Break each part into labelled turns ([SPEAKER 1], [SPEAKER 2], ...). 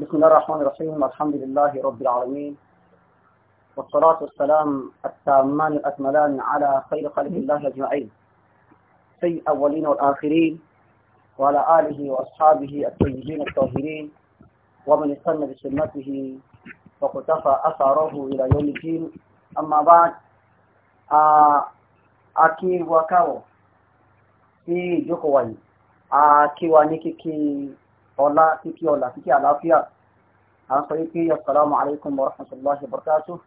[SPEAKER 1] بسم الله الرحمن الرحيم الحمد لله رب العالمين والصلاة والسلام التامان الأكملان على خير خلق الله أجمعين في الأولين والآخرين وعلى آله وأصحابه الطيبين الطاهرين ومن استنى بسنته واقتفى أثره إلى يوم الدين أما بعد آه، أكي وكاو في جوكوان أكي آه، ونكي ọlá kíkí ọlá kíkí àlàáfíà à ń sọ yìí pé asalaamu alaykum wa rahmatulahi wa barakatuh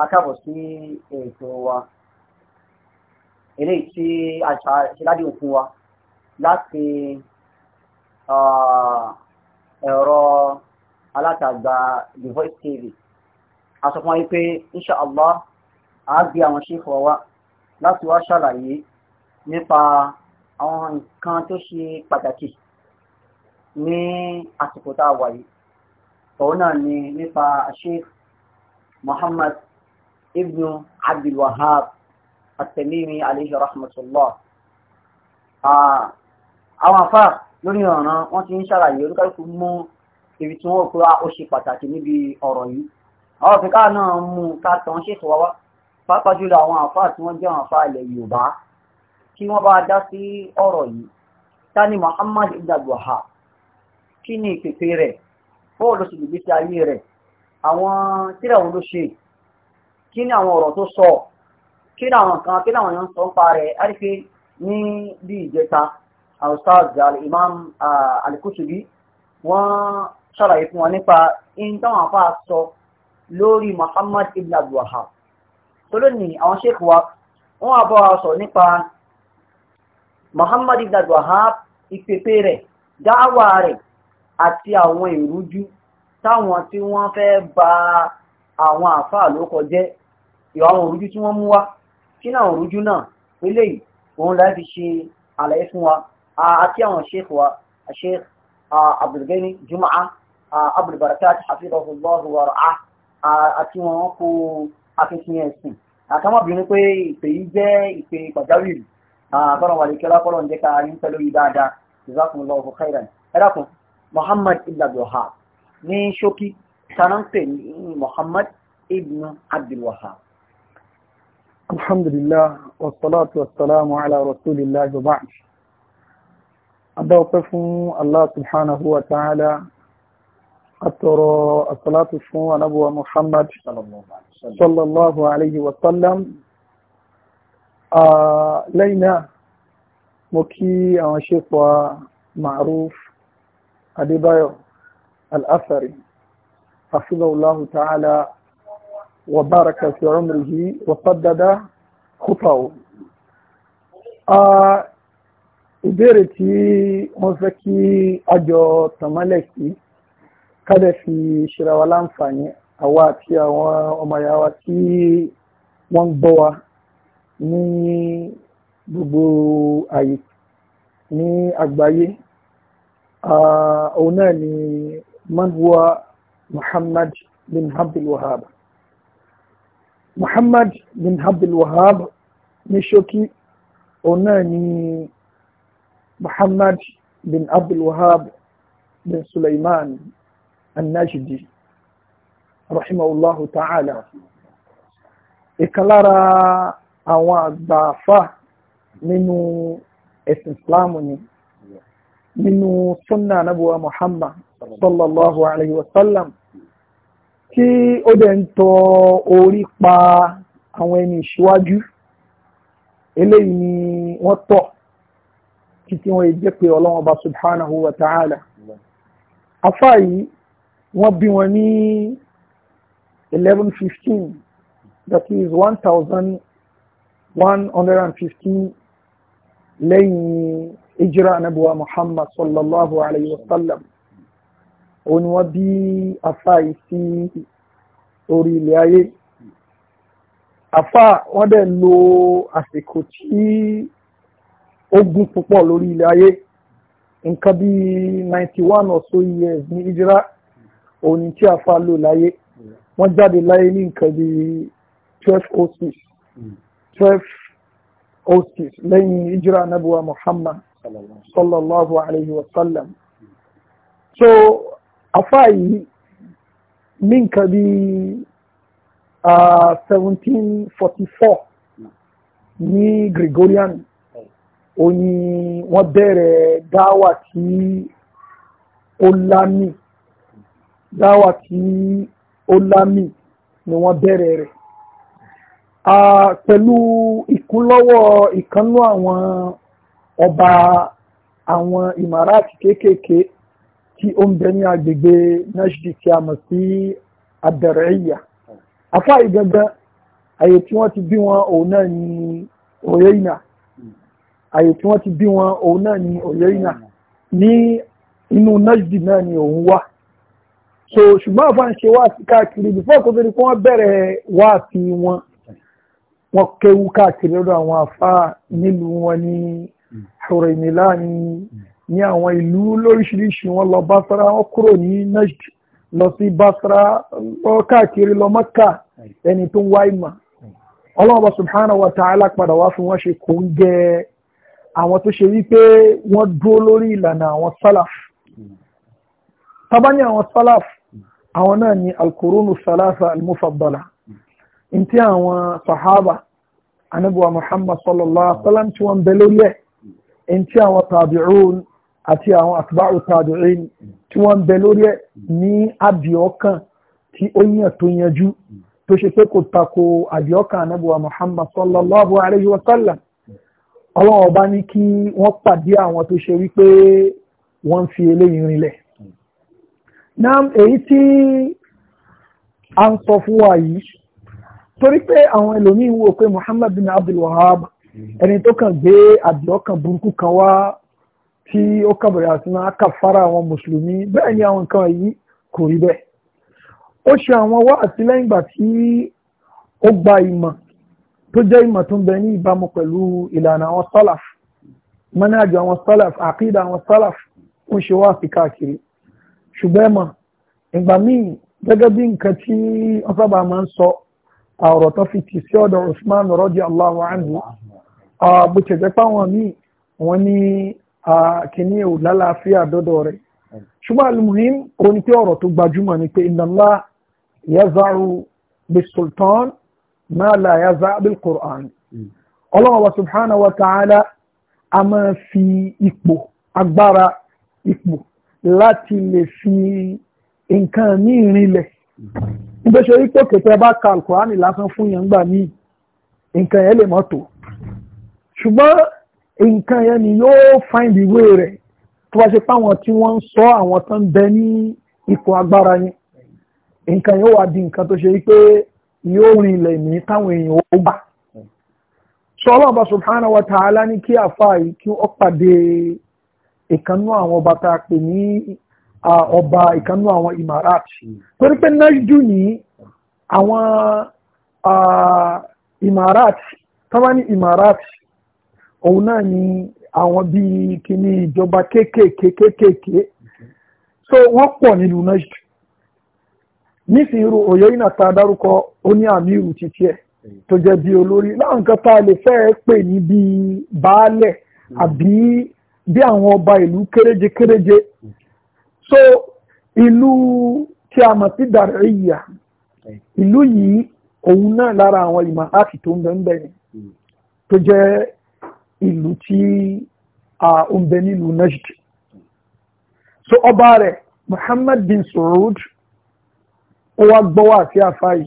[SPEAKER 1] a kábọ̀ sí ètò wa eléyìí tí a ṣàṣìláde òkun wa láti ẹ̀rọ alátagbà The Voice TV a sọ fún wa yìí pé insha Allah a gbé àwọn ṣéfù wa láti wá ṣàlàyé nípa àwọn nǹkan tó ṣe pàtàkì ní àsìkò tá a wà yìí òun náà ni nípa Sheikh Muhammad ibn Abdul Wahhab at-Tamimi alayhi rahmatullah àwọn afá lórí ọ̀ràn wọ́n ti ń ṣàlàyé olúkálùkù mú ibi tí wọ́n kúrò ó ṣe pàtàkì níbi ọ̀rọ̀ yìí àwọn òfìká náà mú ká tán ṣètò wá pàápàá jùlọ àwọn afá tí wọ́n jẹ́ àwọn afá ilẹ̀ Yorùbá kí wọ́n bá dá sí ọ̀rọ̀ yìí tani Muhammad ibn Abdul kí ni ìpèpè rẹ̀ bọ́ọ̀ ló sì lùgbé sí ayé rẹ̀ àwọn tíra òun ló ṣe kí ni àwọn ọ̀rọ̀ tó sọ kí ni àwọn kan kí ni àwọn èèyàn sọ ń pa rẹ̀ á ní bí ìjẹta Ustaz imam alikusubi, kutubi wọ́n ṣàlàyé fún wọn nípa in táwọn afá sọ lórí Muhammad ibn Abdul Wahhab tó lónìí àwọn sheikh wa wọ́n wá bọ́ sọ nípa Muhammad ibn Abdul Wahhab ìpèpè rẹ̀ dáwà rẹ̀ àti àwọn ìrújú táwọn tí wọ́n fẹ́ ba àwọn àfáà ló kọjẹ́ ìwà àwọn ìrújú tí wọ́n mú wá kí náà ìrújú náà eléyìí òun láti ṣe àlàyé fún wa àti àwọn sheikh wa sheikh abdulgani jumaa abdulbarakat hafizahullah wa ra'a àti wọn kó akitiyan ẹ̀sìn àkàmọ́bìnrin pé ìpè wà lè kẹ́lá kọ́lọ̀ ń jẹ́ ká rí khairan ẹ Muhammad ibn Abdulwahab ní ṣókí tàrántẹ̀ ní Muhammad ibn Abdulwahab.
[SPEAKER 2] Alhamdulillah, wassalatu wassalamu ala rasulillah wa ba'd. Adáwọ̀pẹ́ fún Allah subhanahu wa ta'ala, àtọrọ assalatu fún anábuwa Muhammad sallallahu alayhi wa sallam. Lẹ́yìn náà, mo kí àwọn ṣe fa Adébáyọ̀ Al-Athari hafizahullahu ta'ala wa baraka fi umrihi wa qaddada khutahu a ìbéèrè tí wọ́n fẹ́ kí àjọ tamaleki kada fi ṣira wa láǹfààní àwa àti àwọn ọmọ tí wọ́n gbọ́ wa ní gbogbo àyè ní àgbáyé Ah, òun náà ni man huwa muhammad bin abdul wahab muhammad bin abdul wahab ní ṣókí òun náà ni muhammad bin abdul wahab bin suleiman annashidi rahimahullahu ta'ala ìkan àwọn àgbààfà nínú ẹ̀sìn islamu ni nínú súnà nábúwa Muhammad sallallahu alayhi wa sallam kí ó dẹ̀ ń tọ orí pa àwọn ẹni ìṣíwájú eléyìí ni wọ́n tọ̀ títí wọ́n jẹ́ pé Ọlọ́hun Ọba subhanahu wa ta'ala afá yìí wọ́n bí wọn ní 1115 that is 1115 lẹ́yìn ìjírà anábíwá muhammad sallallahu alayhi wa sallam òun ni wọ́n bí afáì sí orí ilẹ̀ ayé afá wọ́n dẹ̀ lo àsìkò tí ó gùn púpọ̀ lórí ilẹ̀ ayé nǹkan bí ninety or so years ní ìjírà òun ni tí afá lò láyé wọ́n jáde láyé ní nǹkan bí twelve oh six hmm. twelve oh six lẹ́yìn ìjírà anábíwá muhammad sallallahu alayhi wa sallam so afa yìí ní nǹkan bí seventeen forty four ní Gregorian ó ní wọ́n bẹ̀rẹ̀ dáwà tí ó lámì dáwà tí ó lámì ni wọ́n bẹ̀rẹ̀ rẹ̀ pẹ̀lú ìkúnlọ́wọ́ ìkánú àwọn ọba àwọn ìmáràtì kéékèèké tí ó ń bẹ ní agbègbè Najdi tí a mọ̀ sí Ad-Dar'iyya afá ìgangan àyè tí wọ́n ti bí wọn òun náà ní Uyayna àyè tí wọ́n ti bí wọn òun náà ní Uyayna ní inú Najdi náà ni òun wà so ṣùgbọ́n àfa ń ṣe wáàsí káàkiri before kó tó di kó wọ́n bẹ̀rẹ̀ wáàsí wọn wọ́n kéwú káàkiri lọ́dọ̀ àwọn àfa nílùú wọn ní Huraymilani ní àwọn ìlú lóríṣiríṣi wọn lọ Basra wọn kúrò ní Najd lọ sí Basra lọ káàkiri lọ Mẹ́kà ẹni tó ń wá ìmọ̀ ọlọ́ọ̀bọ̀ subhanahu wa ta'ala padà wá fún wọn ṣe kò ń gẹ àwọn tó ṣe wípé wọ́n dúró lórí ìlànà àwọn salaf tabani àwọn salaf àwọn náà ni alkurunu salasa almufaddala in ti àwọn sahaba anabuwa muhammad sallallahu alaihi wasallam tí wọ́n bẹ lórí ẹ̀ ẹni tí àwọn tàbí'ún àti àwọn àtibáwò tàbí'ín tí wọ́n ń bẹ lórí ẹ̀ ní àbíọ́kàn tí ó yàn tó yanjú tó ṣe pé sallallahu alayhi wa sallam ọlọ́wọ́ bá ní kí wọ́n pàdé àwọn tó ṣe fi eléyìí rinlẹ̀ náà èyí a ń sọ fún wa yìí Muhammad bin ẹni tó kàn gbé àdìọ́kàn burúkú kan wá tí ó kàbẹ̀rẹ̀ àti máa kàfàrà àwọn mùsùlùmí bẹ́ẹ̀ ni àwọn nǹkan yìí kò rí bẹ́ẹ̀ ó ṣe àwọn wá àtìlẹ́yìn ìgbà tí ó gba ìmọ̀ tó jẹ́ ìmọ̀ tó ń bẹ ní ìbámu pẹ̀lú ìlànà àwọn sálàf mọ́nájú àwọn sálàf àkídà àwọn sálàf ń ṣe wá sí káàkiri ṣùgbọ́n ẹ̀mọ̀ ìgbà míì gẹ́gẹ́ bí nǹkan tí wọ́n sábà máa ń sọ àwòrán tó fi tì sí ọ̀dọ̀ Usman radiyallahu anhu Ah, bó ṣe jẹ́ páwọn míì wọ́n ní ah, kìíní ò lálàáfíà dọ́dọ̀ rẹ̀ ṣùgbọ́n alimuhim ó ní pé ọ̀rọ̀ tó gbajúmọ̀ ni pé ìnáwó yazaru bisultan ma la yaza bil Qur'an hmm. ọlọ́run wa subhanahu wa ta'ala a máa fi ipò agbára ipò láti lè fi nǹkan ní ìrìnlẹ̀ nígbà hmm. ṣe wípé kẹtẹ bá ka al lásán fún yàn gbà míì nǹkan yẹn lè mọ́ ṣùgbọ́n nǹkan yẹn ni yóò find ìwé rẹ̀ tó bá ṣe páwọn tí wọ́n ń sọ àwọn tó ń bẹ ní ipò agbára yẹn nǹkan yóò wá di nǹkan tó ṣe pé yóò rin ilẹ̀ ní táwọn èèyàn ó gbà sọlọ́ ọba subhanahu wa ta'ala ní kí àfa yìí kí ó pàdé ìkànnú àwọn ọba tá a pè ní ọba ìkànnú àwọn imarat torí pé nájú ní àwọn imarat tọ́wọ́ ní imarat òun náà ni àwọn bíi kíní ìjọba kéékèèké kéékèèké so wọn pọ n'ilu náà jù nísìnyí irú òye iná ta dárúkọ ó ní àmì irú títí ẹ̀ tó jẹ́ bíi olórí láwọn nǹkan tá a lè fẹ́ pè ní bíi baálẹ̀ àbí bí àwọn ọba ìlú kéréje kéréje so ìlú tí a mọ̀ sí dàríyà ìlú yìí òun náà lára àwọn ìmọ̀ láti tó ń bẹ́ẹ̀ bẹ́ẹ̀ tó jẹ́ ìlú tí ó ń bẹ nílùú najd so ọba rẹ̀ Muhammad bin Saud ó wá gbọ́ wá sí àfáì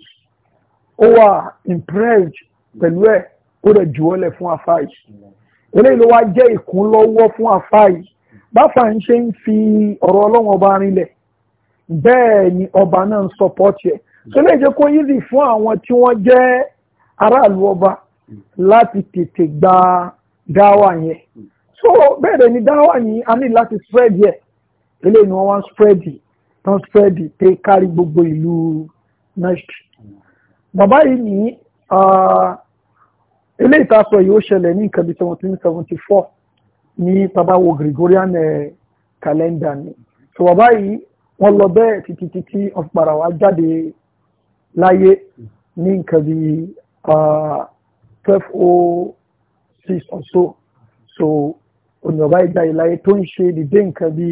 [SPEAKER 2] ó wà impressed pẹ̀lú ẹ̀ ó rẹ̀ juwọ́lẹ̀ fún àfáì eléyìí ló wá jẹ́ ìkúnlọ́wọ́ fún àfáì báfà ń ṣe ń fi ọ̀rọ̀ ọlọ́run ọba rinlẹ̀ bẹ́ẹ̀ ni ọba náà ń sọpọ́tì ẹ̀ tó lè jẹ́ kó easy fún àwọn tí wọ́n jẹ́ aráàlú ọba láti tètè gba dáwà yẹn so bẹ́ẹ̀ ni dáwà ni a ní láti spread yẹ eléyìí ni wọ́n wá ń spread tán spread pé kárí gbogbo ìlú next bàbá yìí ní eléyìí tá a sọ yìí ó ṣẹlẹ̀ ní nǹkan bíi seventeen seventy four ní tabawo Gregorian calendar ni so bàbá yìí wọ́n lọ bẹ́ẹ̀ títí títí ọ̀pára wa jáde láyé ní nǹkan bíi twelve oh six or so so ònàbá ìjà ìlàyé tó ń ṣe dìde nǹkan bí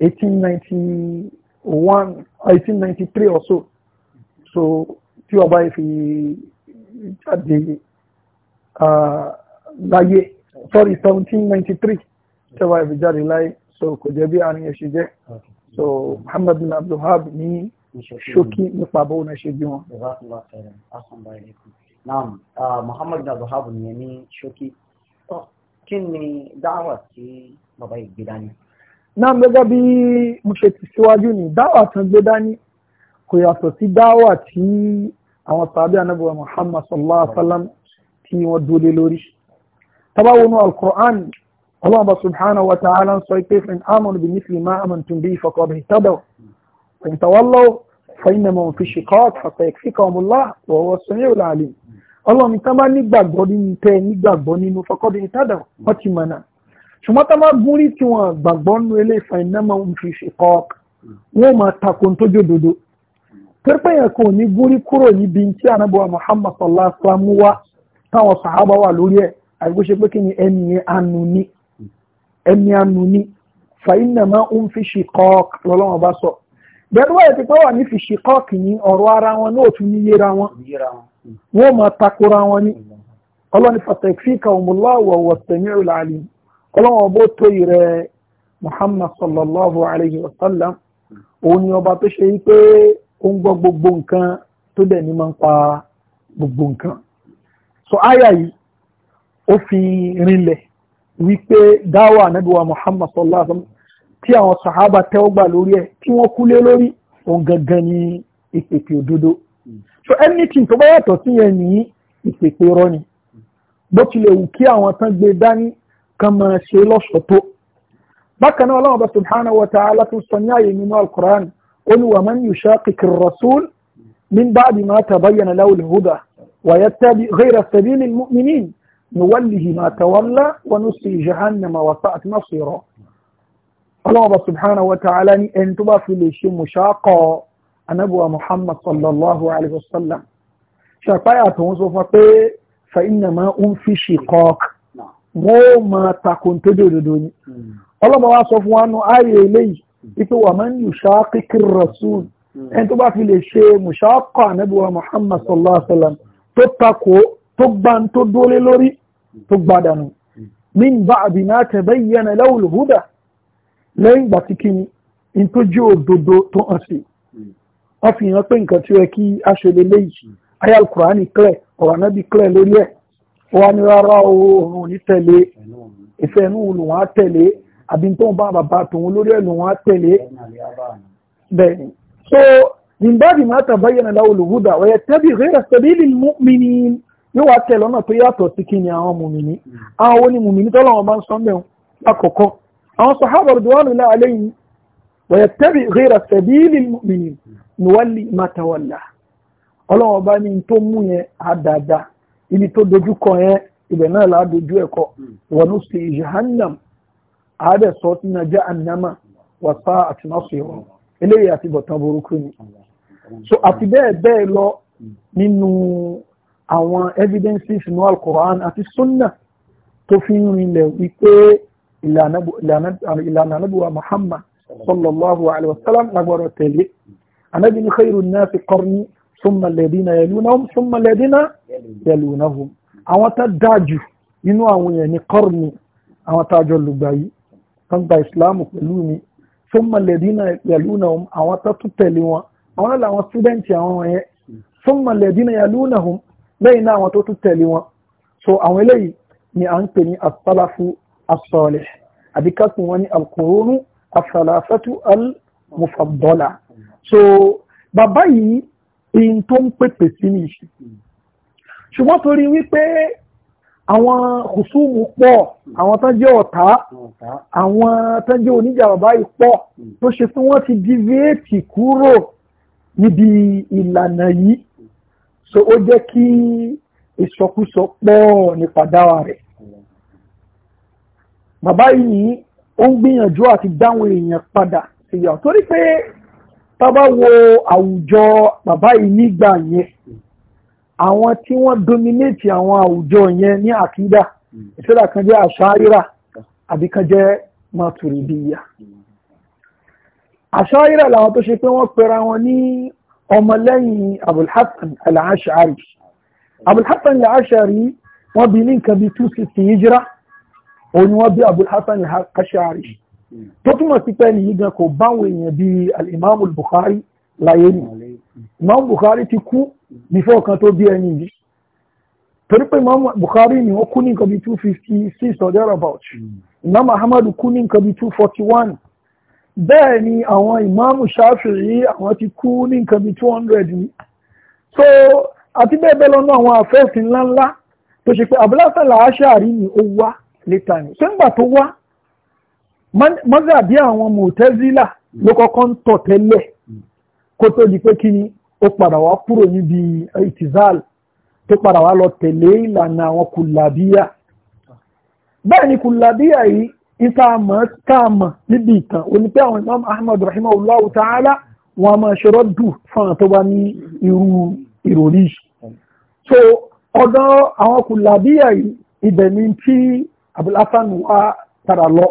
[SPEAKER 2] eighteen ninety one eighteen ninety three or so so tí ọba yìí fi jáde láyé sorry seventeen ninety three tí ọba yìí fi jáde láyé so kò jẹ́ bí àárín ẹ̀ṣẹ̀ jẹ́ so Muhammad bin Abdulhab ni ṣókí nípa bóun ẹ̀ ṣe bí wọn
[SPEAKER 1] naam ah, Muhammad abdulhab yẹn ní ṣókí kí ni dáwà tí bàbá yìí gbé dání.
[SPEAKER 2] náà gẹ́gẹ́ bí mo ṣe ti síwájú ní dáwà tán gbé dání kò yàtọ̀ sí dáwà tí àwọn sàbí anábọ̀ Muhammad sallallahu alaihi wa sallam tí wọ́n dúró lórí. tabawonu al-Qur'an Allah subhanahu wa ta'ala sọ pé fún amọ̀nù bí nífìlì máa amantum bí faqad ihtadaw fún tawallu fi shiqaq fa sayakfikahumullah wa huwa as-sami'ul alim ọlọ́run ní tá bá nígbàgbọ́ nínú tẹ nígbàgbọ́ nínú fọkọ́dé ní tádà wọ́n ti mọ̀nà ṣùgbọ́n tá bá gún rí tí wọ́n gbàgbọ́ nínú ilé ìfàìnámọ̀ ń fi ṣe kọ́ wọ́n máa takò tó jòdòdó pẹ́pẹ́ yẹn kò ní gún rí kúrò níbi tí anábọ̀ Muhammad sallallahu alaihi wasallam wá táwọn sàhábà wà lórí ẹ̀ àìgbó ṣe pé kí ni ẹni yẹn anu ní ẹni ń fi ṣe lọ́lọ́wọ́n bá sọ bẹ́ẹ̀ ni wọ́n yẹ wọ́n máa takora wọn ní ọlọ́ni fàtẹ̀fíkà ọmọláwọ̀ wọ̀tẹ̀míù láàrin ọlọ́wọ́ bó tó ìrẹ́ muhammad sallallahu alayhi wa sallam òun ni ọba tó ṣe yí pé ó ń gbọ́ gbogbo nǹkan tó dẹ̀ ní máa ń pa gbogbo nǹkan so aya yìí ó fi rinlẹ̀ wípé dáwà anábíwá muhammad sallallahu alayhi wa sallam tí àwọn sàhábà tẹ́wọ́gbà lórí ẹ̀ tí wọ́n kúlé lórí òun gangan ní ìpèpè òdodo. so anything tó buy to see any is a ro but wù kí àwọn tán gbé dání kan máa ṣe lọ́sọ̀ọ́ tó bákan náà ọlọ́run bá subhanahu wa ta'ala tún sọ ní ààyè nínú al-Qur'an ó ní wa man yushaqiq ar-rasul min ba'di ma tabayyana lahu al-huda wa yattabi ghayra sabili al-mu'minin nuwallihi ma tawalla wa nusi jahannama wa sa'at masira ọlọ́run bá subhanahu wa ta'ala ní ẹni tó bá anábùwà muhammad sallallahu alayhi wa sallam ṣàpáyà tó ń sọ fún pé fa inna ma ń fi shiqaq wọ́n ó máa takò tó dé òdodo ni ọlọ́mọ wa sọ fún wa nù ayé eléyìí wípé wà máa ń yù ṣáàkìkì rasul ẹni tó bá fi lè ṣe mùṣáàkọ̀ anábùwà muhammad sallallahu alayhi wa tó takò tó gbá tó dólé lórí tó gbádànù min ba'di ma tabayyana lahu al-huda lẹ́yìn ìgbà ni in tó jẹ́ òdodo tó hàn sí i wọ́n fi hàn pé nǹkan tí ó yẹ kí aṣọ lélẹ́yìí ayé alukurani clear ọ̀rọ̀ anábì clear lórí ẹ̀ wọ́n ní rárá òun ò ní tẹ̀lé ìfẹ́ inú òun lòun á tẹ̀lé àbí tó bá bàbá tòun lórí ẹ̀ lòun á tẹ̀lé bẹ́ẹ̀ni. so zimbabwe máa tàbáyé náà láwùlù húdà ọ̀yẹ́ tẹ́bí rírẹ̀ sẹ́bílì mọ́mìnì yóò wá tẹ̀lé ọ̀nà tó yàtọ̀ sí kí ni àwọn mùmìnì àwọn onímùmìnì tọ́lọ́wọ́n bá ń sọ mẹ́wọ́n lákọ̀ọ́kọ́ ويتبع غير سبيل المؤمنين نولي ما تولى ọlọ́wọ́ bá ní tó mú yẹn àdáadáa ibi tó dojú kọ yẹn ibẹ̀ náà là á dojú ẹ̀ kọ wọn ó sì jahannam àádẹ́ sọ sí náà jẹ́ ànámà wà sá àti má eléyìí àti bọ̀tán burúkú ni. so àti bẹ́ẹ̀ bẹ́ẹ̀ lọ nínú àwọn evidences inú al àti sunna tó fi ń rinlẹ̀ wípé ìlànà ìlànà ànábì wa Muhammad sallallahu alayhi wa sallam lágbọ́dọ̀ tẹ̀lé anabi ní khairu nasi qarni summa alladhina yalunahum summa alladhina yalunahum àwọn tá dájú nínú àwọn èèyàn ní qarni àwọn tá jọ lùgbà yìí kan gba ìsìláàmù pẹ̀lú mi summa alladhina yalunahum àwọn tá tún tẹ̀lé wọn àwọn náà làwọn sídẹ́ǹtì àwọn yẹn summa alladhina yalunahum lẹ́yìn náà àwọn tó tún tẹ̀lé wọn so àwọn eléyìí ni à ń pè ní asalafu as-salih àbíkásùn wọn ní alkùrúnú àfàlàfẹ́tù al-mufaddala so bàbá yìí in tó ń pèpè sí ní ìṣe ṣùgbọ́n torí wípé àwọn kùsùmù pọ̀ àwọn tán jẹ́ ọ̀tá àwọn tán jẹ́ oníjà bàbá yìí pọ̀ tó ṣe fún wọ́n ti dìvéètì kúrò níbi ìlànà yìí so ó jẹ́ kí ìsọkúsọ pọ̀ nípa dáwà rẹ̀ bàbá yìí ó ń gbìyànjú àti dáwọn èèyàn padà síyà torí pé tábà wo àwùjọ bàbá yìí nígbà yẹn àwọn tí wọ́n dominate àwọn àwùjọ yẹn ní àkídà ìṣẹ́dá kan jẹ́ àṣáírà àbí kan jẹ́ maturidiyya àṣáírà làwọn tó ṣe pé wọ́n pera wọn ní ọmọlẹ́yìn abulhassan al-ash'ari abulhassan wọ́n bí ní nǹkan bí 260 hijira òun wọ́n bí Abul Hasan al-Kashari tó túmọ̀ sí pé nìyí gan kò báwọn èèyàn bí al-Imam al-Bukhari láyé nì Imam Bukhari ti kú before kan tó bí ẹni yìí torí pé Imam Bukhari ni ó kú ní nǹkan bí two fifty six or thereabout Imam Ahmad kú ní nǹkan bí two bẹ́ẹ̀ ni àwọn Imam Shafi'i àwọn ti kú ní nǹkan bí two ni so àti bẹ́ẹ̀ bẹ́ẹ̀ lọ́nà àwọn àfẹ́sìn ńláńlá tó ṣe pé Abul Hasan al-Ash'ari ni ó wá níta ni ṣé ńgbà tó wá mọ́gàbí àwọn mùtẹ́zílà ló kọ́kọ́ ń tọ̀ tẹ́lẹ̀ kó tó di pé kí ni ó padà wá kúrò níbi ìtìzáàl tó padà wá lọ tẹ̀lé ìlànà àwọn kùlàbíyà bẹ́ẹ̀ ni kùlàbíyà yìí ìtààmọ̀ tààmọ̀ níbi ìtàn ó ní pé àwọn imam ahmad rahimahullah ta'ala wọn a máa ṣe rọ́dù fún àtọ́ bá ní irú ìròrí so ọ̀dọ̀ àwọn kùlàbíyà yìí ibẹ̀ ni tí abúlásánù á tara lọ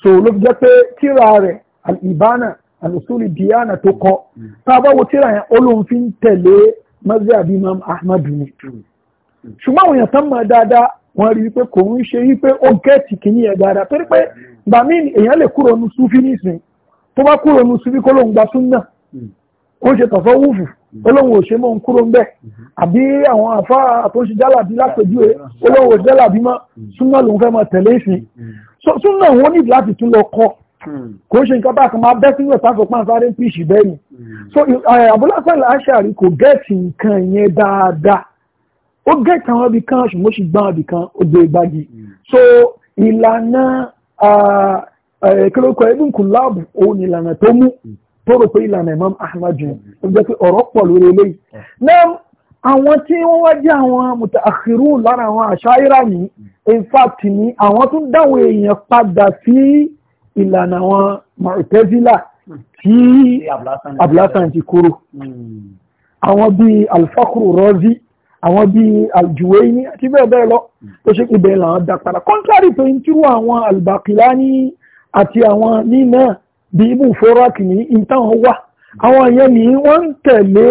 [SPEAKER 2] so ló fi jẹ́ pé tíra rẹ̀ al-ibana al-usuli diyana tó kọ tá a bá wo tíra yẹn olóhùn fi ń tẹ̀lé mazhabi imam ahmad ni ṣùgbọ́n àwọn èèyàn tán mọ̀ dáadáa wọ́n rí pé kò ń ṣe wípé ó gẹ́ẹ̀tì kìíní ẹ̀ dáadáa torí pé gbàmí èèyàn lè kúrò nu sufi nísìnyí tó bá kúrò nu sufi kó lóun gba sunna ó ṣe tọ̀fọ́ wúfù olóhùn òṣè mọ́ ń kúrò ń bẹ̀ àbí àwọn àfáà tó ń ṣe jálàbí lápèjúwe olóhùn òṣè jálàbí mọ́ súnmọ́ lòun fẹ́ mọ́ tẹ̀lé ìsìn súnmọ́ wọn ní láti tún lọ kọ́ kò ṣe nǹkan bákan máa bẹ́ sínú ẹ̀fà fún pánsáré ń pìṣì bẹ́ẹ̀ ni so Abúlásàn Àṣàrí kò gẹ́ẹ̀tì nǹkan yẹn dáadáa ó gẹ́ẹ̀tì àwọn ibì kan ṣùgbọ́n ṣì gbọ́n ibì kan ó gbé ìgbági so ìlànà kílókọ̀ ẹ̀dùnkù láàbù òun ìlànà tó mú tó rò pé ìlànà Imam Ahmad ó jẹ́ pé ọ̀rọ̀ pọ̀ lórí eléyìí náà àwọn tí wọ́n wá jẹ́ àwọn mùtàkìrù lára àwọn àṣáírà ní in fact ní àwọn tún dáwọn èèyàn padà sí ìlànà àwọn Mu'tazila tí abúlásán ti kúrò àwọn bíi alfakuru rọ́ọ̀zì àwọn bíi aljuwaini àti bẹ́ẹ̀ bẹ́ẹ̀ lọ tó ṣe pé bẹ́ẹ̀ làwọn dá padà contrary to ìtúrú àwọn albaqilani àti àwọn ní bí ibù fọ́rọ́ọ̀kì ní ìtàn wà àwọn èèyàn ní wọ́n ń tẹ̀lé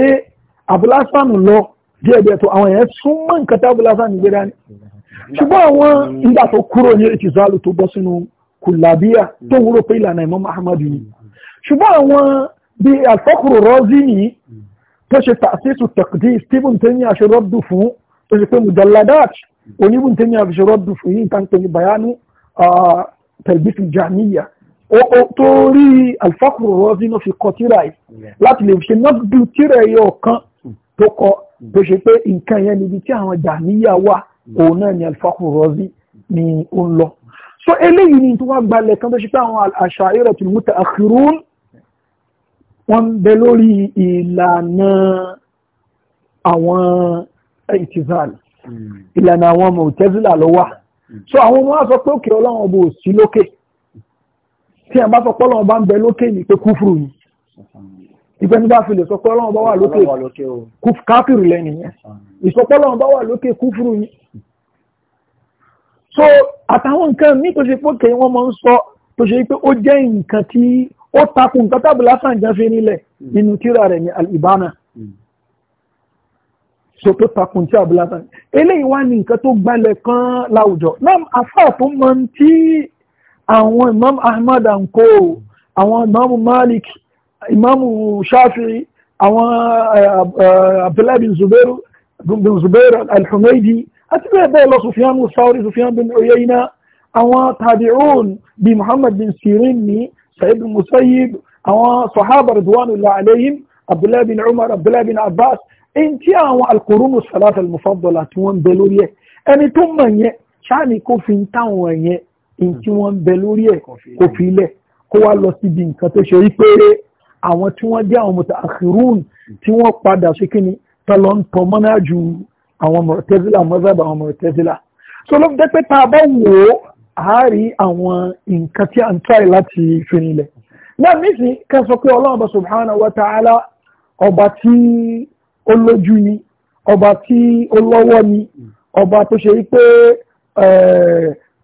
[SPEAKER 2] abúlásánù lọ díẹ̀díẹ̀ tó àwọn èèyàn súnmọ́ nǹkan tí abúlásánù gbé dání ṣùgbọ́n àwọn ìgbà tó kúrò ní ìtìsálù tó bọ́ sínú kùlàbíà tó wúrò pé ìlànà Imam Ahmadu yìí ṣùgbọ́n àwọn bí alfọ́kùrù rọ́ọ̀zì yìí tó ṣe tàṣíṣù tẹ̀kìdì Stephen tẹ́yìn aṣọ́rọ́dù fún tó ṣe pé mujalladat oníbùn tẹ́yìn fún yìí nǹkan tó ní bayanu ah, tẹ̀lbísì jàmíyà torí alfakuru rọ́bí náà fi kọ tíra ẹ̀ láti lè ṣe náà bí tíra ẹ̀yọ ọ̀kan hmm. tó kọ hmm. tó ṣe pé nǹkan yẹn níbi tí àwọn jàmíyà wà hmm. òun náà ni alfakuru rọ́bí ni ó ń lọ. so eléyìí ni tó wá gbalẹ̀ kan tó ṣe pé àwọn asha'iratul mutaakhirun wọ́n ń bẹ lórí ìlànà àwọn ìtìzal ìlànà àwọn mọ̀tẹ́zìlà lọ́wọ́ so àwọn ọmọ wa sọ pé òkè ọlọ́run ọba ò lókè tí ẹ̀ bá sọ pọ́lọ̀ ọba ń bẹ lókè ní pé kúfùrù ni ìgbẹ́ nígbà fi lè sọ pé ọlọ́run bá wà
[SPEAKER 1] lókè
[SPEAKER 2] káfìrù lẹ́nu yẹn ìsọpọ́lọ́run bá wà lókè kúfùrù ni. so àtàwọn nǹkan míì tó ṣe pókè wọ́n máa ń sọ tó ṣe pé ó jẹ́ nǹkan tí ó takùn nǹkan tábìlì àfàǹjá fi nílẹ̀ hmm. nínú tíra rẹ̀ ní al hmm. so tó takùn tí àbúlá sàn eléyìí wá ní nǹkan tó gbalẹ̀ kan láwùjọ náà àfáà tó mọ tí àwọn imam ahmad anko àwọn imam malik imam shafi'i àwọn eh, eh, abdullahi bin zubair bin zubair al-humaydi àti bẹ́ẹ̀ bẹ́ẹ̀ lọ sufyan musauri sufyan bin uyayna àwọn tabi'un bí muhammad bin sirin ni sa'id bin musayyib àwọn sahaba ridwanullahi alayhim abdullahi bin umar abdullahi bin abbas in tí àwọn alqurunu salat al-mufaddala tí wọ́n bẹ lórí ẹ̀ ẹni tó mọ̀ yẹn ṣáà ni kó táwọn yẹn in tí wọ́n ń bẹ lórí ẹ̀ kò fi ilẹ̀ kó wá lọ síbi nǹkan tó ṣe wípé àwọn tí wọ́n jẹ́ àwọn mutaakhirun tí wọ́n padà sí kíni tọ́lọ́ ń tọ́ mọ́nà ju àwọn Mu'tazila mọ́sáàbà àwọn Mu'tazila so ló fi pé tá a bá wò ó a rí àwọn nǹkan tí a ń try láti fi nílẹ̀ náà nísìnyí ká sọ pé ọlọ́run bá subhanahu wa ta'ala ọba tí ó lójú ni ọba tí ó lọ́wọ́ ni ọba tó ṣe wípé ẹ̀ẹ́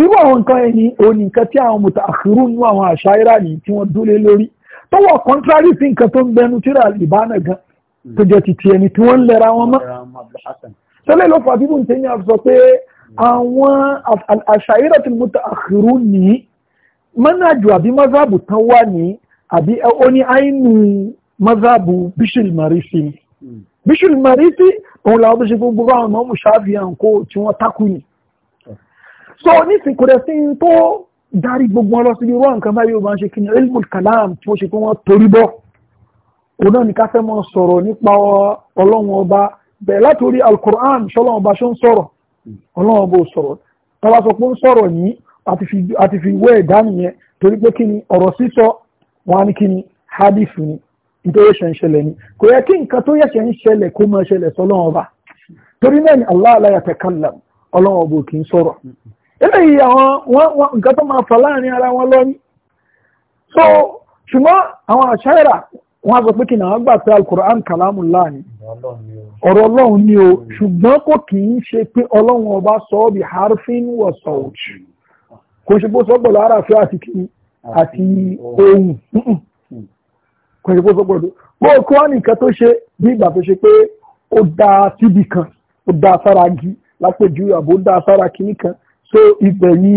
[SPEAKER 2] irú àwọn nǹkan ẹni òní nǹkan tí àwọn mùtà àkúrú nínú àwọn àṣàyíra nìyí tí wọ́n dúlé lórí tó wọ̀ contrary sí nǹkan tó ń bẹnu tíra ìbánà gan tó jẹ́ ti ti ẹni tí wọ́n ń lẹ́ra wọn mọ́ tẹ́lẹ̀ ló fà bíbù tẹ́yìn àfisọ pé àwọn àṣàyíra tí mùtà àkúrú nìyí mọ́nàjù àbí mọ́sáàbù tán wà ní àbí ó ní àìnú mọ́sáàbù bishil marisi hmm. bishil marisi òun làwọn tó ṣe gbogbo àwọn ọmọ mùsàfihàn kó tí wọ́n takú ni so nísìnyí kò dẹ̀ sí tó darí gbogbo wọn lọ sí irú nǹkan báyìí ó máa ń ṣe kíni ilmul kalam tí ó ṣe pé wọ́n torí bọ́ òun náà ní ká fẹ́ mọ sọ̀rọ̀ nípa ọlọ́run ọba bẹ̀rẹ̀ láti orí alukur'an ṣọlọ́run ọba ṣó ń sọ̀rọ̀ ọlọ́run ọba ò sọ̀rọ̀ tọ́ba sọ pé ń sọ̀rọ̀ yìí àti fi wé ẹ̀dá nìyẹn torí pé kíni ọ̀rọ̀ sísọ wọn á ní hadith ni nítorí ẹ̀ṣẹ̀ ń ṣẹlẹ̀ ni kò yẹ kí nǹkan Allah la yatakallam ọlọ́run ọba eléyìí àwọn nǹkan tó máa fà láàrin ara wọn ní so ṣùgbọ́n àwọn àṣàyẹ̀rà wọ́n sọ pé kí náà gbà pé alukur'an kalamullah ni ọ̀rọ̀ ọlọ́run ni o ṣùgbọ́n kò kì í ṣe pé ọlọ́run ọba sọ ọ́ bí harfin wa sawt kò ṣe bó sọ àti ohun kò ṣe bó sọ bó o kọ́ nìkan tó ṣe ṣe pé so ìpẹ̀ ni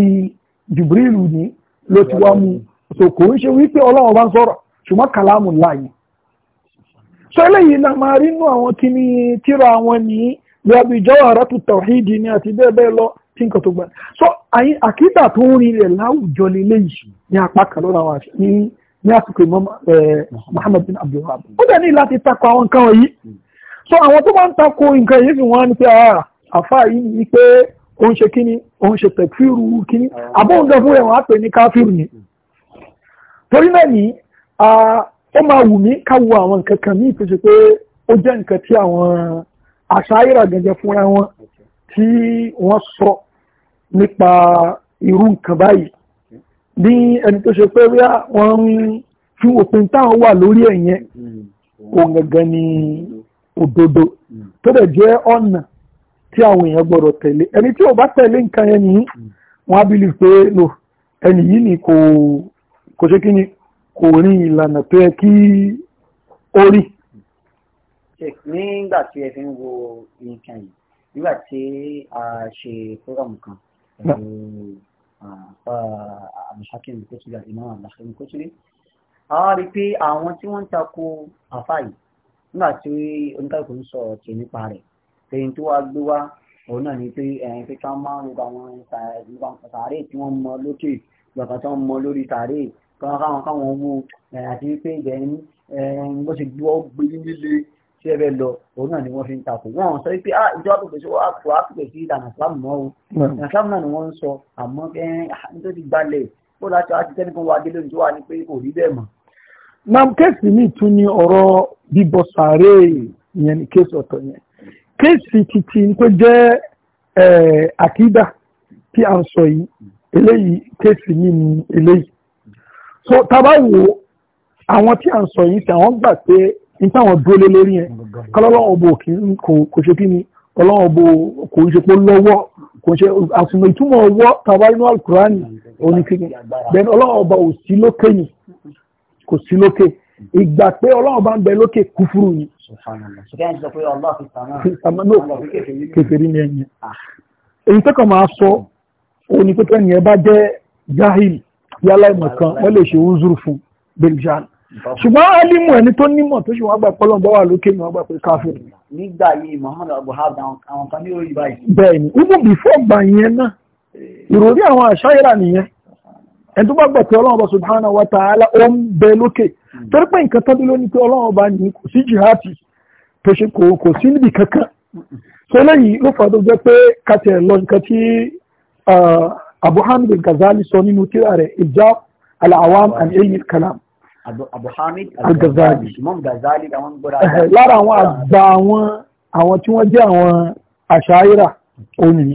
[SPEAKER 2] Jibrilu ní ló ti wá mú so kò ń ṣe wípé ọlọ́run bá ń sọ̀rọ̀ ṣùgbọ́n kàlámù láàyè so eléyìí náà máa rí inú àwọn kí ni tíra àwọn ní lọ́bí Jawaratu Tawhid ní àti bẹ́ẹ̀ bẹ́ẹ̀ lọ tí nǹkan tó gbà so àkídà tó ń rin rẹ̀ láwùjọ lélẹ́yìí ní apá kan lọ́ra wa ní ní àsìkò ìmọ̀ Muhammad bin Abdulwahab ó dẹ̀ ní láti takò àwọn nǹkan wọ̀nyí so àwọn tó bá ń takò nǹkan yìí fi wọ́n á ní pé ah, àfáà yìí ní pé ó ń ṣe kíní ó ń ṣe tẹ̀kfíìrù kíní ah. àbóǹgá fún ẹ̀wọ̀n àpè ní káfíìrù ni torí náà ní ó máa wù mí káwo àwọn nǹkan kan ní ìfẹsẹ̀ pé ó jẹ́ nǹkan tí àwọn àṣàyíra gẹ̀gẹ̀ fúnra wọn tí wọ́n sọ nípa irú nǹkan báyìí ní ẹni tó ṣe pé wọ́n ń fi òpin táwọn wà lórí ẹ̀yẹn hmm. òun ni hmm. òdodo hmm. tó dẹ̀ jẹ́ ọ̀nà tí àwọn èèyàn gbọ́dọ̀ tẹ̀lé ẹni tí ò bá tẹ̀lé nǹkan yẹn nìyí wọ́n á bìlì pé no ẹni yìí ni kò kò ṣe kí ni kò rí ìlànà tó yẹ kí ó rí.
[SPEAKER 1] nígbà tí ẹ fi ń wo nǹkan yìí nígbà tí a ṣe fúrọ̀mù kan pẹ̀lú àmì kòtùlẹ̀ àti ìmọ̀ àmì kòtùlẹ̀ àwọn rí pé àwọn tí wọ́n ń tako àfáà nígbà tí oníkàlùkù ń sọ̀rọ̀ tì nípa rẹ̀ tẹ̀yìn tó wá gbé wá òun náà ni pé ẹ̀yìn pé ká máa ń gba àwọn sàárè tí wọ́n mọ lókè gbàgbà tó ń mọ lórí sàárè káwọn káwọn wo àti pé ìgbẹ̀yìn bó ṣe gbọ́ gbé nílé tí ẹ bẹ lọ òun náà ni wọ́n fi ń takò wọ́n sọ pé ah ìjọba tó pèsè wọ́n kò á pèsè sí ìlànà ìsìlámù mọ́ o ìsìlámù náà ni wọ́n ń sọ àmọ́ ah, nítorí gbalẹ̀ ó láti wá ti tẹ́ni kan wá dé lónìí tó wà ní pé kò
[SPEAKER 2] rí bẹ́ẹ̀ mọ́. nam kéèsì mi tún ni ọ̀rọ̀ bíbọ sàárè yẹn ni kéèsì ọ̀tọ̀ yẹn kéèsì títí tó jẹ́ àkídà tí a ń sọ yìí eléyìí kéèsì ní eléyìí so tábà wo àwọn tí a ń sọ yìí sí àwọn gbà pé n táwọn dúró lórí yẹn kọlọ́lọ́wọ́ bo kò ṣe kí ni ọlọ́wọ́ bo kò ń ṣe pé lọ́wọ́ kò ṣe àtúnmọ̀ ìtumọ̀ ọwọ́ tàbá inú alukurani oníkíni bẹ́ẹ̀ni ọlọ́wọ́ ọba ò sí lókè ni kò sí lókè ìgbà pé ọlọ́run bá ń bẹ lókè kúfúrú ni. kèfèrí ni ẹ̀yìn. Ah. èyí tó kàn máa sọ òun ni pé kẹ́ni ẹ bá jẹ́ jahil yálà ìmọ̀ kan wọ́n lè ṣe oúnjúrù fún belgian. ṣùgbọ́n alimu ẹni tó nímọ̀ tó ṣe wọ́n gbà pọ́lọ́n bá wà lókè ni wọ́n gbà pé káfíìn.
[SPEAKER 1] nígbà yìí muhammadu abu habda àwọn kan ní orí báyìí.
[SPEAKER 2] bẹ́ẹ̀ni umu before gbà yẹn náà ìròrí àwọn àṣà yẹra nìyẹn ẹni tó bá gbà pé ọlọ́run ọba subhanahu wa ta'ala ó ń bẹ lókè torí pé nǹkan tábí lónìí pé ọlọ́run ọba ní kò sí jihati tó ṣe kò kò sí níbi kankan so lẹ́yìn ló fà tó jẹ́ pé kàtẹ́ lọ nǹkan tí abu hamid al-ghazali sọ nínú tírà rẹ̀ ìjà al-awam and eyín kalam
[SPEAKER 1] abu hamid al-ghazali imam ghazali àwọn gbọ́dọ̀ lára àwọn àgbà
[SPEAKER 2] àwọn àwọn tí wọ́n jẹ́ àwọn àṣàyíra òní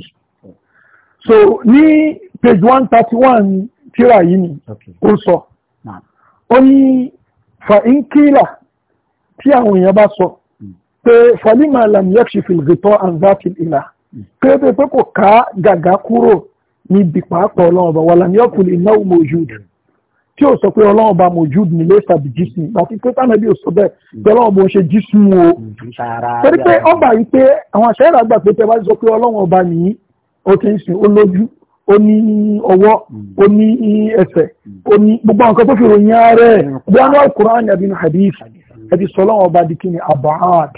[SPEAKER 2] so ní page one thirty one tíra yìí ni ó sọ ó ní fàínkìlà tí àwọn èèyàn bá sọ hmm. pé falima lam yakshifil ghita an zatil ilah hmm. pé pé kò ká gàgà kúrò níbi pàápàá ọlọ́run ọba wà lam yakul innahu mawjud hmm. tí ó sọ pé ọlọ́run ọba mojúd ní lẹ́sà bí jísìn àti pé tánàbí ò sọ bẹ́ẹ̀ pé ọlọ́run ọba ò ṣe jísìn o torí pé ọba yìí pé àwọn àṣẹ ìràgbà pé tẹ bá sọ pé ọlọ́run ọba nìyí ó ti ń sìn ó lójú ó ní ọwọ́ hmm. ó ní ẹsẹ̀ hmm. ó ní gbogbo nǹkan tó fi ròyìn ààrẹ wọn wá Quran àbí hadith hmm. ẹbí sọlọ́wọ́ ọba di kíni abahad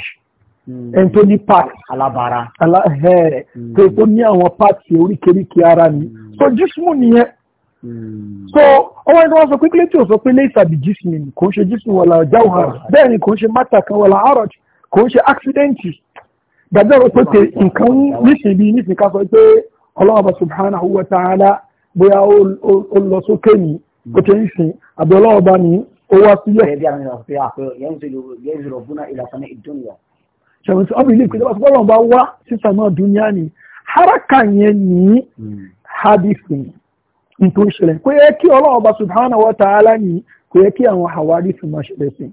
[SPEAKER 2] ẹni tó ní part alabara alahẹ́rẹ́ tó tó ní àwọn parts oríkèéríkèé ara ni so jismu nìyẹn so ọwọ́ ẹni wọ́n sọ pé kílẹ̀ tí o sọ pé lẹ́yìn tàbí jismu ni kò ń ṣe jismu wala jawhar bẹ́ẹ̀ ni kò ń ṣe mata kan wala araj kò ń ṣe accident gbàdúrà pé nǹkan nísìnyí nísìnyí ká sọ pé ọlọ́ọ̀bà subhanahu wa ta'ala bóyá ó lọ sókè ní kò tó ń sìn àbí ọlọ́ọ̀bà ní ó wá sílẹ̀. ṣàbùsí ah, ọmọ ilé ìpínlẹ̀ wàsùn bọ́lọ̀ bá wá sísà náà dúnyá ni haraka yẹn ní hmm. hadithi ní tó ń ṣẹlẹ̀ kò yẹ kí ọlọ́ọ̀bà subhanahu wa ta'ala ní kò yẹ kí àwọn hawadithi máa ṣẹlẹ̀ sí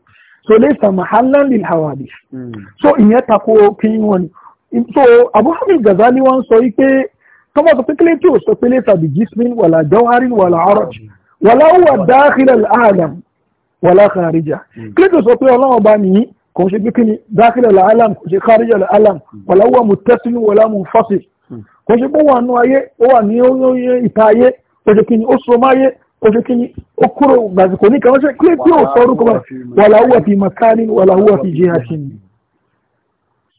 [SPEAKER 2] so laysa mahallan lil hawadith hmm. so ìyẹn tako kí wọn so Abu Hamid Ghazali wọn sọ yìí tọ́mọ̀ sọ pé kílé tí ò sọ pé lẹ́sà bí jismin wàlà jawharin wàlà arọ́j wàlà wà dáhìlẹ̀ alam wàlà kàríjà kílé tí ò sọ pé ọlọ́run bá nìyí kò ṣe pé kíni dáhìlẹ̀ alam kò ṣe kàríjà alam wàlà wà muttasil wàlà munfasil hmm. kò ṣe pé ó wà nú ayé ó wà ní ìta ayé kò ṣe kíni ó so máyé kò ṣe kíni ó kúrò gbàsìkò ní kan ṣe kílé tí ò sọ orúkọ bá wàlà wà fi makanin wàlà wà fi jihatin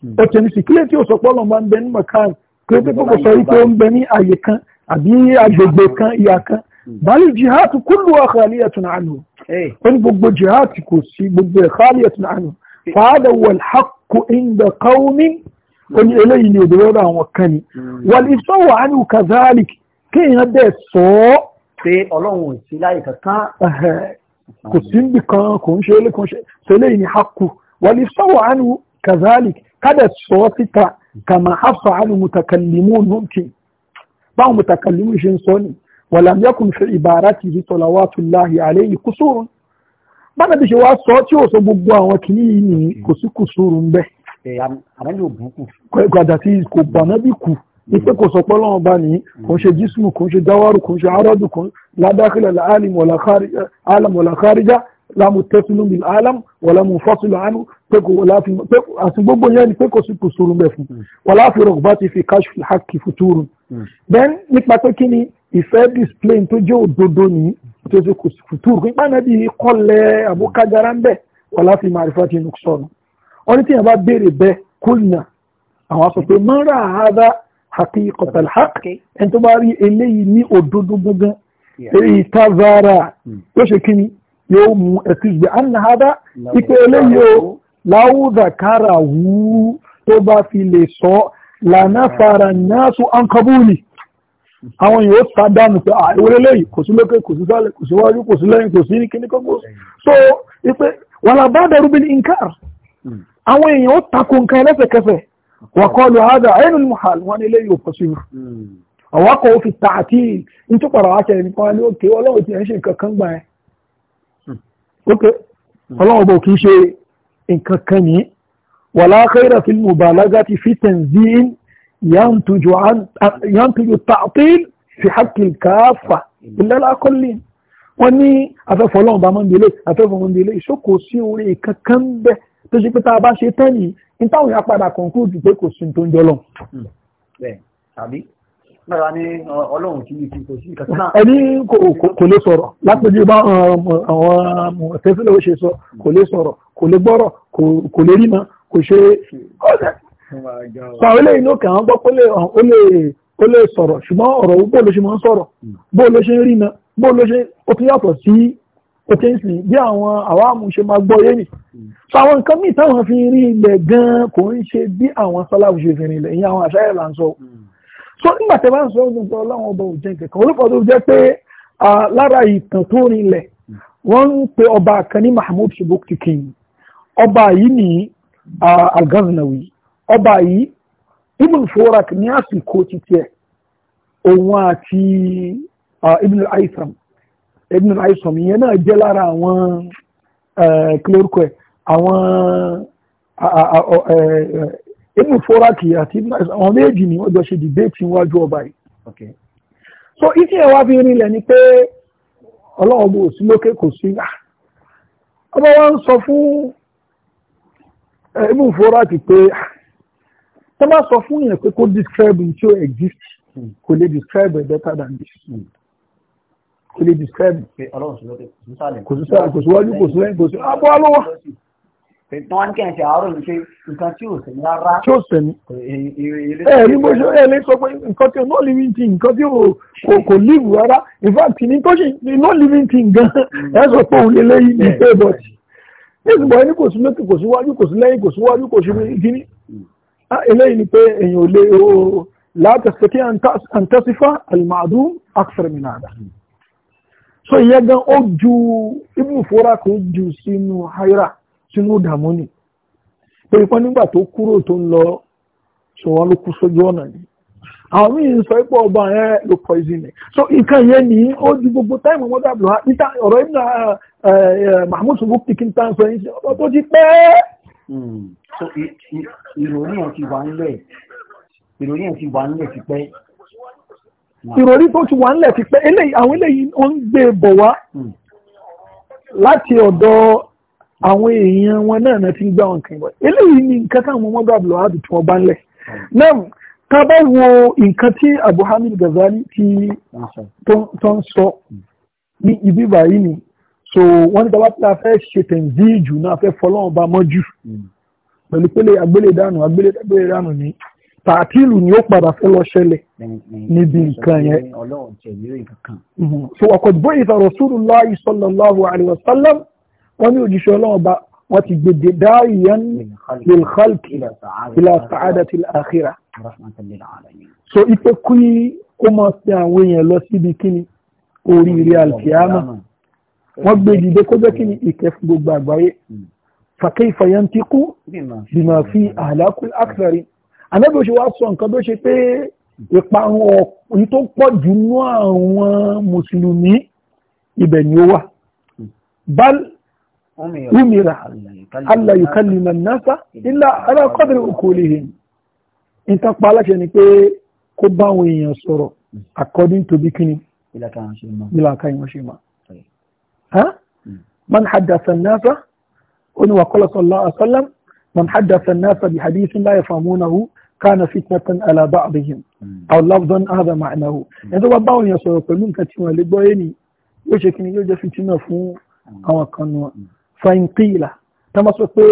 [SPEAKER 2] hmm. ó ti ní sí kílé tí ò sọ pé makanin pé pé kò sọ wípé ó ń bẹ ní àyè kan àbí agbègbè kan ìyá kan bali jihad kullu khaliyatun anhu ó ní gbogbo jihad kò sí gbogbo ẹ̀ khaliyatun anhu fàádà wal haqqu inda qawmin ó ní eléyìí ni òdòdó àwọn kan ni hmm. wal ìsọ̀wọ̀ anhu kazalik kéèyàn bẹ́ẹ̀ sọ
[SPEAKER 1] pé ọlọ́run sí láyé
[SPEAKER 2] kankan kò sí níbi kan kò ń ṣe eléyìí kan ṣe eléyìí ni haqqu wal ìsọ̀wọ̀ anhu kazalik kádẹ̀ sọ síta كما حفظ àlù mutakallimun ممكن، báwọn متكلمون جنسوني، ولم يكن في wàlám yakun الله عليه كسور، alayhi kusurun bára bí ṣe wá sọ tí ó sọ gbogbo àwọn kìíní yìí ni kò sí kùsùrù ń bẹ. gbàdà tí kò bàná bí kù ipe kò sọ pé ọlọ́run bá ní kò ń ṣe jísùmù kò ń ṣe dáwárù kò ń ṣe arọ́dù kò ń ládàkìlẹ̀ alam wala kharija alam wala pé kò wọ́n láàfin pé àti gbogbo yẹn ni pé kò sí kùsùrù mẹ́ fún hmm. wọ́n láàfin rọ̀ bá ti fi káṣù hákì fùtúrù hmm. then nípa pé kí ni ìfẹ́ display tó jẹ́ òdodo ní tó ti kò sí nípa náà bí kọ́lẹ̀ àbúkájára ń bẹ̀ wọ́n láàfin màrífà ti nùkú sọ̀nù wọ́n tí yẹn bá béèrè bẹ́ kúlìnà àwọn sọ pé mọ́ ra àádá hákì kọ̀tàlì hákì ẹni tó bá rí eléyìí ní òdodo gbọ́ngàn èyí tazara hmm. yóò ṣe kí ni yóò mú ẹ̀kú kara wú tó bá fi lè sọ lànà fara náà tún àwọn yóò sá dánù pé àìwọlé ah, lẹ́yìn kò sí lókè kò sí sálẹ̀ kò sí wájú kò sí lẹ́yìn kò so ipe wàlà bá dẹrù bí nkàr àwọn èèyàn ó takò nǹkan lẹ́sẹ̀kẹsẹ̀ wà hada ayélu muhal wọn ni lẹ́yìn òpó sí àwọn kò fi tààtì ní òkè ọlọ́run ti nǹkan kan ní wàlá khayra fil mubalagati fi tanzin yantuju ta'til fi haqqi al-kaffa illa al-aqallin wọ́n ní afẹ́fọ́lọ́wọ́n bá mọ́ nílé afẹ́fọ́lọ́wọ́n nílé ìṣókò sí orí kankan bẹ́ tó ṣe pé tá a bá ṣe tán yìí ní táwọn yà padà conclude pé kò sí tó ń jọ lọ.
[SPEAKER 1] Hmm. ẹni
[SPEAKER 2] kò lè sọ̀rọ̀ lápẹjù bá um, um, àwọn um, tẹ́sílẹ̀ ó ṣe sọ kò lè sọ̀rọ̀ kò lè gbọ́rọ̀ kò lè rí mọ́ kò ṣe kọ́sẹ̀.
[SPEAKER 3] Oh
[SPEAKER 2] sàwọn eléyìí ló kàn án gbọ́ pé ó lè sọ̀rọ̀ ṣùgbọ́n ọ̀rọ̀ bó ló ṣe máa ń sọ̀rọ̀ hmm. bó ló ṣe ń rí náà bó ló ṣe ó tún yàtọ̀ sí potensi bí àwọn àwáàmù ṣe máa gbọ́ yé nì. Hmm. sàwọn nǹkan míì táwọn fi rí ilẹ̀ gan-an kò ń ṣe bí àwọn sálàbù ṣe fi rin ilẹ̀ àwọn àṣàyẹ̀ là ń sọ. Hmm. so nígbà tẹ́ bá ń sọ ọdún tó ọlọ́run ọba ò jẹ́ nǹkan olùkọ́ tó jẹ́ pé lára ìtàn tó rin wọ́n ń pe ọba kan ní Mahmud Subukti King ọba yìí ní algaznawi ọba yìí ibn forak ní àsìkò títí ẹ̀ òun àti ibn al-aisam ibn al-aisam ìyẹn náà jẹ́ lára àwọn kílórúkọ ẹ̀ àwọn ibn forak àti ibn aisam àwọn méjì ni wọ́n jọ ṣe dìbéètì níwájú ọba
[SPEAKER 3] yìí.
[SPEAKER 2] so ife ẹ̀ wá fi rinlẹ̀ ni pé ọlọ́wọ́ bó sí lókè kò sí ah! ọba wa ń sọ fún ẹ̀mú ìfọ́ra ti pé tó bá sọ fún yẹn pé kó describe tí ó exist hmm. kò lè describe it better than this hmm. kò lè describe
[SPEAKER 1] pé ọlọ́run sí lókè kò sí sálẹ̀ kò sí sálẹ̀ kò sí wájú kò sí lẹ́yìn kò sí abọ́ alówó. Tọ́ wá ní kẹ́hìn ṣe àárọ̀ ní ṣe nǹkan tí ò sẹ̀ ní rárá. Tí ò sẹ̀ ní. Ẹ ní bó ṣe
[SPEAKER 2] ẹ lè sọ pé nǹkan tí ò no living thing nǹkan tí ò kò live rárá in fact ní tó ṣe no living thing gan hmm. ẹ sọ pé òun lè lẹ́yìn ní pay bọ́ọ̀tì nígbà ẹni kò sí lókè kò síwájú kò sí lẹ́yìn kò síwájú kò sí gíní ah, eléyìí ni pé èyàn ò lè o látàkì àǹtẹ́sífà àlùmáàdù àkṣẹ̀rẹ̀mìnàdà so ìyẹn gan ó ju ibùn fúra kò ju sínú haira sínú dàmúnì pé ìpọ́n nígbà tó kúrò tó ń lọ sọ̀wọ́n ló kú sójú ọ̀nà yìí àwọn míì sọ ọba yẹn ló so nǹkan yẹn ni ó di gbogbo táìmù wọn dàbí ha níta ọ̀rọ̀ yìí na eh, eh, eh, mahmood subuk pikin tán sọ yìí ọ̀rọ̀ tó ti pẹ́. Hmm. so
[SPEAKER 1] ìròyìn yẹn ti wà nílẹ̀ ìròyìn yẹn ti wà nílẹ̀ ti pẹ́.
[SPEAKER 2] ìròyìn tó ti wà nílẹ̀ ti pẹ́ eléyìí àwọn eléyìí ó ń gbé e bọ̀ wá hmm. láti ọ̀dọ̀ àwọn èèyàn wọn náà ti ń gbá wọn kàn wọ́n eléyìí ha ti ọba náà. tá bá wo nǹkan tí Abu Hamid Ghazali ti tó ń sọ ní ibi báyìí ni so wọ́n ní tá bá tí a fẹ́ ṣe tẹ̀sí jù náà fẹ́ fọlọ́run bá mọ́ jù mm. pẹ̀lú pélé agbélédànù agbélédànù ni tààtìlù ni ó padà fẹ́ lọ ṣẹlẹ̀
[SPEAKER 1] níbi nǹkan yẹn. Mm-hmm.
[SPEAKER 2] so ọkọ̀ bó ìta Rasulullah sallallahu alaihi wasallam wọ́n ní òjíṣẹ́ ọlọ́run bá wọ́n ti gbèdè dáìyàn
[SPEAKER 1] lil khalqi ila
[SPEAKER 2] sa'adati al-akhirah so ipe kú kó mọ̀ sí àwọn èèyàn lọ síbi kíni oríire alkiyama wọ́n gbé dìde kó jẹ́ kíni ìkẹ́ fún gbogbo àgbáyé hmm. fàkẹ́yìfà yẹn ti kú
[SPEAKER 3] bìmọ̀
[SPEAKER 2] fi àlákù àkàrí anábì ó ṣe wá sọ nǹkan tó ṣe pé ìparun ọ̀pọ̀ tó pọ̀ jù nú àwọn mùsùlùmí ibẹ̀ ni ó wà hmm. bal
[SPEAKER 3] umira allah yukallima
[SPEAKER 2] nasa illa ala qadri nǹkan pa aláṣẹ ni pé kó bá àwọn èèyàn sọ̀rọ̀ according to bí kíni ìlàkà ìwọ̀n ṣe máa. Hmm. man haddasa nasa ó ní wàkọ́lá sallallahu alaihi wasallam man haddasa nasa bi hadithin la yafhamunahu kana fitnatan ala ba'dihim hmm. aw lafdhan hadha ma'nahu hmm. ẹni tó bá bá àwọn èèyàn sọ̀rọ̀ pẹ̀lú nǹkan tí wọ́n lè gbọ́ yé ni yóò ṣe kíni yóò jẹ́ fitina fún àwọn kan nù fa in qila tá a máa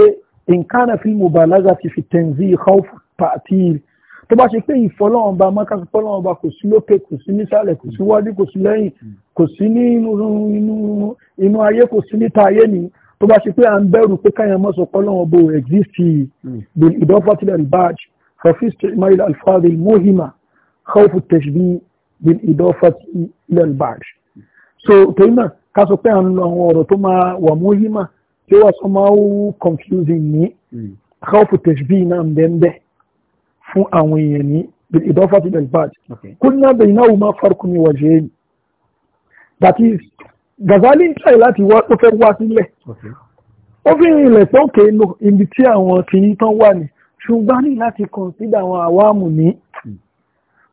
[SPEAKER 2] in kana fil mubalaghati fi tanzih khawf ta'til tó bá ṣe pé ìfọlọ́wọ́n ba mọ́ káfí fọlọ́wọ́n ba kò sí lókè kò sí nísàlẹ̀ kò sí wájú kò sí lẹ́yìn kò sí ní inú ayé kò sí níta ayé ni tó bá ṣe pé à ń bẹ̀rù pé káyàn mọ́ sọ fọlọ́wọ́n bo exist bil idafatil albaj fafi istimal alfadil muhima khawfu tashbih bil idafatil albaj. so torí náà ká sọ pé à ń lo àwọn ọ̀rọ̀ tó máa wà muhima tí ó sọ máa confusing ní hmm. khawfu tashbih náà ń bẹ́ẹ̀ bẹ́ẹ̀ fún àwọn èèyàn ní ìdọ́fà ti delbad kunna baynahuma farqun min wajhayn that is Ghazali ń ṣàyè láti wá ó fẹ́ wá sílẹ̀ ó fi rìn ilẹ̀ pé òkè lò ibi tí àwọn kìíní tán wà ní ṣùgbọ́n ní láti consider àwọn àwáàmù ní
[SPEAKER 3] hmm.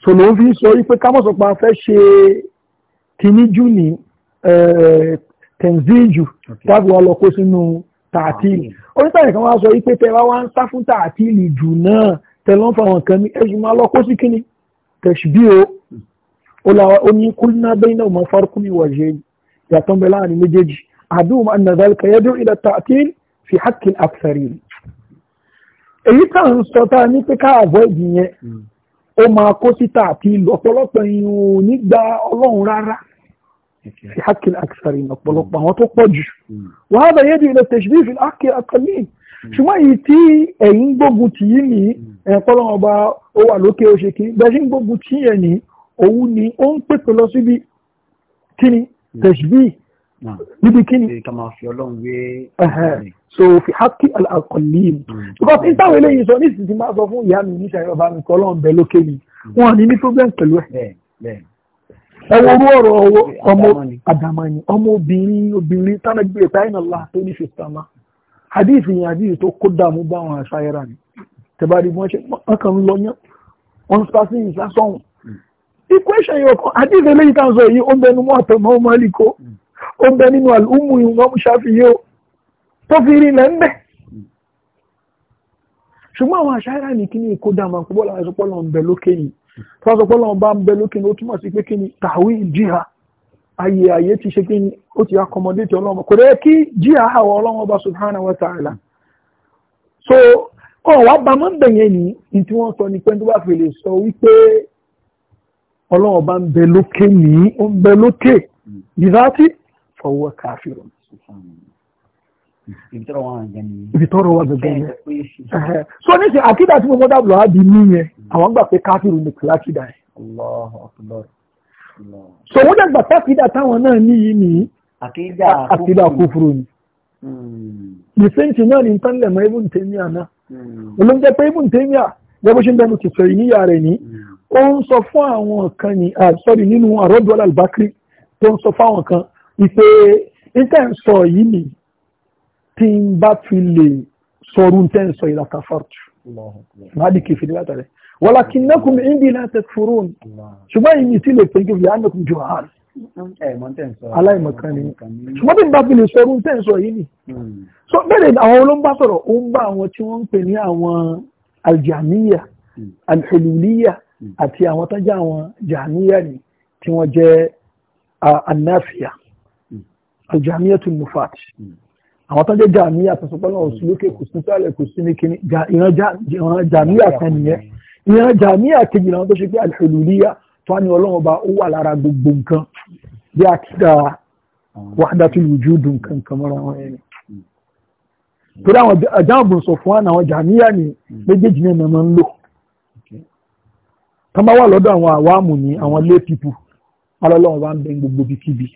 [SPEAKER 3] so ló ń fi sọ wípé
[SPEAKER 2] kámọ́sọ̀pá fẹ́ ṣe kìíní jù ní tẹ̀síjù tábí wọn lọ kó sínú ah, tààtìlì oníṣàyẹ̀ kan wá sọ wípé tẹ wá ń sá fún tààtìlì jù náà tẹ̀lọ́n fáwọn kan ní ẹ̀sùn máa lọ́kọ́ sí kíni tẹ̀síbí o ó ní kúlínà bẹ́yìn náà máa fárúkú ní wàjẹ́ ni yàtọ̀ ń bẹ láàrin méjèèjì àdúhùn anna zalika yẹ́dùn ilẹ̀ ta'til fi hakkin aksarin èyí tá à ń sọ tá a ní pé ká avoid yẹn ó máa kó sí ta'til ọ̀pọ̀lọpọ̀ yìí ò ní gba ọlọ́run rárá fi hakkin aksarin ọ̀pọ̀lọpọ̀ àwọn tó pọ̀ jù wàhálà yẹ́dùn ilẹ̀ tẹ̀síbí fi hakkin aksarin ṣùgbọ́n èyí tí ẹ̀yin gbógun tì yí ní ẹ̀kọ́lọ́wọ́n ọba ó wà lókè ó ṣe kí bẹ́ẹ̀ ṣe ń gbógun tì yẹn ní òun ni ó ń pèpè lọ síbi kíni tẹ̀síbí níbi kíni. so fi haki al-aqallim because ìtàwé lè yín sọ ní ìsìnkú máa sọ fún ìyá mi ní ìṣàyẹ̀ bàbá mi kọ́ ọlọ́run bẹ lókè mi wọn ní ní problem pẹ̀lú ẹ̀
[SPEAKER 3] ẹwọ orú ọ̀rọ̀ ọmọ
[SPEAKER 2] àdàmánì ọmọ obìnrin obìnrin tánàgbé ìpáyínà láà tó ní fi sàmà hadith yẹn hadith tó kuda dààmú bá àwọn àṣàyẹ̀rà ni tẹ̀bárí bí wọ́n ṣe wọ́n kàn ń lọ yán wọ́n ń pàṣẹ yìí lásọ̀hún. equation yìí ọkàn hadith eléyìí tá à ń sọ yìí ó ń bẹ nínú àtọ̀mọ́ ọmọ àlìkó ó ń bẹ nínú àlùmù ìwọ̀n ṣàfihàn o tó fi rí ilẹ̀ ṣùgbọ́n àwọn àṣàyẹ̀rà ni kí ni kó dààmú àpò bọ́ọ̀lù àwọn ìsọpọ̀lọ́ ń bẹ lókè yìí ayé ayé ti ṣe kí ó ti accommodate ọlọ́mọ kò rẹ̀ kí jí àhàwọ̀ ọlọ́mọ ọba subhanahu wa ta'ala so ọ̀wá bàmọ́ bẹ̀yẹn ní ní tí wọ́n sọ ní pẹ́ńtú bá fi lè sọ wípé ọlọ́run ọba ń bẹ lókè ní ó ń bẹ lókè ìdáàtì fọwọ́ káfíìrò.
[SPEAKER 1] ibi tọrọ wa gẹ́gẹ́ yẹn
[SPEAKER 2] so níṣẹ àkídà tí mo mọ dábùlọ á di ní yẹn àwọn gbà pé káfíìrò ní kìlákìdá
[SPEAKER 1] yẹn
[SPEAKER 2] sòwọ́n dàgbà tákìdá táwọn náà ní yìí ní
[SPEAKER 1] àkìdá kúfúrú
[SPEAKER 2] ni ìfẹ́ǹtì hmm. náà ní tánlẹ̀ mọ́ ibùn tèmíà náà hmm. olóńjẹ́ pé ibùn tèmíà yẹ́bó ṣe ń dẹnu ti sọ̀rọ̀ níyà rẹ̀ ní hmm. ó ń sọ fún àwọn kan ní ah, sọ́rí nínú àrọ́dù alábàákiri tó ń sọ fáwọn kan ìpè níta ń sọ yìí ni tí ń bá fi lè sọrú níta ń sọ ìlàkàfàtù máa di kìfìdí látàrẹ́ walakinnakum indi la takfurun ṣùgbọ́n yìí sí lè pè kí ìyá ànàkùn jù
[SPEAKER 1] àárẹ̀
[SPEAKER 2] aláìmọ̀kánni ṣùgbọ́n bí n bá fi lè sọ orun tẹ́ ni hmm. so bẹ́ẹ̀ ni àwọn olóńgbà sọ̀rọ̀ ó ń bá àwọn tí wọ́n ń pè ní àwọn aljamiya hmm. alhululiya hmm. àti àwọn tó jẹ́ àwọn jamiya ni tí wọ́n jẹ́ anáfíà aljamiya mufat àwọn tó jẹ́ jamiya tó sọ pé wọn sí lókè kò sí ní kíní ìran jamiya kan nìyẹn ìran jàmíà kejì làwọn tó ṣe pé alhululiyya tó á ní ọlọ́run ọba ó wà lára gbogbo nǹkan bí àkídà wahdatul wujud nǹkan kan mọ́ra wọn ẹni torí àwọn àjáàbùn sọ fún àwọn jàmíà ní méjèèjì náà máa ń lò tán bá wà lọ́dọ̀ àwọn àwáàmù ní àwọn lay people alọ́lọ́wọ́ bá ń bẹ gbogbo bíkíbi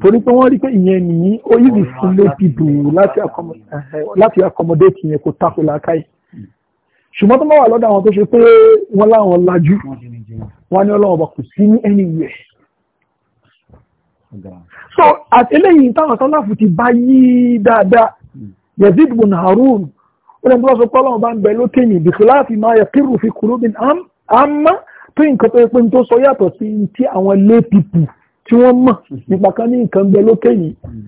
[SPEAKER 2] torí pé wọ́n rí pé ìyẹn nìyí ó yìí fún lay people láti accommodate ìyẹn kò tako làákàyè ṣùgbọ́n tó máa wà lọ́dọ̀ àwọn tó ṣe pé wọ́n láwọn lajú wọ́n ní ọlọ́wọ́ kò sí ní anywhere so àti eléyìí táwọn sọ́láfù ti bá yí dáadáa hmm. Yazid bin Harun ó lè mọ́ sọ pé ọlọ́wọ́ bá ń bẹ lókè yìí bí láti máa yẹ kírù fi kúrú bin amma tó nǹkan tó yẹ pé tó sọ yàtọ̀ sí ti àwọn lé tí wọ́n mọ̀ hmm. nípa kan ní nǹkan bẹ lókè yìí hmm.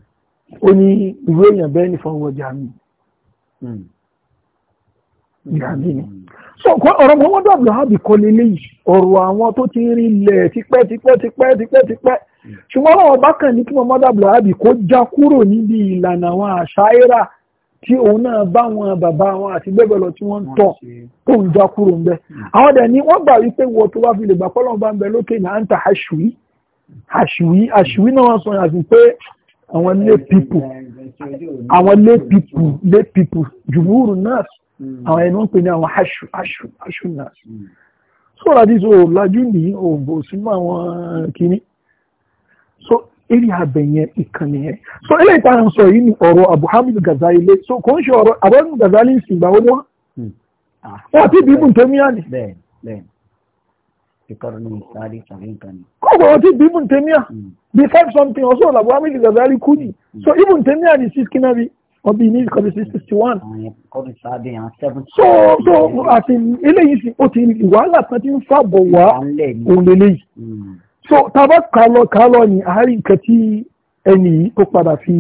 [SPEAKER 2] ó ní ìwé èèyàn bẹ́ẹ̀ ní fọwọ́ jà mí bìhàmínì so ọ̀rọ̀ muhammadu abdulhabi kọ́ lélẹ́yìí ọ̀rọ̀ àwọn tó ti rí ilẹ̀ tipẹ́ tipẹ́ tipẹ́ tipẹ́ tipẹ́ hmm. ṣùgbọ́n àwọn bákan ní kí muhammadu abdulhabi kó já kúrò níbi ìlànà àwọn àṣàyíra tí òun náà bá wọn bàbá wọn àti bẹ́bẹ̀ lọ tí wọ́n ń tọ̀ tó ń já kúrò ńbẹ́ hmm. àwọn dẹ̀ ni wọ́n gbà wípé wọ́n tó wá fi lè gbà pọ́lọ́n bá ń bẹ lókè ní àǹtà àṣùwí àṣùwí àṣùwí náà wọ́n sọ àti pé àwọn lé pipu àwọn lé pipu lé pipu jùmúrù náà Hmm. àwọn ẹni wọ́n pè ní àwọn aṣù aṣù aṣù náà so láti so lájú ní òbò sínú àwọn kìíní so eré abẹ̀yẹn ìkànnì yẹn so eléyìí tá à ń sọ yìí ni ọ̀rọ̀ Abu Hamid Ghazali lé so kò ń ṣe ọ̀rọ̀ Abu Hamid Ghazali ń sìn gbà ó wọ́n
[SPEAKER 1] hmm. ah. wọ́n àti
[SPEAKER 2] bíbù tó mí àná
[SPEAKER 1] ìkọrùnú ìsáàrí tàbí nǹkan ni.
[SPEAKER 2] kọ́gbọ̀n ọtí bí ibùn tèmíà bí five something ọ̀ṣọ́ làbọ̀ amílì Ghazali kú ni hmm. so ibùn tèmíà ni six kìnnà bíi ọbí ní ìkọ́bí sí sixty one.
[SPEAKER 1] so so
[SPEAKER 2] àti eléyìí sì ó ti wàhálà kan ti ń fàbọ̀ wá òun lélẹ́yìí. Hmm. so tábà kálọ kálọ ni àárín nǹkan tí ẹnì yìí tó padà fi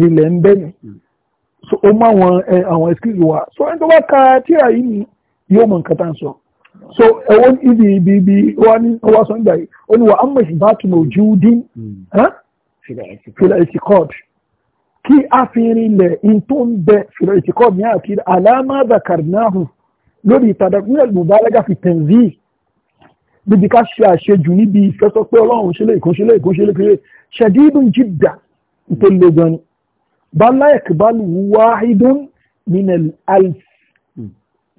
[SPEAKER 2] rilẹ̀ ń bẹ́ẹ̀ hmm. so ó mọ àwọn àwọn excuse wa so ẹni tó bá ka tíra yìí ni yóò mọ nǹkan tá à ń sọ so ẹwọ ibi ibi ibi wa ni wa sọ nígbà yìí ó ní wa amma ìbátan ojú dín fìlà ẹ̀sìn kọ́ọ̀dù kí a fi rinlẹ̀ in tó ń bẹ fìlọ ìtìkọ́ ní àkídà alama zakarnahu lórí ìtàdàkùn al-mubalaga fi tanzih níbi ká ṣe àṣejù níbi ìfẹ́sọ́ pé ọlọ́run ṣe lè kún ṣe lè kún ṣe lè kéré ṣadidun jidda tó le gan ni bala yakbalu wahidun min al-alf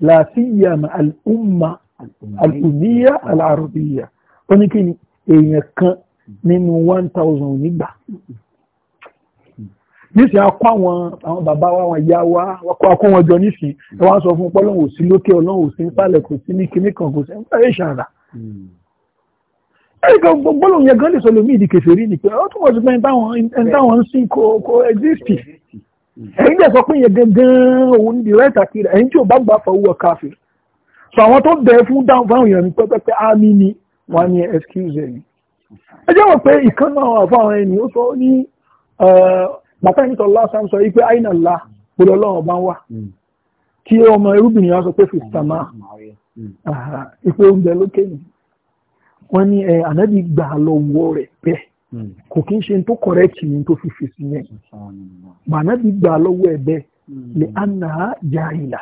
[SPEAKER 2] la siyama al-umma al ó ní kí ni èèyàn kan nínú one thousand nígbà nísìn akọ àwọn àwọn bàbá wa àwọn ìyá wa wakọ akọ wọn jọ nísìn ẹ wá ń sọ fún pọ́lọ́hùn òsì lókè ọlọ́hùn òsì nípàlẹ̀ kò sí ní kinní kan kò sí ẹ ẹ ṣàrà. ẹ̀ka gbọ́lọ́hùn yẹn gan lè sọ lómi ìdí kèfèrí ni pé ó túnbọ̀ sí pé ẹni táwọn ń sìn kò kò ẹ́gísítì. ẹ̀yin jẹ́ sọ pé yẹn gangan òun di rẹ́ẹ̀tì àti rẹ̀ ẹ̀yin tí ò bá gbà fọ owó káfí. sọ àwọn tó bẹ̀ fún dáhùn fáwọn ni wọ́n á bàtà ìnìtọ̀ Allah sam sọ wípé àìnà Allah gbọdọ̀ ọlọ́run ọba wà hmm. kí ọmọ irúbìnrin wa sọ pé fìsàmà
[SPEAKER 3] hmm.
[SPEAKER 2] ìpè oúnjẹ lókè ni wọ́n ní ẹ ànábì gbà lọ́wọ́ rẹ̀ bẹ́ẹ̀ hmm. kò kí n ṣe tó kọ̀rẹ́kì ni tó fi fèsì yẹn ànábì gbà lọ́wọ́ ẹ̀ bẹ́ẹ̀ lè ànà jáìlà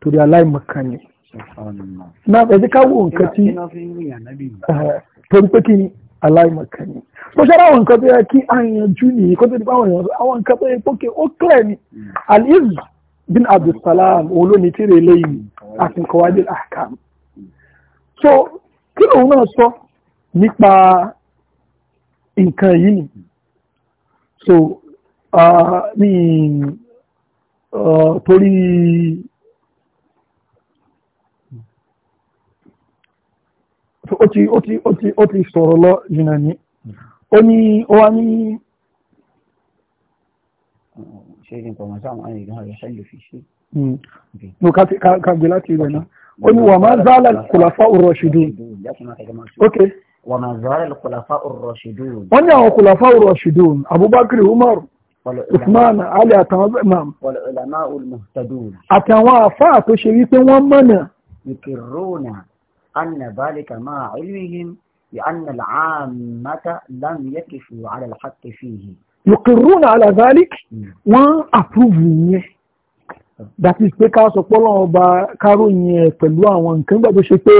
[SPEAKER 2] torí aláìmọ̀kan ni.
[SPEAKER 3] náà ẹ̀dí ká wo nǹkan tí
[SPEAKER 2] torí pé kí ni aláìmọ̀kan ni mo ṣe àwọn nǹkan tó yẹ kí àyànjú nìyí kó tó di báwọn èèyàn àwọn nǹkan tó yẹ pókè ó kílẹ̀ ni hmm. aliz bin abdulsalam òun ló ní tíré eléyìí hmm. àtìkọwájú àkàm so kí lòun náà sọ nípa nǹkan yìí ni so ní ah, ah, torí. ó ti ó ti ó ti ó ti sọ̀rọ̀ lọ jìnnà ní ó ní ó wá ní
[SPEAKER 1] ṣe ìpọ̀mọ̀sá àwọn ìgbà rẹ̀ ṣẹ́lẹ̀ fi ṣe
[SPEAKER 2] hmm. no kàgbé láti ilẹ̀ náà ó ní wà máa zálà kùlàfà ar-rashidun
[SPEAKER 1] ok wà máa zálà kùlàfà ar-rashidun wọ́n ní àwọn
[SPEAKER 2] kùlàfà ar-rashidun abubakar umar
[SPEAKER 1] usman ali àtàwọn imam
[SPEAKER 2] àtàwọn àfáà tó ṣe wípé wọ́n mọ̀nà
[SPEAKER 1] أن ذلك ما علمهم بأن العامة لم يكفوا على الحق فيه
[SPEAKER 2] يقرون على ذلك وأبروفوا that is pé ká sọ pé ọlọ́run ọba káròyìn ẹ̀ pẹ̀lú àwọn nǹkan gbà tó ṣe pé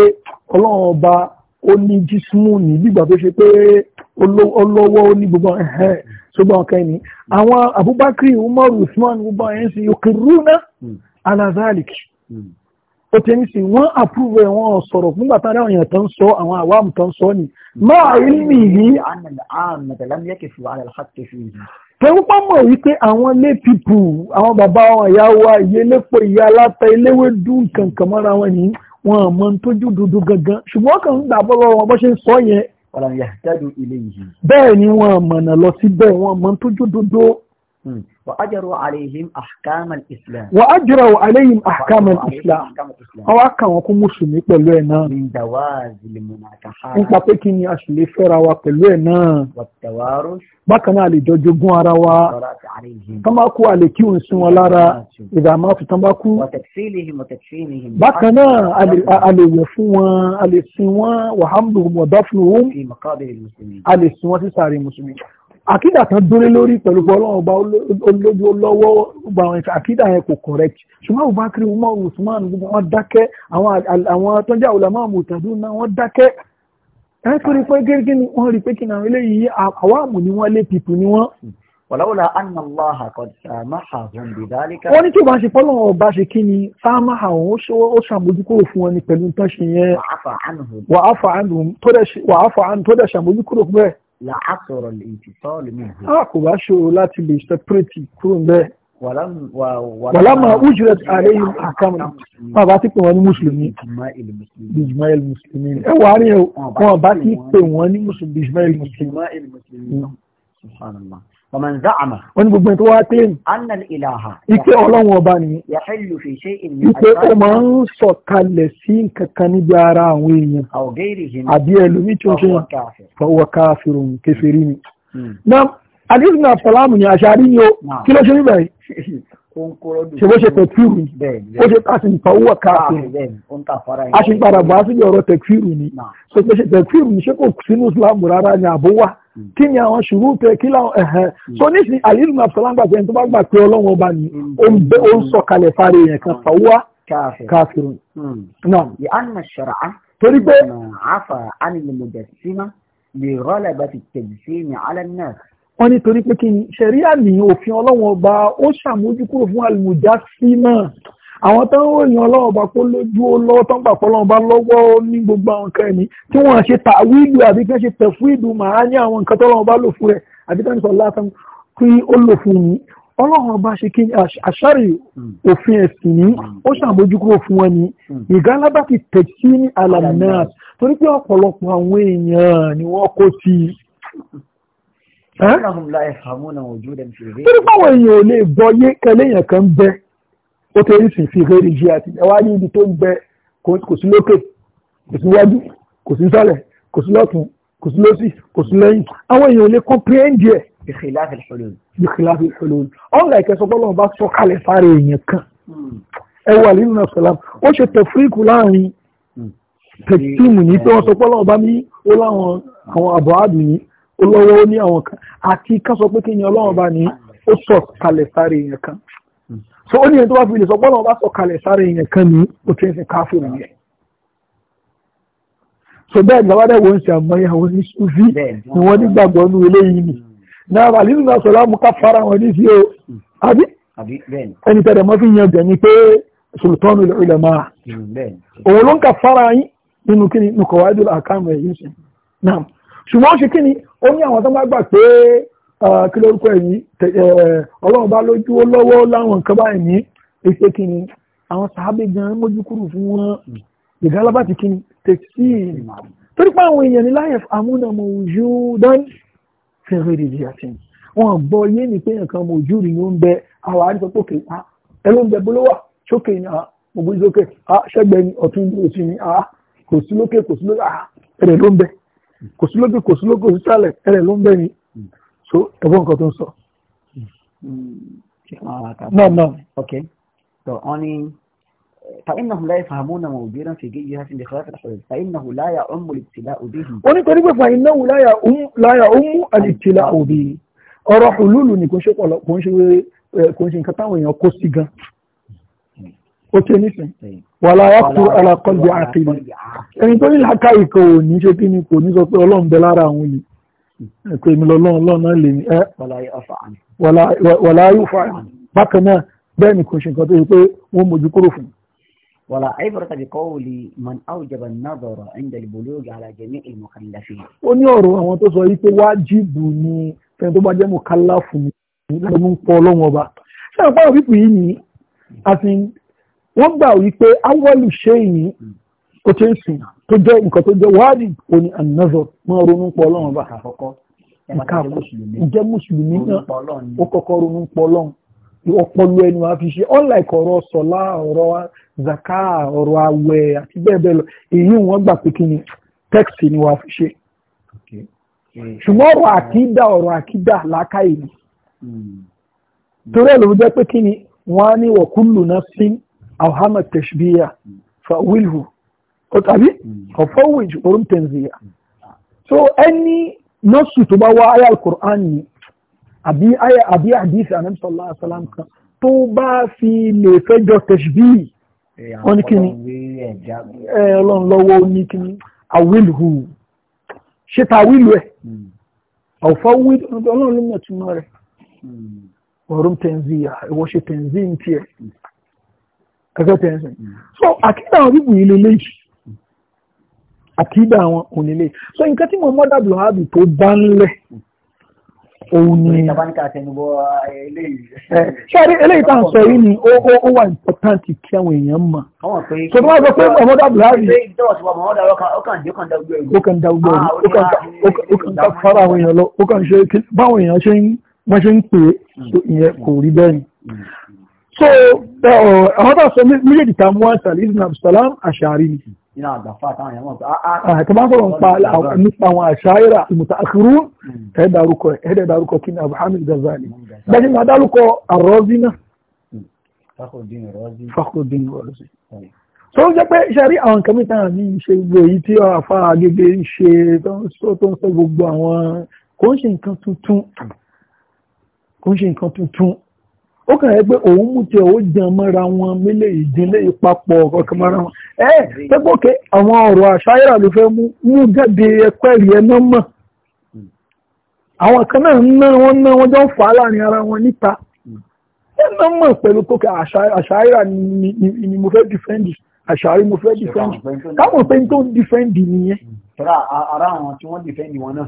[SPEAKER 2] ọlọ́run ọba ó ní jísmù ní gbígbà tó ṣe pé ọlọ́wọ́ ó ní gbogbo ẹ̀hẹ́ ṣùgbọ́n ọ̀kan ni àwọn Abubakar Umar Usman gbogbo ẹ̀yìn sí yòókè rúnà mm. alazalik mm ó ti ní sí wọ́n àpúrò ẹ̀ wọ́n sọ̀rọ̀ nígbà tá àwọn èèyàn tó ń sọ àwọn àwàmù tó ń sọ ni máa rí mi yìí. tẹ̀wọ́pọ̀ mọ̀ wípé àwọn ilé pípù àwọn bàbá wọn ìyá wa ìyá elépo ìyá aláta eléwé dùn kankan mọ́ra wọn ni wọn àmọ́ ń tójú dúdú gangan ṣùgbọ́n kàn ń gbà bọ́ wọn bó ṣe ń sọ yẹn. bẹ́ẹ̀ ni wọn àmọ̀nà lọ síbẹ̀ wọn àmọ́ ń tójú dúdú
[SPEAKER 1] وأجروا عليهم أحكام الإسلام وأجروا عليهم أحكام الإسلام أو
[SPEAKER 2] أكان وكم مسلمي بلونا من جواز
[SPEAKER 1] المناكحات إنك
[SPEAKER 2] بكيني أسلي فرا وكلونا
[SPEAKER 1] والتوارث
[SPEAKER 2] bákan náà lè jọ jogún ara wa tọ́mbákú a lè kí òun sun wọn lára ìdá máa fi tọ́mbákú
[SPEAKER 1] bákan náà a lè
[SPEAKER 2] wẹ̀ fún wọn a lè sin wọn wàhámdùn wọ̀dọ́fún òun a lè sin wọn sí sàárè mùsùlùmí àkídà tán dúró lórí pẹ̀lú ọlọ́run ọba olójú lọ́wọ́ gba àwọn àkídà yẹn kò correct ṣùgbọ́n Abubakar Umar Usman gbogbo wọn dákẹ́ àwọn tó ń jẹ́ ulama mutaduna náà wọ́n dákẹ́ ẹ̀ tó rí pé gẹ́gẹ́ ni wọ́n rí pé kí náà eléyìí àwàmù ni wọ́n lé pípù ni wọ́n.
[SPEAKER 1] wàláwùlà anna Allah qad samaha hum bidhalika. wọ́n ní tí o bá
[SPEAKER 2] ṣe fọ́lọ́wọ́n ọba ṣe kí ni samaha òun
[SPEAKER 1] làásọ̀rọ̀ ètò sọ́ọ̀lù mi. a ah,
[SPEAKER 2] kò bá ṣòro láti lè sẹpẹrẹtì kúrò bẹ́ẹ̀.
[SPEAKER 1] wàlámà ujurat àlẹyìn àkàmù
[SPEAKER 2] máa bá ti pè wọn ní mùsùlùmí bìjìmáìl mùsùlùmí ẹ wà á rí ẹ wọn bá ti pè wọn ní mùsùlùmí bìjìmáìl
[SPEAKER 1] mùsùlùmí. ومن زعم wọ́n gbogbo ẹni tó wá claim annal ilaha ike ọlọ́run ọba ni yàhẹ́lù fi ṣe ìní ike ó máa
[SPEAKER 2] ń sọ̀kalẹ̀ sí kankan níbi ara àwọn
[SPEAKER 1] èèyàn àbí ẹlòmíì tó ń ṣe
[SPEAKER 2] fọwọ́ káfíìrù kẹfẹ́rí ni. Hmm. na adéṣin náà sàlámù ni àṣàrí ni ó kí ló ṣe níbẹ̀ yìí ṣe bó ṣe tẹ̀kfíìrù ni ó ṣe ká sì ń fọwọ́ káfíìrù
[SPEAKER 1] a ṣe padà bá sí ọ̀rọ̀
[SPEAKER 2] tẹ̀kfíìrù ni ṣe tẹ̀kfíìrù ni ṣé kò sínú Islam rárá ni àbówà kí ni àwọn ṣùgbọ́n tẹ kí láwọn ẹ̀hẹ́ mm. so nísìnyí àlìlùmí àfọláńgbà tẹ ẹni tó bá gbà pé ọlọ́run ọba ni mm. ó ń sọ̀kalẹ̀ fáre yẹn kan fàwọ́ káfírun.
[SPEAKER 1] náà yìí á nà ṣọ̀rọ̀ torí pé àfà ánìlèmọ̀jẹ̀ símá lè rọ́lẹ̀ bá ti tẹ̀jì sí ní alẹ́ náà.
[SPEAKER 2] wọ́n ní torí pé kí ni ṣẹ̀ríà ní òfin ọlọ́run ọba ó ṣàmójúkúrò fún àlùmọ̀já símá àwọn tó ń ròyìn ọlọ́wọ́ bá kó lójú ó lọ́wọ́ tó ń gbà fọlọ́wọ́ bá lọ́wọ́ ní gbogbo àwọn nǹkan ẹ̀mí tí wọ́n ṣe tàwílù àbí kí wọ́n ṣe tẹ̀fúìdù màá ní àwọn nǹkan tó lọ́wọ́ bá lò fún rẹ̀ àbí tó ń sọ látàn kí ó lò fún mi ọlọ́wọ́ bá ṣe kí àṣàrí òfin ẹ̀sìn ní ó ṣàmójúkúrò fún wọn ni ìgálábà ti tẹ̀ sí ní àlànà torí pé ọ̀pọ̀lọpọ̀ àwọn èèyàn ni wọ́n ó tẹ́rí sì fi rẹ́rì jí àti ẹwà ní ibi tó ń bẹ kò sí lókè kò sí wájú kò sí sálẹ̀ kò sí lọ́tún kò sí lọ́sì kò sí lẹ́yìn àwọn èèyàn lè comprehend ẹ̀.
[SPEAKER 1] ìkìláfì ìṣòlóòrùn.
[SPEAKER 2] ìkìláfì ìṣòlóòrùn. ọ̀rọ̀ ìkẹsọ̀ bọ́lọ̀ bá sọ kalẹ̀ sáré èèyàn kan. Hmm. ẹ wà nínú asalaam ó ṣe tẹ̀fúríkù láàrin hmm.
[SPEAKER 3] tẹ̀tíìmù ní pé wọ́n sọ pé
[SPEAKER 2] ọlọ́run bá ní ó láwọn àwọn àbọ̀ àdùn ní ó lọ́wọ́ ó ní àwọn kan àti ká sọ pé kí ni ọlọ́run bá ní ó sọ kalẹ̀ sáré èèyàn kan so ó ní ẹni tó bá fi lè sọ pé Ọlọ́run bá sọ kalẹ̀ sára èèyàn kan ní ó ti ń sin káfíìrì yẹn so bẹ́ẹ̀ ni bàbá dẹ̀wọ̀ ń ṣe àmọ́yé àwọn ní ṣúfì ni wọ́n ní gbàgbọ́ nú eléyìí ni náà àlínú náà sọ̀rọ̀ àmúká fara wọn ní sí o
[SPEAKER 1] àbí ẹni
[SPEAKER 2] tẹ̀rẹ̀ mọ́ fi yan bẹ̀ ni pé sultan ulama hmm, òun ló ń ka fara yín nínú kíni nukọ̀wájú àkàmù ẹ̀yìn sí náà ṣùgbọ́n ó ṣe kíni ó ní àwọn tó bá gbà pé Ah, kí lórúkọ ẹ̀yìn eh, ọlọ́run bá lójú ó lọ́wọ́ láwọn nǹkan báyìí ní èsè kìíní àwọn sàábì gan mójú kúrò fún wọn ìgálábà ti kìíní tẹ̀sí torí pé àwọn èèyàn ní láyẹ̀ àmúnà ojú dán fi hàn èdè ìjìyà sí wọn gbọ́ yé ni pé nǹkan mọ̀ ojú rí ló ń bẹ àwọn àrísọ pé òkè á ah, ẹ ló ń bẹ bólówà sókè ni à ah, ògùn sókè á ṣẹ́gbẹ́ ni ọ̀tún òsì ni à kò sí lókè kò sí lókè à ẹ̀rẹ̀ ló ń bẹ kò sí lókè kò sí lókè òsì sálẹ̀ ẹ̀rẹ̀ ló ń bẹ ni so ẹ̀gbọ́n nǹkan tó ń sọ.
[SPEAKER 1] náà hmm. ah, náà ok. so wọ́n ní فإنهم لا يفهمون موجودا في جهة بخلاف الحدود فإنه لا يعم الابتلاء به
[SPEAKER 2] ونقول فإنه لا يعم لا يعم الابتلاء به ọ̀rọ̀ hululu ni kò ṣe pọ̀ kò ń ṣe eh, kò ń ṣe nǹkan táwọn èèyàn kó sí gan ó ṣe nísìn wàlá yàtọ̀ alákọ̀ọ́lù àkìlì ẹni tó ní làákàyè kò ní ṣe kí ni kò ní sọ pé ọlọ́run bẹ lára àwọn yìí pé mi lọ lọ́nà lọ́nà lè ní ẹ́ wàlá yóò fà án bákan náà bẹ́ẹ̀ ni kò ṣe nǹkan tó yẹ pé wọ́n mójú kúrò fún un.
[SPEAKER 1] ولا عبرة بقول من أوجب النظر عند البلوغ على جميع المكلفين.
[SPEAKER 2] ó ní ọ̀rọ̀ àwọn tó sọ yìí pé wájìbù ni fẹ́ni tó bá jẹ́ mùkálàfù ni láti mú pọ̀ lọ́wọ́ ọba. ṣé àwọn pàrọ̀ yìí ni àti wọ́n gbà wípé awọ́lù ṣé yìí kò ṣe ń sìn tó jẹ́ nǹkan tó jẹ́ wáàdì kò ní an-nazar máa ronú pọ̀ ọlọ́run bá àkọ́kọ́ nǹkan àkọ́kọ́ jẹ́ mùsùlùmí náà ó kọ́kọ́ ronú pọ̀ ọlọ́run ọpọlọ ẹni wàá fi ṣe unlike ọ̀rọ̀ sọ̀lá ọ̀rọ̀ zaka ọ̀rọ̀ awẹ àti bẹ́ẹ̀ bẹ́ẹ̀ lọ èyí wọ́n gbà pé kí ni tẹ́kìtì ni wàá fi ṣe ṣùgbọ́n ọ̀rọ̀ àkídà ọ̀rọ̀ àkídà làákàyè ni hmm. torí ẹ̀ ló jẹ́ pé kí ni wọ́n á ní wa kullu nafsin awhamat tashbiya fa wilhu ó tàbí ọ̀fọ́wò hmm. ìṣòro ń so ẹni nọ́ọ̀sù tó bá wá ayé alukur'an ni àbí ayé àbí àdìsí anabi sallallahu alaihi wasallam kan tó bá fi lè fẹjọ tẹsibí
[SPEAKER 1] eh, wọn ni kíni ẹ
[SPEAKER 2] eh, ọlọ́run lọ́wọ́ ní kíni àwílù ṣe ta àwílù ẹ ọ̀fọ́wò rẹ̀ hmm. ọ̀rùn tẹ̀síyà ìwọ ṣe tẹ̀sí ní hmm. kẹ́kẹ́ tẹ̀sí so àkíndà àwọn bíbù yìí àkídà àwọn onílé so nǹkan tí Muhammad Abdulwahab tó bá ń lẹ̀ òun ni
[SPEAKER 1] eh, ṣáàrí eléyìí tá à ń sọ yìí ni
[SPEAKER 2] ó wà important kí àwọn èèyàn mọ̀ so tó wá sọ pé Muhammad Abdulwahab
[SPEAKER 1] ó kàn dá gbogbo ó kàn
[SPEAKER 2] dá ah, fara àwọn èèyàn lọ ó kàn ṣe báwọn èèyàn ṣe ń wọ́n ṣe ń pè é ìyẹn kò rí bẹ́ẹ̀ ni so eh, àwọn tá a sọ méjèèjì tá a mú àṣàlì ibn Abdulsalam àṣàrí nìyí
[SPEAKER 1] iná àgbàfà táwọn èèyàn mọ̀ pé àà. Ah, ah. ah, tó bá ń sọ̀rọ̀
[SPEAKER 2] nípa àwọn àṣàyẹ̀rà mutaakhirun hmm. ẹ̀ẹ́dàrúkọ ẹ̀ẹ́dàrúkọ kí ni Abu Hamid Ghazali
[SPEAKER 1] bẹ́ẹ̀ ni adárúkọ àrọ́zí náà. Hmm. Fakhruddin Razi hmm.
[SPEAKER 2] so jẹ́ pé ṣàrí àwọn nǹkan mìta ní ṣe gbogbo èyí tí ó àfá agége ń ṣe tó ń sọ gbogbo àwọn kò ń ṣe tuntun kò ń ṣe tuntun ó kàn yẹ pé òun mú tiẹ̀ ó jẹun mọ́ra wọn mílẹ̀ ìdílé ìpapọ̀ ọ̀kọ̀ọ̀kan mọ́ra wọn ẹ pẹ́pọ̀kẹ́ àwọn ọ̀rọ̀ àṣàyẹ̀rà ló fẹ́ mú mú jáde ẹpẹ́rì ẹ náà mọ̀ àwọn kan náà ń ná wọn ná wọn jọ ń fà á láàrin ara wọn níta ẹ náà mọ̀ pẹ̀lú kókè àṣàyẹ̀rà ni mo fẹ́ dìfẹ́ǹdì àṣàyẹ̀rà mo fẹ́ dìfẹ́ǹdì káwọn pé tó ń dìfẹ́ǹdì nìyẹn
[SPEAKER 1] tọ́ra ara àwọn tí wọ́n dìfẹ́ndì wọn náà.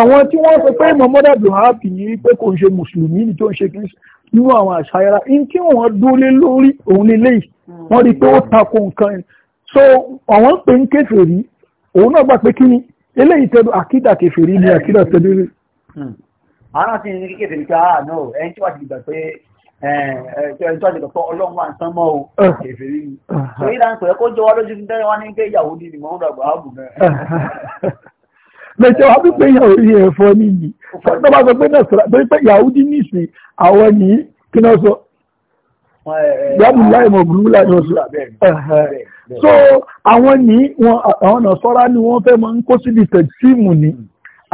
[SPEAKER 2] àwọn tí wọ́n sọ pé mọ̀mọ́dà buhari yìí pé kò ń ṣe mùsùlùmí ni tó ń ṣe kìí nínú àwọn àṣàyàrá in tí wọ́n dúró lórí òun lélẹ́yìí hmm. wọ́n rí pé ó tako nǹkan ẹ̀ so àwọn pè ń kèfèrí òun náà gbà pé kí ni eléyìí tẹ́lu àkídà kèfèrí ni àkídà tẹ́lu.
[SPEAKER 1] Hmm. àwọn àti ìrìn kékeré ká náà ah, ẹni tí wàá ti gbà pé ẹ̀ẹ́dẹ́gbẹ̀tọ́ àjẹ̀kọ̀tọ́ ọlọ́run wà ń sán mọ́ o kèfèrí ni torí dáńtọ̀ ẹ kó jọ wá lójú tẹ́lẹ̀ wá ní pé ìyàwó ni ìmọ̀ ọ̀dọ̀ àgbà ààbò náà.
[SPEAKER 2] mẹ́tẹ́ wá pípé ìyàwó yẹ ẹ̀fọ́ nìyí tó bá sọ pé náà sọ̀rọ̀ torí pé ìyàwó dín ní ìsìn àwọn ní kí náà sọ. gbàdùn láì mọ̀ burú láì mọ̀ sọ. so àwọn ní wọn àwọn náà sọ́ra ni wọ́n fẹ́ máa ń kó síbi tẹ̀síìmù ni hmm.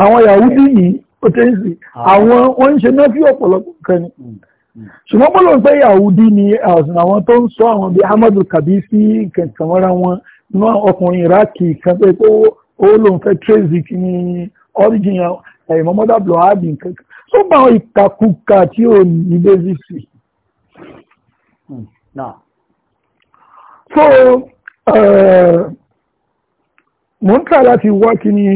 [SPEAKER 2] àwọn ìyàwó dín ní ó tẹ́ ṣùgbọ́n bọ́lọ̀ ń pẹ́ Yahudi ni àwọn tó ń sọ àwọn bíi Ahmadu Kabisi kẹ̀kẹ́mọ́ra wọn ní ọkùnrin Iraki kan pé ó lóun fẹ́ tracy ní origin Muhammadu Abdulhadi nǹkan kan tó bá àwọn ìkàkùkà tí ò ní basis. so eh, mo ń tà láti wá kí ni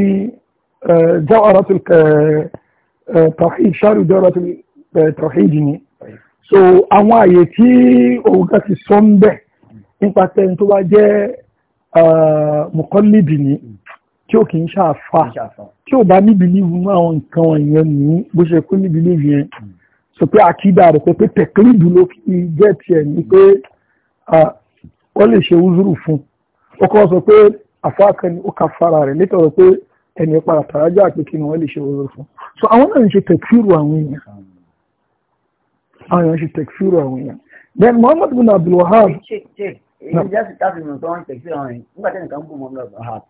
[SPEAKER 2] eh, jawaratul eh, tawhid sharu jawaratul tawhid ni so àwọn àyè tí òun kan ti sọ ń bẹ̀ nípa tẹni tó bá jẹ́ ah, mọ̀kọ́lìbì ní tí ó kì í ṣàfà tí ó bá níbi níbi àwọn nǹkan wọ̀nyẹn ní bó ṣe kó níbi níbi yẹn hmm. sọ pé àkídà rẹ̀ pé pé ló fi jẹ́ tiẹ̀ ní pé ah, wọ́n lè ṣe úzúrù fún ó kọ́ sọ pé àfáàkàn ni ó ka fara rẹ̀ nítorí pé ẹni padà tàrájà pé kí ni wọ́n lè ṣe úzúrù fún so àwọn náà ń ṣe tẹ̀kírù àwọn èèyàn hmm àwọn èèyàn ṣe tẹ̀kfíìrù àwọn èèyàn then Muhammad bin Abdul Wahab.
[SPEAKER 1] ìjọsìn tábìlì tó ń tẹ̀kfíìrù àwọn èèyàn nígbà tẹ́nìkan ń bù Muhammad bin Wahab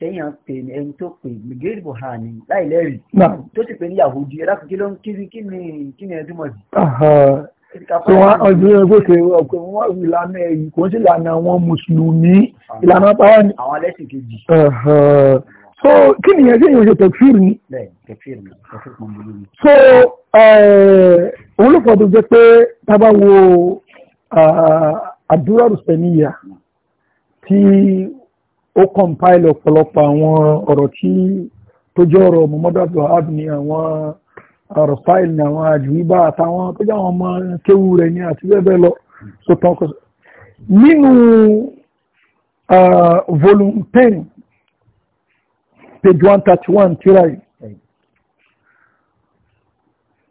[SPEAKER 1] tẹ́yàn pè ní ẹni tó pè miguel buhari láì lẹ́rìí tó sì pè ní yahudi ẹ̀dá kí ló ń kiri kí ni kí ni ẹdún mọ̀jì. tó wá ọdún yẹn kó ṣe
[SPEAKER 2] ọ̀pẹ̀ wọn ìlànà ẹ̀yìn kò ń ṣe ìlànà àwọn mùsùlùmí ìlànà báwọn. àwọn ẹlẹ́sìn kejì so kini kí nìyẹn sí ìyànjẹ
[SPEAKER 1] tẹ̀fíìrì ni
[SPEAKER 2] so eh, òun ló fọdún jẹ́ pé tábà wo àdúrà rùsẹ̀níyà tí ó compile ọ̀pọ̀lọpọ̀ àwọn ọ̀rọ̀ tí tó jẹ́ ọ̀rọ̀ Muhammadu Abdulhab ni àwọn rafael ni àwọn àjùwíbá àtàwọn tó jẹ́ àwọn ọmọ kéwú rẹ̀ ni àti bẹ́ẹ̀ bẹ́ẹ̀ lọ so tán kọ́ nínú volume ten page one thirty one tíra yìí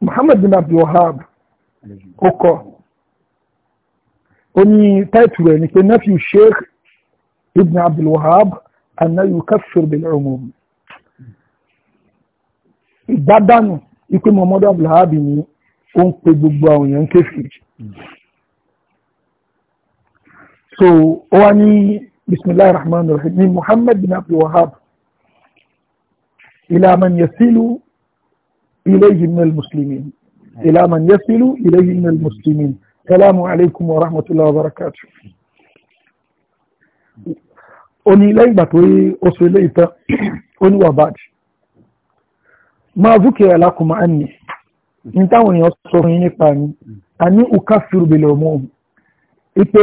[SPEAKER 2] Muhammad bin Abdul Wahab ó kọ ó ní táìtù rẹ̀ ni pé nephew Sheikh Ibn Abdul Wahab anna yukaffir bil ìgbádànù ipe Muhammad Abdul ni ó ń pe gbogbo àwọn èèyàn kéfì so ó wá ní bismillahir rahmanir rahim ni Muhammad bin Abdul إلى من يصل إليه من المسلمين إلى من يصل إليه من المسلمين السلام عليكم ورحمة الله وبركاته oni lẹ́yìn ìgbà tó rí oṣù ilé ìtàn oníwà báàdì máa zúkẹ́ alákùnmá ẹni ní táwọn èèyàn sọ fún yín nípa ní a ní ukáfíru bèlè ọmọ òun ipe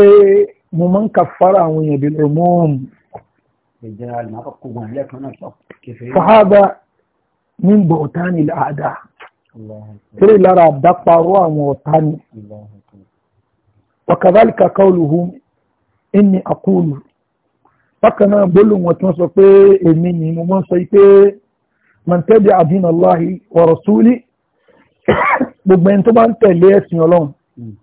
[SPEAKER 2] mo máa ń kàfàrà àwọn èèyàn bèlè ọmọ òun
[SPEAKER 1] ìjẹ́ra lè máa kọ́kọ́ gbọ́n lẹ́kan náà tọ́ kẹfẹ́. sahaba
[SPEAKER 2] ní gbọ́ ọ̀tá ni àdá tẹ́lẹ̀ lára àdáparọ́ àwọn ọ̀tá ni wakadhalika qawluhum inni aqulu bákan náà gbólóhùn wọn tí wọ́n sọ pé èmi ni mo máa sọ pé man tabi'a dina Allahi wa gbogbo ẹni tó bá ń tẹ̀lé ẹ̀sìn ọlọ́run hmm.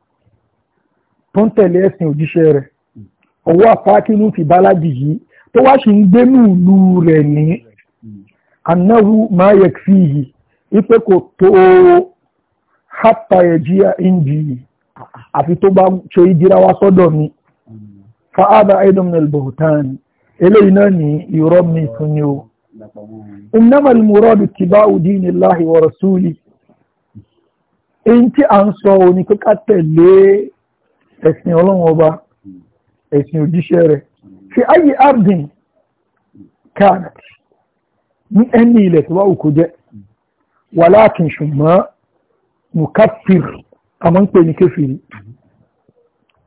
[SPEAKER 2] tó ń tẹ̀lé ẹ̀sìn òjíṣẹ́ rẹ̀ hmm. ọwọ́ àfáàkínú fi bálájì yìí tó wá sì ń gbénú ìlú rẹ̀ ní anáwó máa yẹ fi yìí wípé kò tó hátà ẹ̀jíà ìjì àfi tó bá ṣe ìdíra sọ́dọ̀ mi fa'ada aidomnel bohutan eléyìí náà ní irọ́ mi fún ni o innama al-muradu ittiba'u dinillahi wa rasuli èyí tí a ń sọ òní pé tẹ̀lé ẹ̀sìn ọlọ́run ọba ẹ̀sìn òjíṣẹ́ rẹ̀ في أي أرض كانت من أني لتوأكد ولكن شما نكفر أمان تيني كفري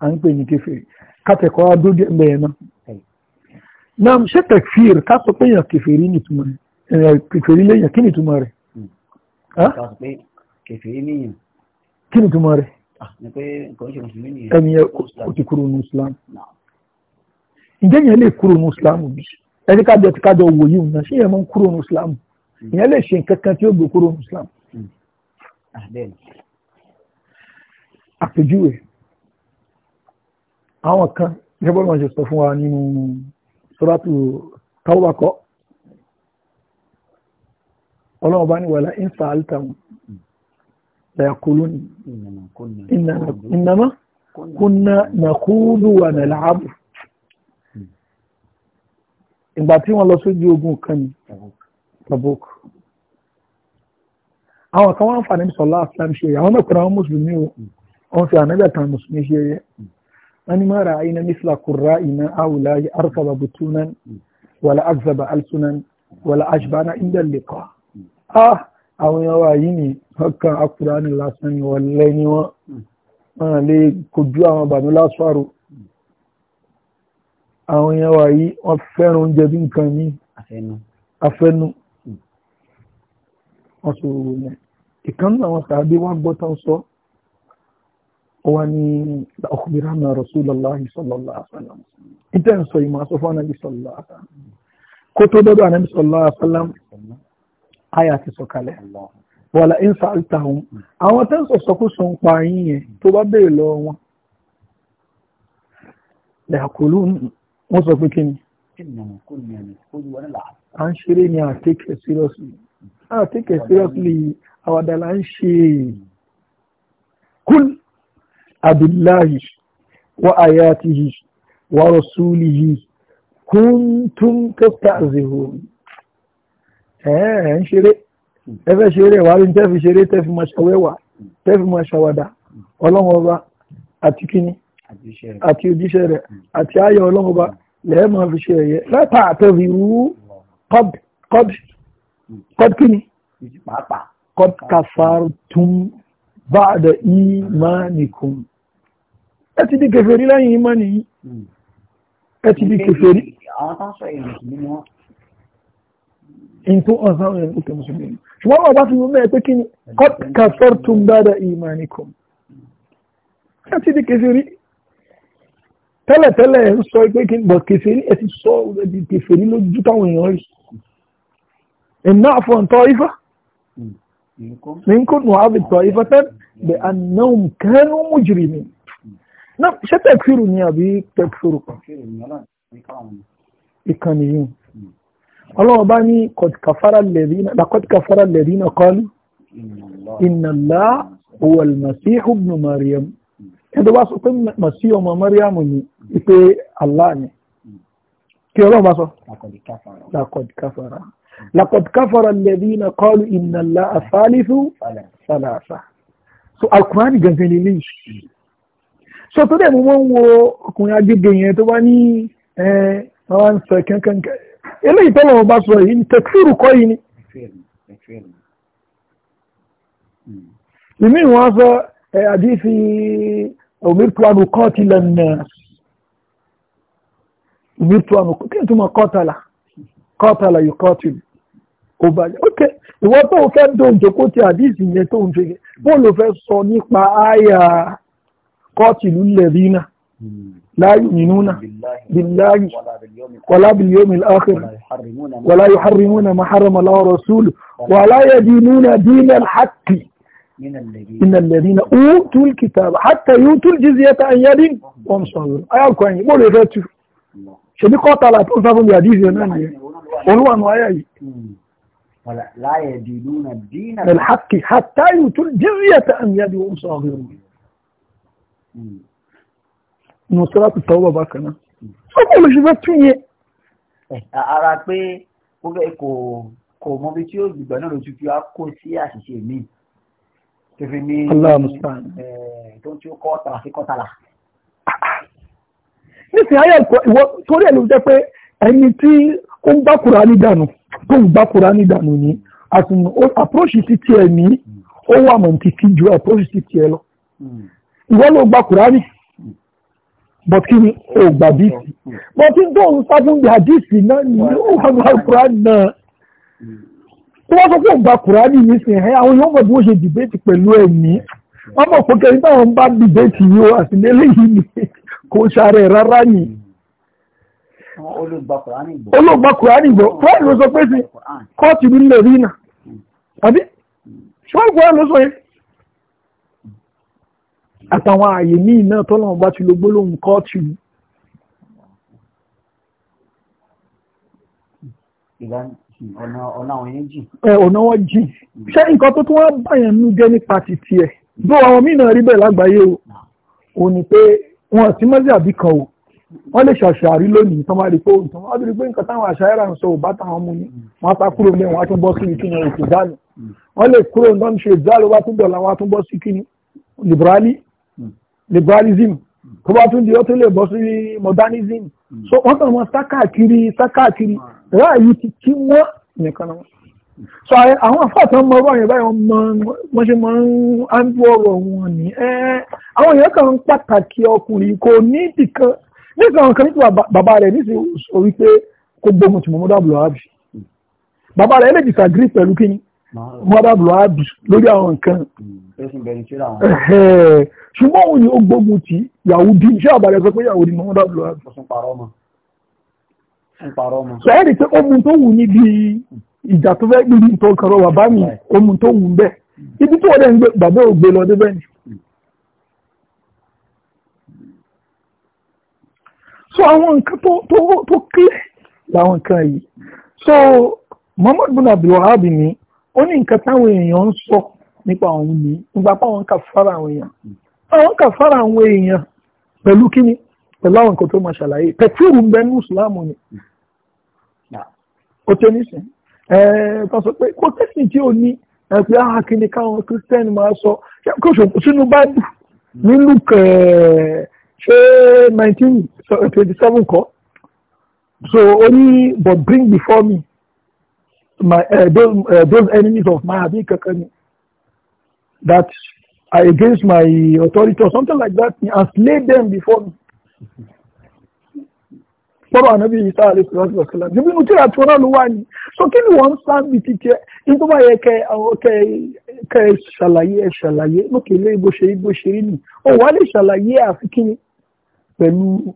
[SPEAKER 2] أمان تيني كفري كاتكوا دوج مينا نعم شو تكفير كاتكوا كفري نتمنى إيه، كفري كين كني تمارة
[SPEAKER 1] ها كفري نين كني تمارة أمي
[SPEAKER 2] أتكرون مسلم نعم ǹjẹ́ yẹn lè kúrò ní ìsìlámù bí ẹni kájọ ti kájọ wò yìí nǹkan ṣé yẹn máa ń kúrò ní ìsìlámù ìyẹn lè ṣe nǹkan kan tí ó gbé kúrò ní ìsìlámù.
[SPEAKER 1] Hmm. Ah,
[SPEAKER 2] àpèjúwe àwọn kan ṣé bọ́lá ṣe sọ fún wa nínú sọ́dọ̀tù táwọ́bàkọ́ ọlọ́run bá ní wàhálà ìnsà àlítàwọn lẹ́yàkúlù ní ìnàmá kúnná nàkúlù nàlàábù ìgbà tí wọ́n lọ sójú ogun kan ní Tabuk àwọn kan wọ́n ń fa níbi sọ̀lá àfihàn ṣe àwọn mẹ́kùnrin àwọn mùsùlùmí o wọ́n fi ànábẹ̀ tán mùsùlùmí ṣe yẹ wọ́n ní mara iná mísìlá kùrá iná àwùlá yìí arsaba butunan wàlá azaba alsunan wàlá ashbana inda liqa ah àwọn èèyàn yìí ni ọkàn akùrá ni ni wọ́n lẹ́ni
[SPEAKER 3] wọ́n
[SPEAKER 2] lè kojú àwọn bàmí lásán àwọn èèyàn wà yìí wọ́n fẹ́ràn oúnjẹ bí nǹkan ní afẹ́nu hmm. wọ́n sọ òwò yẹn ìkànnì àwọn sàábí wọ́n gbọ́ tán sọ wọ́n ní ọkùnrin àmà rasulullahi sallallahu alaihi wasallam ìtẹ́ ń sọ ìmọ̀ àṣọ fún anabi sallallahu alaihi wasallam kó tó dọ́dọ̀ anabi sallallahu alaihi wasallam àyà ti sọ kalẹ̀ wàlà ń sa àlùtàwọn àwọn tẹ́ ń sọ sọkúsọ ń pa yín yẹn tó bá béèrè lọ́wọ́ wọn lẹ́yàkùlù wọ́n sọ pé kí ni à ń ṣeré ni à take it seriously à take it seriously àwàdà là ń ṣe kul abillahi wa ayatihi wa rasulihi kuntum tastahzihun ẹ̀ ń ṣeré ẹ ṣeré wàá rí ṣeré tẹ́fi máa ṣàwẹ́wà tẹ́fi máa ṣàwàdà ọlọ́run àti kíni àti ojúṣe rẹ̀ àti ayọ̀ ọlọ́run lẹ́ẹ̀ máa fi ṣe ẹ̀yẹ lẹ́tà àtẹ̀wì rú kọ́d kíni kọ́d kàfàr tún ba'da ìmánìkùn ẹ ti di kèfèrí lẹ́yìn ìmánì yìí ẹ ti di kèfèrí.
[SPEAKER 1] àwọn tán sọ èyí ni
[SPEAKER 2] ọ̀sán ẹ̀rọ òkè mùsùlùmí ṣùgbọ́n wọ́n bá fi mú mẹ́ẹ̀ pé kí ni qad kafartum ba'da imanikum ẹ ti di kèfèrí tẹ́lẹ̀tẹ́lẹ̀ ń sọ pé kí n bọ̀ kèfèrí ẹ ti sọ ọ̀rẹ́dì kèfèrí lójú táwọn èèyàn rí iná àfọ̀ǹtọ́ ifá nǹkan nù àbìtọ̀ ifá tẹ́ bẹ̀ anáhùn kẹ́nu mújìrì mi náà ṣé tẹ̀kfìrù ni àbí tẹ̀kfìrù kan ìkànnì yìí ọlọ́wọ́ bá ní kọ̀tìkàfàrà lẹ́rìnà kọ́lù ìnàlá òwòlmàsíhù ibn Maryam ẹ̀dọ́ wá sọ pé màsí ọmọ Maryam ni ipe Allah ni kí ọlọ́run bá sọ
[SPEAKER 1] lakọ̀dìkáfàrà
[SPEAKER 2] lakọ̀dìkáfàrà alladhina qalu inna Allaha thalithu thalatha so alukurani gangan ni lè so tó dẹ̀ mú wọ́n wo ọkùnrin agbègbè yẹn tó bá ní ẹ̀ wọ́n sọ kankankan eléyìí tọ́lọ́run bá sọ yìí tẹ̀kfíìrù kọ́ yìí ni ìmí wọn sọ ẹ̀ àdìsí omirtu an uqatila an-nas. أمرت أن أقتل ثم قاتل قاتل يقاتل أوكي okay. واتو كان دون جوكوتي حديث ينتون في بولو فسوني ما آية قاتل الذين لا يؤمنون بالله ولا باليوم الآخر ولا يحرمون ما حرم الله رسول ولا يدينون دين الحق من الذين أوتوا الكتاب حتى يوتوا الجزية عن يد وهم صغيرون أيها الكوانين بولو ṣebí kọ́tàlá tó ń sáfún bí àdíjì náà nìyẹn olúwa hmm. hmm. nù ayá yìí
[SPEAKER 1] láyẹ̀ dìlú na dínà alhaki
[SPEAKER 2] hatayu tún jíríyà ta an yá bí wọ́n sọ ọ̀rọ̀ nù sọ́rọ̀ tó tọ́wọ́ bá kaná sọ́kọ̀ lè ṣe fẹ́ tún yẹ.
[SPEAKER 1] Eh, ara pé kò kò mọ bí tí ó gbìgbà náà lójú fi wá kó sí àṣìṣe mi tó fi ní eh, tó ń tí ó kọ́ta sí kọ́tàlá
[SPEAKER 2] nísìnyí ayé ẹ̀kọ́ ìwọ torí ẹ̀ ló jẹ́ pé ẹni tí ó ń gbá Kùránì dànù tó ń gbá Kùránì dànù ní àtùnú approach ti tiẹ̀ ní ó wà mọ̀ ní ti ju approach ti tiẹ̀ lọ ìwọ ló gbá Kùránì but kí ni ó gbà díìsì but n tó ń sábún gbà díìsì náà ni ó wà gbá Kùránì náà tó wá sọ pé ó gbá Kùránì nísìnyí àwọn yóò mọ̀ bí wọ́n ṣe dìbẹ́tì pẹ̀lú ẹ̀ wọ́n mọ̀ pé kẹ́rin táwọn bá dìbẹ́tì yìí ó àtìlẹ́lẹ́yìn nìyẹn kò ṣàrẹ̀ rárá ni
[SPEAKER 1] olùgbà kùránì
[SPEAKER 2] gbọ́ kùránì ló sọ pé sí kọ́ọ̀tì ní ilẹ̀ rí náà àbí ṣọ́ọ̀n kùránì ló sọ yẹ àtàwọn ààyè ní iná tọ́lọ́wọ́n bá ti lo gbólóhùn kọ́ọ̀tì yìí ọ̀nà wọn jìn. ṣé nǹkan tó tún wá báyẹn nú jẹ́ nípa títí ẹ̀ bí àwọn mìíràn rí bẹ́ẹ̀ lágbàáyé o ò ní pé wọn sí mọ́síàbí kan o wọ́n lè ṣàṣàrí lónìí tán máa rí pé òǹtàn wọ́n á ti rí pé nǹkan táwọn àṣàyàrà ń sọ ò bá táwọn mú ni wọ́n á sá kúrò lé wọn á tún bọ́ sí ìkíni òkè dànù wọ́n lè kúrò ní wọ́n ṣe ìdálò wá tún dọ̀là wọn á tún bọ́ sí ìkíni liberalism tó bá tún di ó tún lè bọ́ sí modernism so wọ́n kàn wọ́n sá káàkiri sá káàkiri ráàyè ti kí wọ́n nìkan náà so àwọn afáàtà mọ ọ̀rọ̀ yẹn báyìí wọ́n ṣe máa ń áńdú ọ̀rọ̀ wọn ni àwọn èèyàn kan pàtàkì ọkùnrin kò ní ìdìkan nígbà kan nípa bàbá rẹ̀ níṣẹ́ sọ wípé kó gbógun ti mọ̀mọ́dá buhari bàbá rẹ̀ lè disagree pẹ̀lú kíni mọ̀mọ́dá buhari lórí àwọn nǹkan ṣùgbọ́n òun ni ó gbógun ti Yahudi iṣẹ́ àbàrẹ̀ sọ pé Yahudi mọ̀mọ́dá
[SPEAKER 1] buhari sọ ẹ́ rí pé
[SPEAKER 2] ó mú tó wù níbi ìjà tó fẹ́ gbìyànjú nǹkan kan rọ bàbá mi ohun tó wù bẹ́ẹ̀ ibi tí wọ́n dẹ̀ ń gbé bàbá ò lọ débẹ̀ ni. so àwọn nǹkan tó tó tó kílẹ̀ làwọn nǹkan yìí so Muhammad bin Abdulwahab ni ó ní nǹkan táwọn èèyàn ń sọ nípa òun ni nígbà pé àwọn kà fara àwọn èèyàn àwọn kà fara àwọn èèyàn pẹ̀lú kíni pẹ̀lú àwọn nǹkan tó máa ṣàlàyé pẹ̀tírù ń bẹ ní ìsìlámù ni ó tẹ́ nísìnyí tọ́sọ pé kó tẹ́sìn tí ò ní ẹ̀pẹ́ àkíní ah, káwọn kírísítẹ́nì máa sọ sínú báìbù hmm. nílùú ṣé nineteen twenty seven kọ́ so ó ní but bring before me my uh, those, uh, those enemies of my abi kankan ni that are against my authority or something like that and slay them before me. pọ́rọ̀ ànábì yìí sáà lè sọ́ọ́sì ọ̀sẹ̀lá níbi inú tíra tí wọ́n ló wà ní so kí ni wọ́n sá bí títí ẹ ní tó bá yẹ kẹ kẹ ṣàlàyé ẹ ṣàlàyé lókè ilé bó ṣe rí ṣe rí nì ó wà lè ṣàlàyé àfi kí ni pẹ̀lú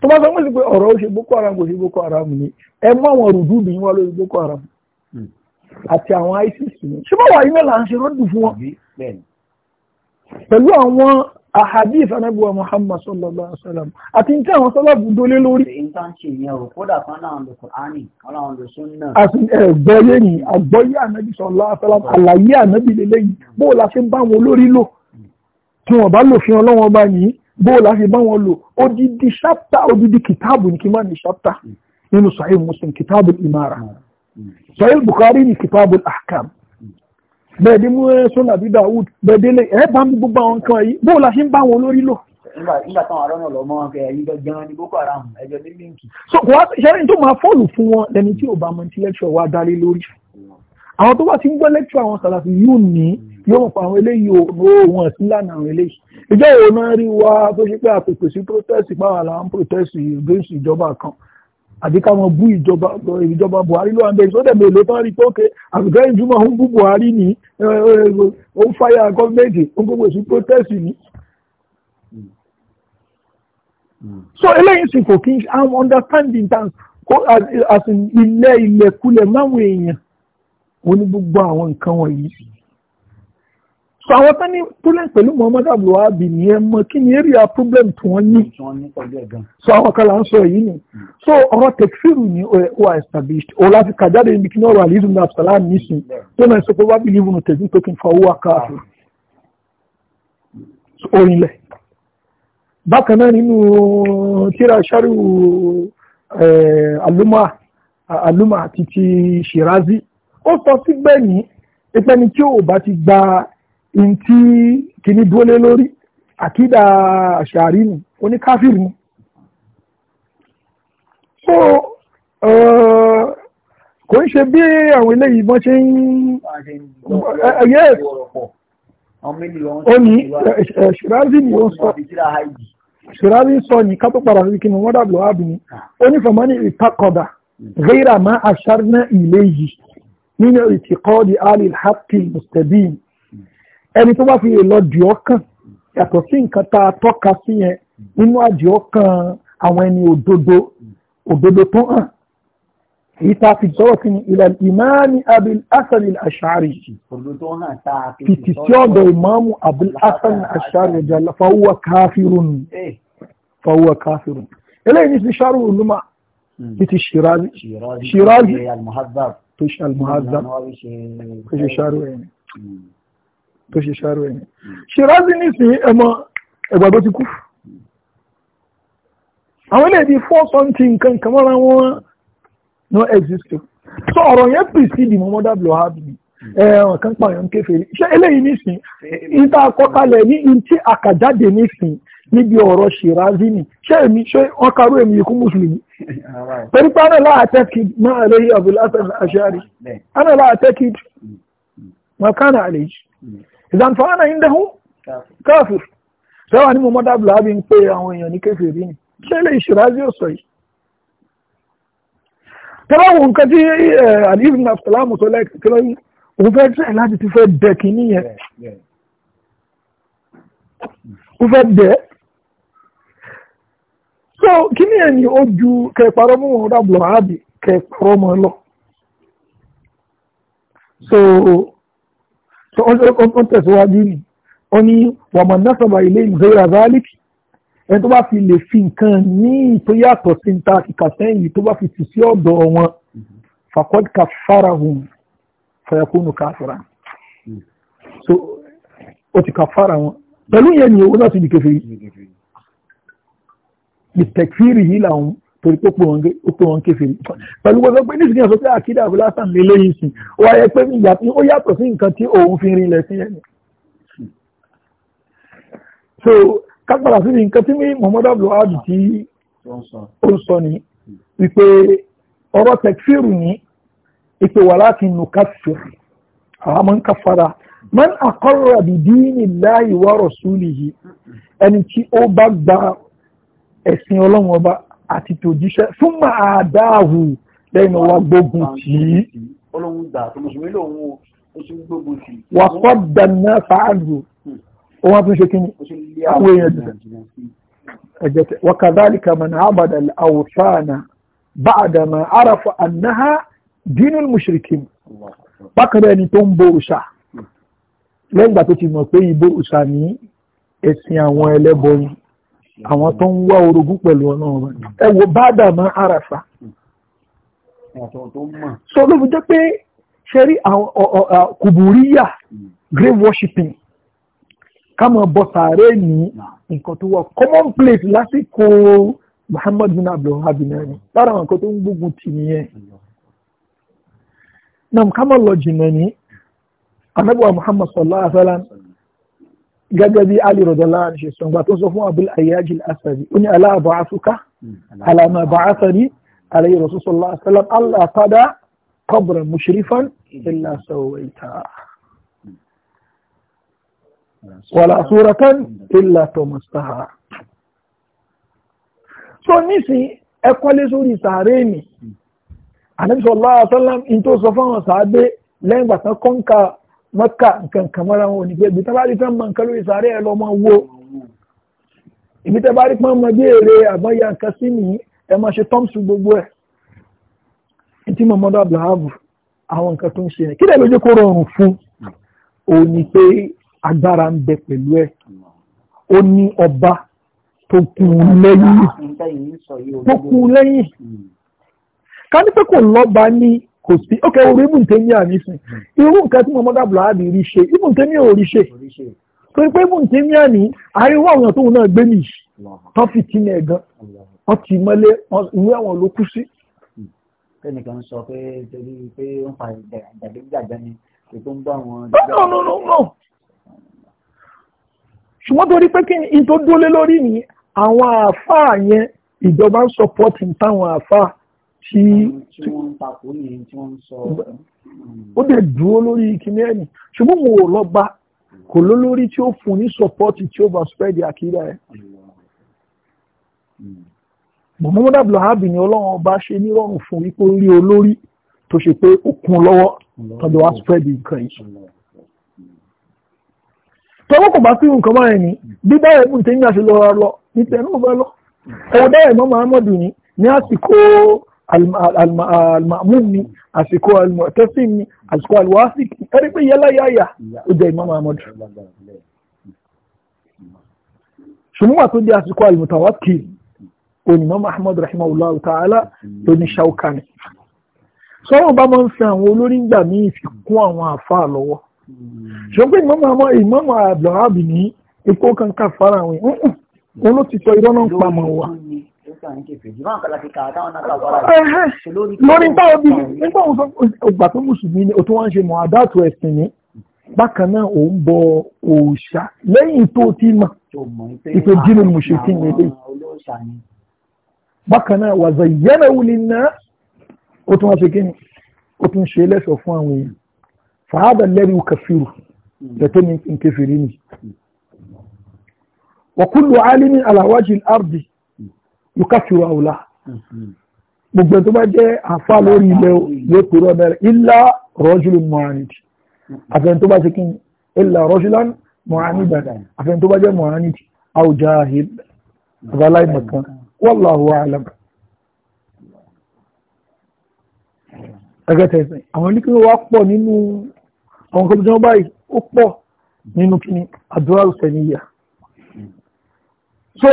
[SPEAKER 2] tó bá sọ wọ́n sì pé ọ̀rọ̀ ó ṣe boko haram kò ṣe boko haram ni ẹ mú àwọn rùdú bìí wá lórí boko haram hmm. àti àwọn isis ni ṣé bá wà yín náà là ń ṣe rọ́dù fún wọn pẹ̀lú àwọn ahadith anabuwa muhammad sallallahu alaihi wasallam àti ní àwọn sọ́lábù dólé lórí. ìntànṣe ìyẹn
[SPEAKER 1] ò kódà kan náà lè kùránì kan náà lè súnà. àti ẹgbẹ́yé ni àgbọ́yé
[SPEAKER 2] ànábì sallallahu alaihi wasallam àlàyé ànábì lélẹ́yìn bó la ṣe ń bá wọn olórí lò tí wọ́n bá lòfin ọlọ́wọ́n bá yìí bó la ṣe bá wọn lò odidi ṣáptà odidi kìtáàbù ní kí má ní nínú sahih muslim kìtáàbù imara mm. sahih bukhari ní kìtáàbù ahkam bẹ́ẹ̀ ni mú sọ́nà bíbá wood bẹ́ẹ̀ délé ẹ̀ bá mi gbogbo àwọn nǹkan yìí bóò la ṣe ń bá wọn lórí lò.
[SPEAKER 1] nígbà táwọn arọ́nà lọ mọ́ ọkẹ́ ẹ̀yìn gan ni Boko Haram ẹjọ́ ní líǹkì.
[SPEAKER 2] so kò wá ṣẹ́yìn tó máa fọ́ọ̀lù fún wọn lẹni tí ò bá mọ ti lẹ́kṣọ̀ wa dálé lórí. àwọn tó bá ti ń gbọ́ lẹ́kṣọ̀ àwọn sàlàfì yóò ní yóò mọ̀ pa àwọn eléyìí ò wọn sí lánàá àwọn eléyìí. ìjọ òun náà rí wa tó ṣe pé àpèpè sí protest pàwọn àlàáfíà protest against ìjọba kan àbí káwọn bú ìjọba Buhari ló wà bẹ sódẹ mélòó tán rí pé òkè ìjùmọ̀ ń bú Buhari ní ó fáyà gọ́ọ̀mẹ̀ntì ó ń gbogbo èsì protest ní. so eléyìí sì kò kí n am understanding tan kó as in ilẹ̀ ilẹ̀kulẹ̀ máwọn èèyàn wọn ní gbogbo àwọn nǹkan wọ̀nyí sí so àwọn tán ní problem pẹ̀lú Muhammadu Abdulwahabi ni ẹ mọ kí ni area problem tí wọ́n ní so àwọn kan là ń sọ èyí ni hmm. so ọ̀rọ̀ tẹ̀síìrù ni ó wà established ó láti kàjáde níbi kí ní ọ̀rọ̀ àlìsùn ní absalam nísìn tó náà sọ pé wá bìlíìfù nù tẹ̀sí tó kí n fa owó akáàfin orinlẹ̀ bákan náà nínú tíra ṣáríwò aluma àti ti Shirazi ó sọ sígbẹ́ ní ìpẹ́ni tí ò bá ti gba ntí kìíní dúró lé lórí àkídà àṣàrí nù oníkáfíìrì nù. so kò ń ṣe bí àwọn eléyìí bọ́n ṣe ń
[SPEAKER 1] ẹyẹ ó ní ṣìráàzì ni ó sọ
[SPEAKER 2] ṣìráàzì sọ ní ká tó padà sí kí ni wọ́n dàbí wàá bì ó ní fọmọ́ ní ìtakọ̀dà ghaira ma asharna ilayhi nínú ìtìkọ́ di alil haqqi mustaqim ẹni tó bá fi èlò dìọ́kàn yàtọ̀ sí nǹkan tá a tọ́ka sí yẹn nínú àdìọ́kàn àwọn ẹni òdodo òdodo tó hàn èyí tá a fi sọ̀rọ̀ sí ni ilẹ̀ ìmáàmì abil hasan al-ashari
[SPEAKER 1] fìtì sí ọ̀dọ̀
[SPEAKER 2] ìmáàmù abil hasan al-ashari jalla fawwa káfírun eh. fawwa káfírun eléyìí ní ti ṣàrù olùmọ̀ títí ṣìrázi ṣìrázi tó ṣe al
[SPEAKER 1] tó ṣe ṣàrù eh. ẹ̀yìn
[SPEAKER 2] tó ṣe ṣàrò ẹ̀yìn ṣírazí nìsín ẹmọ ẹgbà tó ti kú àwọn ilé ìdí four something nǹkan kan wọn no exist so ọ̀rọ̀ yẹn precede mọ́ mother blow hard me ẹ̀wọ̀n kan pààyàn ń kéfèé ṣé eléyìí nìsín ìta àkọ́kalẹ̀ ní ìtí àkàjáde nìsín níbi ọ̀rọ̀ ṣìrazí ni ṣé èmi ṣé wọ́n karú èmi ikú mùsùlùmí torí pé ana láà máa lórí abúlé hasan ashari ana láà tẹ́kì àlejò ìdáhùn fún ààrẹ ìdẹ̀hù káàfù sẹ́wà ní mo mọ́dá bùláàbí ń pè àwọn èèyàn ní kèfèrí ni ṣẹlẹ̀ ìṣìrázi ò sọ yìí tọ́lá wọn nǹkan tí àdìsí ní àfọlámù tó lẹ́ẹ̀kẹ́ tí lọ́yìn òun fẹ́ tẹ̀ láti ti fẹ́ dẹ̀ kí nìyẹn ó fẹ́ dẹ̀ so kí nìyẹn ni ó ju kẹparọ́ mọ́ wọn dábùlọ̀ ààbì kẹparọ́ mọ́ lọ so so ó ṣe ó tẹ̀síwájú ni ó ní wàmọ̀ nasaba ilé ìgbéra zalik ẹni tó bá fi lè fi nǹkan ní tó yàtọ̀ sí ta kíkà sẹ́yìn tó bá fi tì ọ̀dọ̀ wọn faqad kafarahum fayakunu kafira so ó ti kàfàrà wọn pẹ̀lú yẹn ni owó náà ti di kẹfẹ́ yìí ìtẹ̀kfírì yìí làwọn torí pé pé wọn gé ó pé wọn kéfèrè pẹ̀lú gbọ́dọ̀ pé ní ìsìnkú sọ pé àkídà abúlásàn lè léyìn sí ó wáyé pé ó yàtọ̀ sí nǹkan tí òun fi rinlẹ̀ sí ẹni. so kápẹ́lá sí nǹkan tí mi Muhammadu Abdulhad tí
[SPEAKER 1] ó
[SPEAKER 2] ń sọ ní wípé ọ̀rọ̀ tẹ̀kfíìrù ní ìpè wà láti nù káfíìrù àwọn máa ń káfara man akọ́rọ̀ bìdíìnì láì wọ́rọ̀ súlì yìí ẹni tí ó bá gba ẹ̀sìn ọlọ́run ọba àti tòjíṣẹ́ súnmọ́ àdáhù lẹ́yìn wa gbógun tì í. wà kọ́ dáná fàáàlù ó wọ́n tún hmm. ṣe kí ni àwọn èèyàn jẹ́ wakadhalika man abada al-awthana ba'da ma arafa annaha dinul mushrikin bákan ẹni tó ń bo òòṣà hmm. lẹ́yìn ìgbà tó ti mọ̀ pé ìbò òòṣà ní ẹ̀sìn àwọn ẹlẹ́bọ àwọn tó ń wá orogún pẹ̀lú ọlọ́run ọba ẹ wo bàdà máa àràfà so ló fi jẹ́ pé ṣe rí kùbùríyà hmm. grave worshiping ká máa bọ sàárè ní nǹkan tó wà common place lásìkò Muhammad bin Abdulwahab nani lára àwọn nǹkan tó ń gbógun tì nìyẹn nam ká máa lọ jìnnà ní anábọ̀ Muhammad sallallahu alaihi gẹ́gẹ́ bí Ali rọ̀dọ̀lá ṣe sọ̀gbà tó sọ fún Abul Ayyaj al-Asadi ó ní aláàbọ̀ afúká alama ba'athani alayhi rasul sallallahu alaihi wasallam allah tada qabra mushrifan illa sawaita hmm. wala suratan illa tamastaha so nísìn ẹ kọ́lé sórí sàárè mi hmm. Ànábì sallallahu alaihi wasallam lẹ́yìn gbàtán kọ́ńkà mọ́kà nǹkan kàmọ́ra wọn ní pé ibi tẹ́bá rí tán mọ nǹkan lórí sàárẹ̀ ẹ̀ lọ́mọ wo ibi tẹ́bá rí pán mọ béèrè àbọ̀yà nǹkan sí nìyí ẹ máa ṣe tọ́mùsù gbogbo ẹ̀ tí mo mọ́dọ̀ abdulhabu àwọn nǹkan tó ń ṣe ẹ̀ kí lè lójú kó rọrùn fún o ní pé agbára ń bẹ pẹ̀lú ẹ̀ ó ní ọba tó kún lẹ́yìn tó kún lẹ́yìn ká ní pé kò lọ́ba ní kò sí ó kẹwọ́ ibùn tẹ́mi àníṣin irú nǹkan tí mọ̀mọ́dá bùhárí rí ṣe ibùn tẹ́mi ò rí ṣe torí pé ibùn tẹ́mi àní àríwá àwọn tóun náà gbé nìyí tán fi tì ní ẹ̀gán wọ́n ti mọ́lé ìwé àwọn ló kú sí.
[SPEAKER 1] kẹ́nìkan hmm. sọ pé torí pé ó ń fa ìdàgbẹ́gbàgbẹ́ ni kò tó ń bá wọn. no no no no
[SPEAKER 2] ṣùgbọ́n torí pé kí ni tó dúró lé lórí ni àwọn àáfàá yẹn ìjọba ń sọpọ́tì táwọn àáfàá tí
[SPEAKER 1] wọ́n ń takò ní tí wọ́n ń sọ
[SPEAKER 2] ó dẹ̀ dúró lórí kíní ẹ̀yìn ṣùgbọ́n mo ò lọ́gba kò ló lórí tí ó fún ní sọpọ́tì tí ó bá spread àkídà ẹ̀ mohamed abdulhabi ni ọlọ́run ọba ṣe nírọ̀rùn fún wípé orí olórí tó ṣe pé ó kún lọ́wọ́ tọ́jú wá spread nǹkan yìí tọ́wọ́ kò bá sí nǹkan báyẹn ni bí báyẹn mú tẹ́yìn àṣẹ lọ́ra lọ ní tẹ́nu ọba lọ ẹ̀wọ̀n dáyẹ̀ mọ́ muhammadu ni ní àsìkò almamun ni àsìkò almu'tasim ni àsìkò alwasik ni ẹ̀rí pé yálà yáyà ó jẹ́ imam ahmad ṣùgbọ́n àti ó jẹ́ àsìkò almutawakkil onímọ̀ ahmad rahimahullah ta'ala ló ní ṣaukani sọ́wọ́n bá máa ń fi àwọn olórí ń gbà ní ìfikún àwọn àfa lọ́wọ́ ṣùgbọ́n ìmọ̀mọ̀ àmọ́ ìmọ̀mọ̀ àbdùláàbì ní ipò kan káfàrà àwọn òun ló ti sọ irọ́ náà pamọ́ wa
[SPEAKER 1] lórí táwọn bí
[SPEAKER 2] nígbà ògbà tó mùsùlùmí ni o tó wá ń ṣe mọ̀ àdáàtò ẹ̀sìn ni bákan náà ò ń bọ òòṣà lẹ́yìn tó ti mọ̀
[SPEAKER 1] ìpè jínú mùsùlùmí ti ní ilé
[SPEAKER 2] bákan náà wà zayyana wuli náà ó tún wá ṣe kíni ó tún ṣe lẹ́sọ̀ fún àwọn èèyàn fàádà lẹ́rìí kàfírù tẹ̀tẹ́ ní kẹfìrí ni. وكل عالم على وجه الأرض yukafiru àwòlá mm-hmm. gbogbo tó bá jẹ́ àfá lórí ilẹ̀ yóò pèrò ọ̀bẹ̀rẹ̀ ilá rọ́jùlù mọ̀ránìtì àfẹ́n tó bá ṣe kín ilá rọ́jùlán mọ̀ránìtì àfẹ́n tó bá jẹ́ mọ̀ránìtì àwùjá ahìl
[SPEAKER 3] àbáláì mọ̀kan
[SPEAKER 2] wallahu a'lam ẹgẹ́tẹ̀ ẹ̀sìn àwọn ní kí pọ̀ nínú àwọn kan tó báyìí ó pọ̀ nínú kí àdúrà ìsẹ̀níyà mm-hmm. so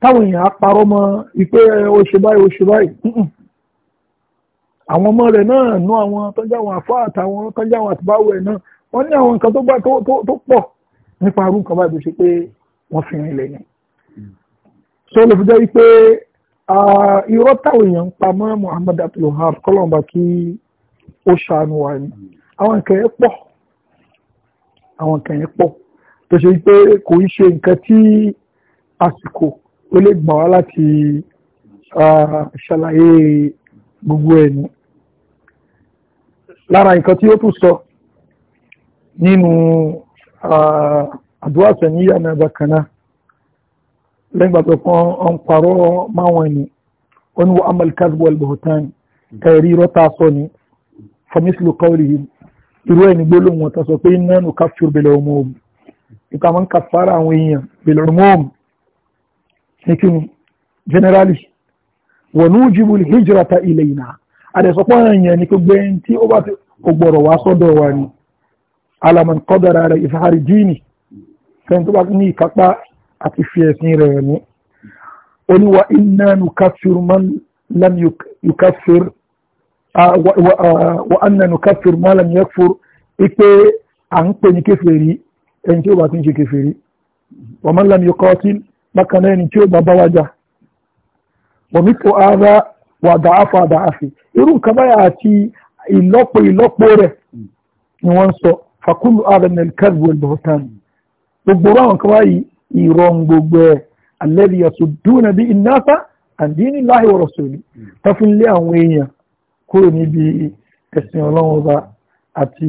[SPEAKER 2] táwọn èèyàn á parọ́ mọ́ ìpé ó ṣe báyìí ó ṣe báyìí àwọn ọmọ rẹ̀ náà nú àwọn tọ́jáwọn àfọ́ àtàwọn tọ́jáwọn àtibáwọ̀ ẹ̀ náà wọ́n ní àwọn nǹkan tó gbà tó pọ̀ nípa arú nǹkan báyìí tó ṣe pé wọ́n fi rìn lẹ́yìn mm. so lè fi jẹ́ wípé irọ́ táwọn èèyàn ń pa mọ́ Muhammad Abdulwahab kọ́lọ́mbà kí ó ṣàánú wa ni àwọn nǹkan yẹn pọ̀ àwọn nǹkan yẹn pọ̀ tó ṣe wípé kò ń ṣe nǹkan tí àsìkò ó lè gbà wá láti ṣàlàyé gbogbo ẹ̀nu lára nǹkan tí ó tún sọ nínú àdúrà sẹ̀níyà náà bákanáà lẹ́gbàá tó kan ọ̀n parọ́ máwọn ẹni ó ní wọ́n amal kadhib wal buhtan sọ ni famislu qawlihim irú ẹni gbólóhùn wọn tó sọ pé iná nù káfíù bẹ̀lẹ̀ ọmọ òmù ìta kàfàrà àwọn èèyàn bẹ̀lẹ̀ ọmọ òmù ní kí ni generally wa nujibu al-hijrata ilayna àdẹ̀sọ́pọ̀ ẹ̀yẹn ni gbogbo ẹni tí ó bá ti ọgbọ̀rọ̀ wá sọ́dọ̀ wa ni ala man qadara ala izhari dini bá ní ìkápá àti fi ẹ̀sìn rẹ̀ ní oníwà inna nukaffiru man lam yukaffir wa anna à ń pè ní kèfèrí ẹni tí ó bá ti ń ṣe kèfèrí wa man lam yuqatil bákan náà ẹni tí ó bá bá wájà wọ̀mí tó ara wà dááfà dááfì irú nǹkan báyà àti ìlọ́pọ̀ ìlọ́pọ̀ rẹ̀ ni wọ́n ń sọ fakulu ara nel kadhib wal buhtan gbogbo àwọn nǹkan báyìí ìrọ̀ gbogbo ẹ̀ alladhi yasudduna bi innasa an dinillahi wa rasuli tafinlé àwọn èèyàn kúrò níbi ẹ̀sìn ọlọ́run ọba àti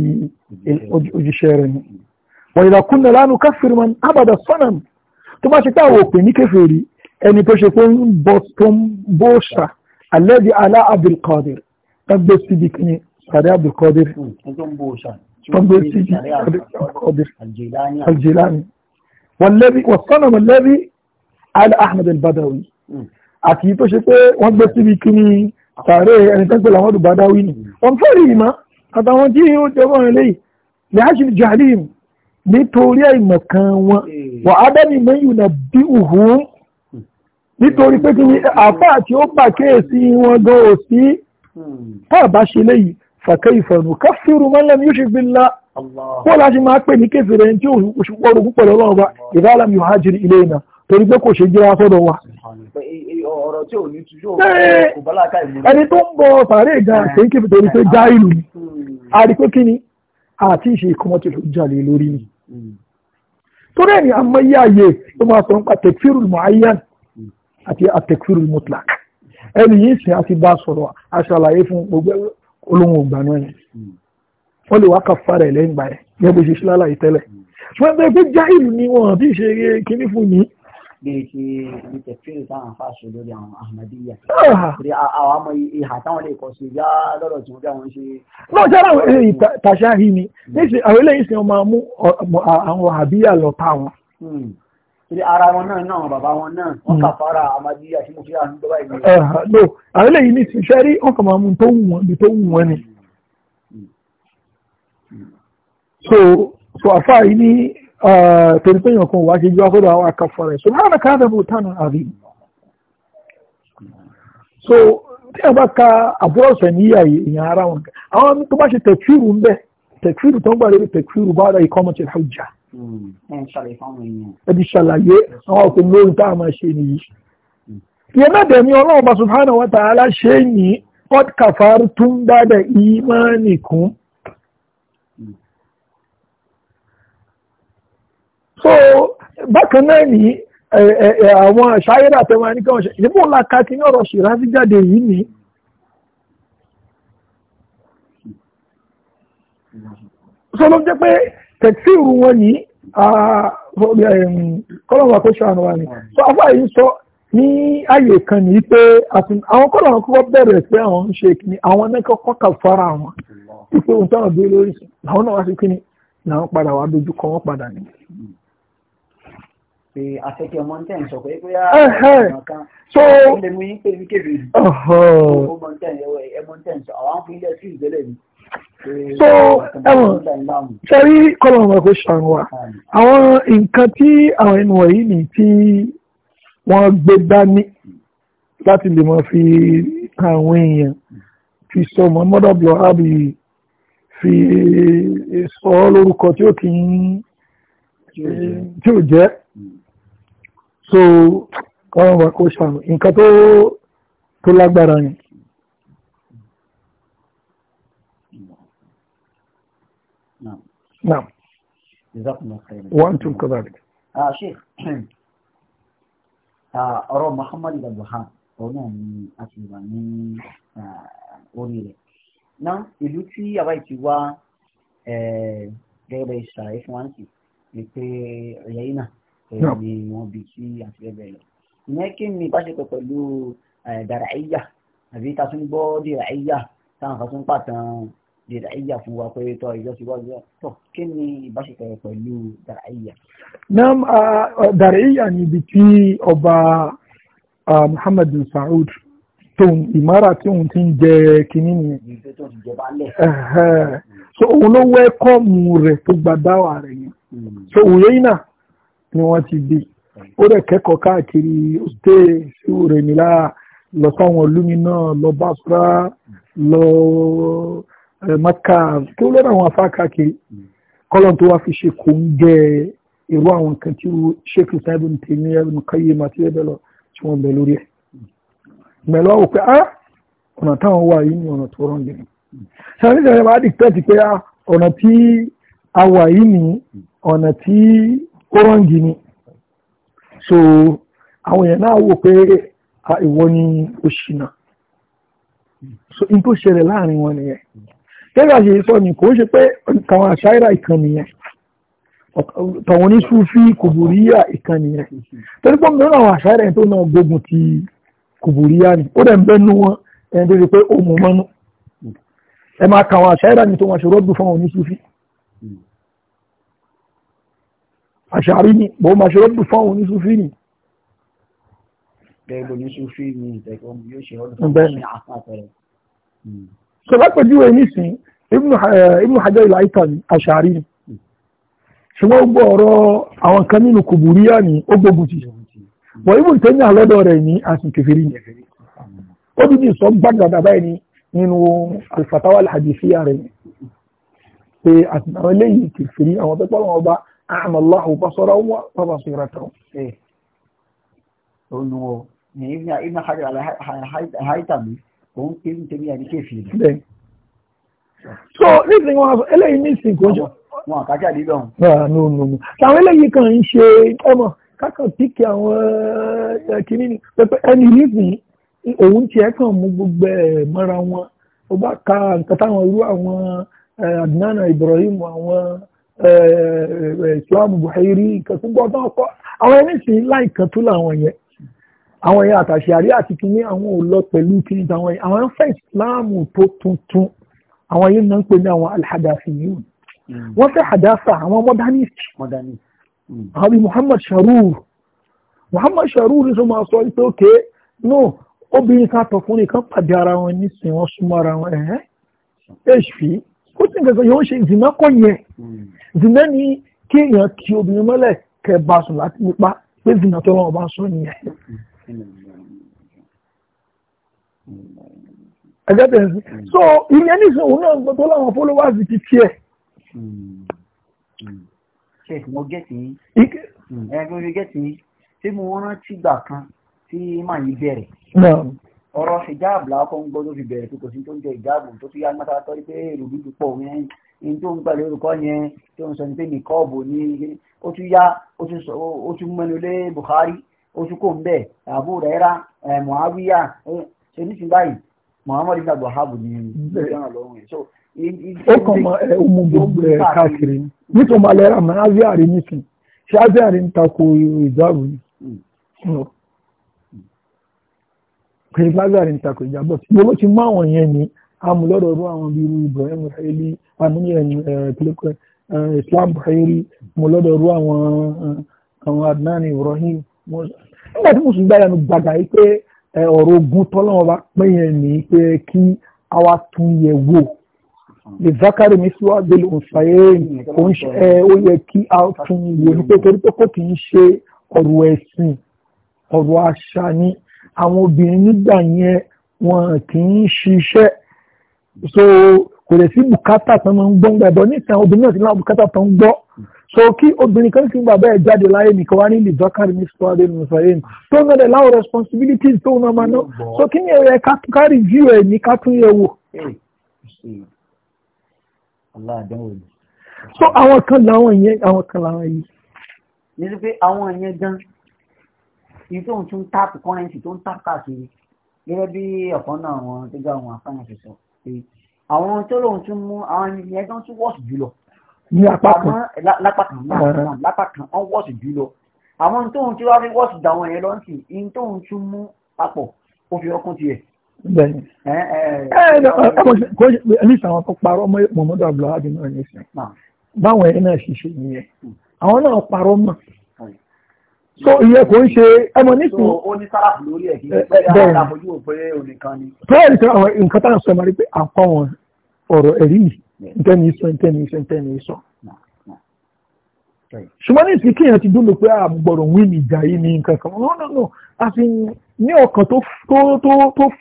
[SPEAKER 2] ojúṣe rẹ̀ ni. wa idha kunna la tó bá ṣe pé àwọn òpè ní kèfèrí ẹni tó ṣe pé ń bọ tó ń bó ṣà alẹ́bí alá abdulkadir ẹgbẹ́ síbi kìíní sàrẹ́ abdulkadir hmm,
[SPEAKER 1] ẹgbẹ́ síbi abdulkadir aljilani
[SPEAKER 2] wọ́n lẹ́bí alá ahmed albadawi hmm. àti tó ṣe pé wọ́n gbé síbi kìíní sàrẹ́ ẹni tó ń pè láwọn olùbádáwí ni hmm. wọ́n fẹ́rẹ̀ ìmọ̀ àtàwọn tí ó jẹ́ wọ́n eléyìí lè á nítorí àìmọ̀kan wọn wà ádámì mẹ́yìn náà bí òhun nítorí pé kí ni àfá àti ó pàkíyèsí wọn gan ò sí hmm. tàbá ṣe léyìí fàkẹ́ ìfọ̀nù káfíru mọ́lẹ́m yóò ṣe fi ńlá kó láti máa pè ní kéfèrè tí ó wọ́rọ̀ púpọ̀ lọ́wọ́ wa ìbálàmì ò hajiri ilé iná torí pé kò ṣe jẹ́ afọ́dọ̀ wa.
[SPEAKER 1] ẹni tó ń bọ̀ sàárè ìjà àti hmm. kéfèrè torí pé já ìlú ni hmm.
[SPEAKER 2] a rí pé kí ni àti ìṣe ìkọmọ́tò ló jà lé lórí ni torí ẹni àmọ́yé àyè ló máa sọ nípa tẹ̀kfírù mọ̀áyán àti àtẹ̀kfírù mutlak ẹni yìí sìn àti bá sọ̀rọ̀ aṣàlàyé fún gbogbo olóhùn ògbànú ẹni wọ́n lè wá kàfàrà ẹ̀ lẹ́yìn gbà ẹ̀ ṣe ṣe lálàyé tẹ́lẹ̀ ṣùgbọ́n ẹgbẹ́ jáìlù ni wọ́n àti ìṣe kíní fún yìí
[SPEAKER 1] bíi ti ìtẹ̀ fíìlì táwọn afáṣọ lórí àwọn ahmadiyya ah. rí àwọn ọmọ ìhà táwọn lè kọ sí ìyá lọ́dọ̀ tí wọ́n bí àwọn ṣe.
[SPEAKER 2] náà jára tàṣà rí ni hmm. níṣẹ́ àwọn eléyìí sì máa mú àwọn àbíyà lọ ta wọn. Hmm.
[SPEAKER 1] torí ara wọn náà náà bàbá wọn náà wọn kà fara ahmadiyya tí mo fi àwọn ìjọba ìlú. no
[SPEAKER 2] àwọn eléyìí ní ṣiṣẹ́ rí wọn kàn máa mú tó wù wọn bí tó wù wọn ni. Hmm. so so àfáà yìí ní torí pé ìyànkan wà ṣe jọ akọ́dọ̀ àwọn akafọ́rẹ̀ so máa nàka àdàbò tánà àrí so tí a bá ka àbúrọ̀sẹ̀ níyà èèyàn ara wọn àwọn tó bá ṣe tẹ̀kfíìrù ń bẹ̀ tẹ̀kfíìrù tó ń gbà lórí tẹ̀kfíìrù bá dá ikọ́ mọ̀tẹ̀ hujja ẹbí ṣàlàyé àwọn òkè lórí tá a máa ṣe nìyí ìyẹn náà dẹ̀ ní ọlọ́run subhanahu wa ta'ala ṣe ní qad kafartum ba'da imanikum so bákan náà ní àwọn ṣáyẹ́rẹ́ àtẹwọn ẹnìkan ṣe ìdìbò ńlá ká kí ní ọ̀rọ̀ ṣìrázi jáde yìí ni. so ló jẹ́ pé tẹ̀síìrù wọn ní kọ́lọ̀mù àkóṣe àrùn wa so afáà sọ ní ààyè kan ní pé àwọn kọ́lọ̀mù àkọ́kọ́ bẹ̀rẹ̀ pé àwọn ń ṣe kìíní àwọn náà fara wọn pípé táwọn bí lórí àwọn náà wá sí kìíní làwọn
[SPEAKER 1] pé afẹ́kẹ́ ọmọ tẹ́ ń sọ pé pé àwọn kan lè mú yín pé ní kébè rí ọmọ tẹ́ ń sọ àwọn fi ilẹ̀ sí ìgbélẹ̀ mi. so ẹwọn
[SPEAKER 2] sẹ́rí kọ́lọ̀ ọmọ kò ṣàn wá àwọn nǹkan tí àwọn ẹnu wọ̀nyí ni tí wọ́n gbé dání láti lè mọ̀ fi kan àwọn èèyàn fi sọ mọ́ mọ́dọ̀ blọ̀ ábì fi sọ ọ́ lórúkọ tí ó kì í tí ò jẹ́ so kọ́wọ́n wà kó ṣàánú nǹkan tó tó lágbára yẹn نعم
[SPEAKER 1] جزاكم الله خيرا وانتم كذلك اه شيخ ọ̀rọ̀ Muhammad abdulhan òun ni a ti wà ní ah, orí rẹ̀ náà ìlú tí àwa ti wá eh, gẹ́gẹ́ bẹ́ẹ̀ ṣàlàyé fún wa ní pé ẹ̀yà yìí náà ni ibi tí àti bẹ́ẹ̀ bẹ́ẹ̀ lọ. ìyẹn kí ni ìbáṣepọ̀ pẹ̀lú dàráìyà àbí ta tún gbọ́ dìráìyà táwọn kan tún pàtàn dìráìyà fún wa pé tọ́ ìjọ ti wájú tọ́ kí ni ìbáṣepọ̀ pẹ̀lú dàráìyà.
[SPEAKER 2] nam dàráìyà ni ibi tí ọba Muhammad Saud tóun ìmárà tí òun ti ń jẹ kínní
[SPEAKER 1] nìyẹn.
[SPEAKER 2] so òun ló wẹ́kọ̀mù rẹ̀ tó gba rẹ̀ yẹn. Hmm. so òun yẹ́yìn náà ni wọ́n ti bí ó rẹ̀ kẹ́kọ̀ọ́ káàkiri òde síwòrè nílá lọ sáwọn olúmi náà lọ Basra lọ Maka tó lọ́dọ̀ àwọn afá káàkiri kọ́lọ́n tó wá fi ṣe kò ń jẹ irú àwọn kan tí Sheikh sábẹ́ ní tèmi ẹ̀rọ nìkan yé màtí ẹ̀bẹ̀ lọ tí wọ́n bẹ̀ lórí ẹ̀ mẹ́lọ́ wò pé ah, ọ̀nà táwọn wà yìí ni ọ̀nà tó rọ̀ nìyẹn sáré sáré máa dìtẹ́ ti pé ah, ọ̀nà tí a wà yìí ni ọ̀nà tí ó rọ̀ nìyẹn so àwọn èèyàn náà wò pé ìwọ ni o ṣìnà so in tó ṣẹlẹ̀ láàrin wọn nìyẹn gẹ́gẹ́ àṣẹ sọ ni kò ṣe pé tàwọn àṣàyíra ìkan nìyẹn tàwọn oníṣúfí kòbòríyà ìkan nìyẹn torí pé mìíràn àwọn àṣàyíra yẹn tó náà gbógun ti kòbòríyà ni ó dẹ̀ ń bẹ́nu wọn ẹni tó ṣe pé ó mú mọ́nú ẹ máa kà àwọn àṣàyíra ni tó wọn ṣe rọ́dù fún àwọn oníṣúfí àṣàrí ni bó máa ṣe rọ́bù fáwọn oníṣúfì ni.
[SPEAKER 1] bẹ́ẹ̀ oníṣúfì ni ìtẹ̀kọ́ yóò ṣe ọdún fún mi àpapọ̀
[SPEAKER 2] sọ lápẹjúwe nísìn Ibn Hajar al-Haytami àṣàrí ni ṣùgbọ́n ó gbọ́ ọ̀rọ̀ àwọn kan nínú kùbùríyà ni ó gbógun ti wọ́n Ibn Taymiyyah àlọ́dọ̀ rẹ̀ ní àsìn kẹfìrí ni ó dúdú sọ gbàgàdà báyìí nínú al-Fatawa al-Hadithiyya rẹ̀ pé àsìn أعمى الله بصرهم وبصيرتهم إيه لأنه
[SPEAKER 1] ابن ابن حجر على هاي تابي òun kí so nísìnyí àwọn kan
[SPEAKER 2] ka àwọn ni pẹpẹ ẹni nísìnyí òun tiẹ̀ kàn mú gbogbo ka nǹkan táwọn irú Ibrahim ìṣọ́àbù buhari nǹkan tó gbọ́ tán kọ́ àwọn ẹni sì láìkan tó làwọn yẹn àwọn yẹn àtàṣe àrí àti kìíní àwọn ò lọ pẹ̀lú kìíní táwọn yẹn àwọn fẹ́ ìsìláàmù tó tuntun àwọn yẹn náà ń pè ní àwọn alhadafi yìí hmm. wọ́n fẹ́ hadafa àwọn modernist hmm. àwọn bíi muhammad sharur muhammad sharur ló máa sọ pé ok no obìnrin kan àtọkùnrin kan pàdé ara wọn nísìnyí wọn súnmọ́ ara wọn ẹ̀hẹ́ hp ó sì nǹkan kan yóò ṣe ìdìná kò yẹ hmm. ìdìná ni kí èèyàn kí obìnrin mọ́lẹ̀ kẹ bá sùn láti nípa pé ìdìná tó lọ́wọ́ bá sọ nìyẹn. Hmm. ẹgbẹ́ bẹ̀rẹ̀ sí hmm. so ìyẹn nìsín òun náà gbọ́ tó followers ti tiẹ̀. ṣe mo gẹ̀tì yín ẹ̀ mo
[SPEAKER 1] gẹ̀tì yín tí mo rántí gbà kan tí màá yí bẹ̀rẹ̀ ọ̀rọ̀ hijab lákọ́ ń gbọ́ tó fi bẹ̀rẹ̀ kò sí tó ń jẹ hijab tó fi yá mọ́ta tọ́ pé èrò dúdú pọ̀ yẹn ní tó ń pẹ̀lú orúkọ yẹn tó ń sọ ní pé nìkọ́ọ̀bù ní ó tún yá ó tún mẹ́nu lé Bukhari ó tún kò ń bẹ̀ Abu Huraira eh, Muawiya eh, ṣe ní sin báyìí Muhammad ibn Abdulhab ni ìgbésẹ̀ lọ́rùn eh, ẹ̀ so. ó kàn mọ ẹ
[SPEAKER 2] ọmọ gbogbo ẹ káàkiri nítorí malẹ́ra mọ́ aviari nìkan ṣé aviari pé lágbàrin takò ìjábọ̀ tí mo ló ti mú àwọn yẹn ni amúlọ́dọ̀ ọdún àwọn bíi Ibrahim Buhari amúyẹn pẹlẹpẹ Islam Buhari amúlọ́dọ̀ ọdún àwọn àwọn Adnan Ibrahim nígbà tí mùsùlùmí gbáyà ní gbàgbà yìí pé ọ̀rọ̀ ogun tọ́lọ́wọ́n bá pín yẹn ní pé kí àwa tún yẹ wò lè zákàrí mi sí wàá bẹ́ẹ̀ òǹfààyè ó yẹ kí a tún wò ní pé torí pé kò kì í ṣe ọ̀rọ̀ ẹ̀sìn ọ̀rọ̀ àṣà ni àwọn obìnrin nígbà yẹn wọn kì í ṣiṣẹ́ so kò lè sí bùkátà tán máa ń gbọ́ nígbà ẹ̀bọ̀ níta obìnrin náà ti láwọn bùkátà tán ń gbọ́ so kí obìnrin kan sì ń bàbá ẹ̀ jáde láyé nìkan wá nílì zọ́kàrí ní sọ́ọ́dẹ̀ ní sọ́ọ́dẹ̀ tó ń lọ́dẹ̀ láwọn responsibilities tó ń máa ná so kí ni ẹ̀rọ ẹ̀ka ká review ẹ̀ ní ká tún yẹ̀ wò. so àwọn kan làwọn yẹn àwọn kan làwọn yìí.
[SPEAKER 1] nítorí pé àwọn yẹn gan-an ibi tóun tún táàpù kọ́rẹ́ǹsì tó ń táàpù káàkiri gẹ́gẹ́ bí ọ̀kan náà wọn tó gbà wọn àfáàyàn ṣe sọ pé àwọn tó lóun tún mú àwọn ìyẹn tó ń tún wọ́ọ̀sì jùlọ. ní apá kan lápá kan lápá kan wọ́n wọ́ọ̀sì jùlọ àwọn tóun tí wọ́n fi wọ́ọ̀sì dà wọn yẹn lọ́sìn ìyẹn tóun tún mú papọ̀ ó fi ọkùn tiẹ̀
[SPEAKER 2] bẹ́ẹ̀ni ẹlẹ́sì àwọn kan parọ́ mọ́ mọ́mọ́dọ̀ àbúlọ́ àdínà ẹ̀yẹ́sì báwọn ẹ̀yẹ́ náà ṣiṣẹ́ nìyẹn àwọn náà parọ́ mọ́ so ìyẹn kò ń ṣe ẹmọ nísìn ó
[SPEAKER 1] ní sáráàfù lórí ẹ̀ kí eh, eh, bẹ́ẹ̀ àfojú òpin onìkan ni.
[SPEAKER 2] bẹ́ẹ̀ nìkan àwọn nǹkan tá sọ máa rí pé àpá wọn ọ̀rọ̀ ẹ̀rí yìí ntẹ́ni sọ ntẹ́ni sọ ti dúró pé àgbọ̀rọ̀ wí ní ìjà yìí ní nǹkan kan no no no àfi ní ọkàn tó tó tó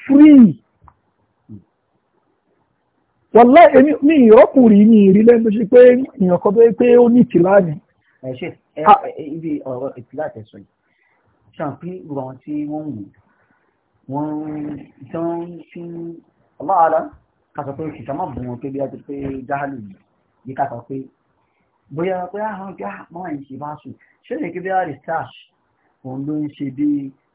[SPEAKER 1] ibi ọ̀rọ̀ ìpìlẹ̀ àtẹ̀sọ̀ yìí ṣàǹpí gbogbo àwọn tí wọ́n wù wọ́n tó ń fi ọlọ́ọ̀lá kàtọ̀ pé kìtà má bù wọn pé bí a ti pé jáhálù yìí yìí kàtọ̀ pé bóyá pé àwọn ah, bí àwọn ẹ̀yìn ṣe bá sùn ṣé lè kí bí a research òun ló ń ṣe bí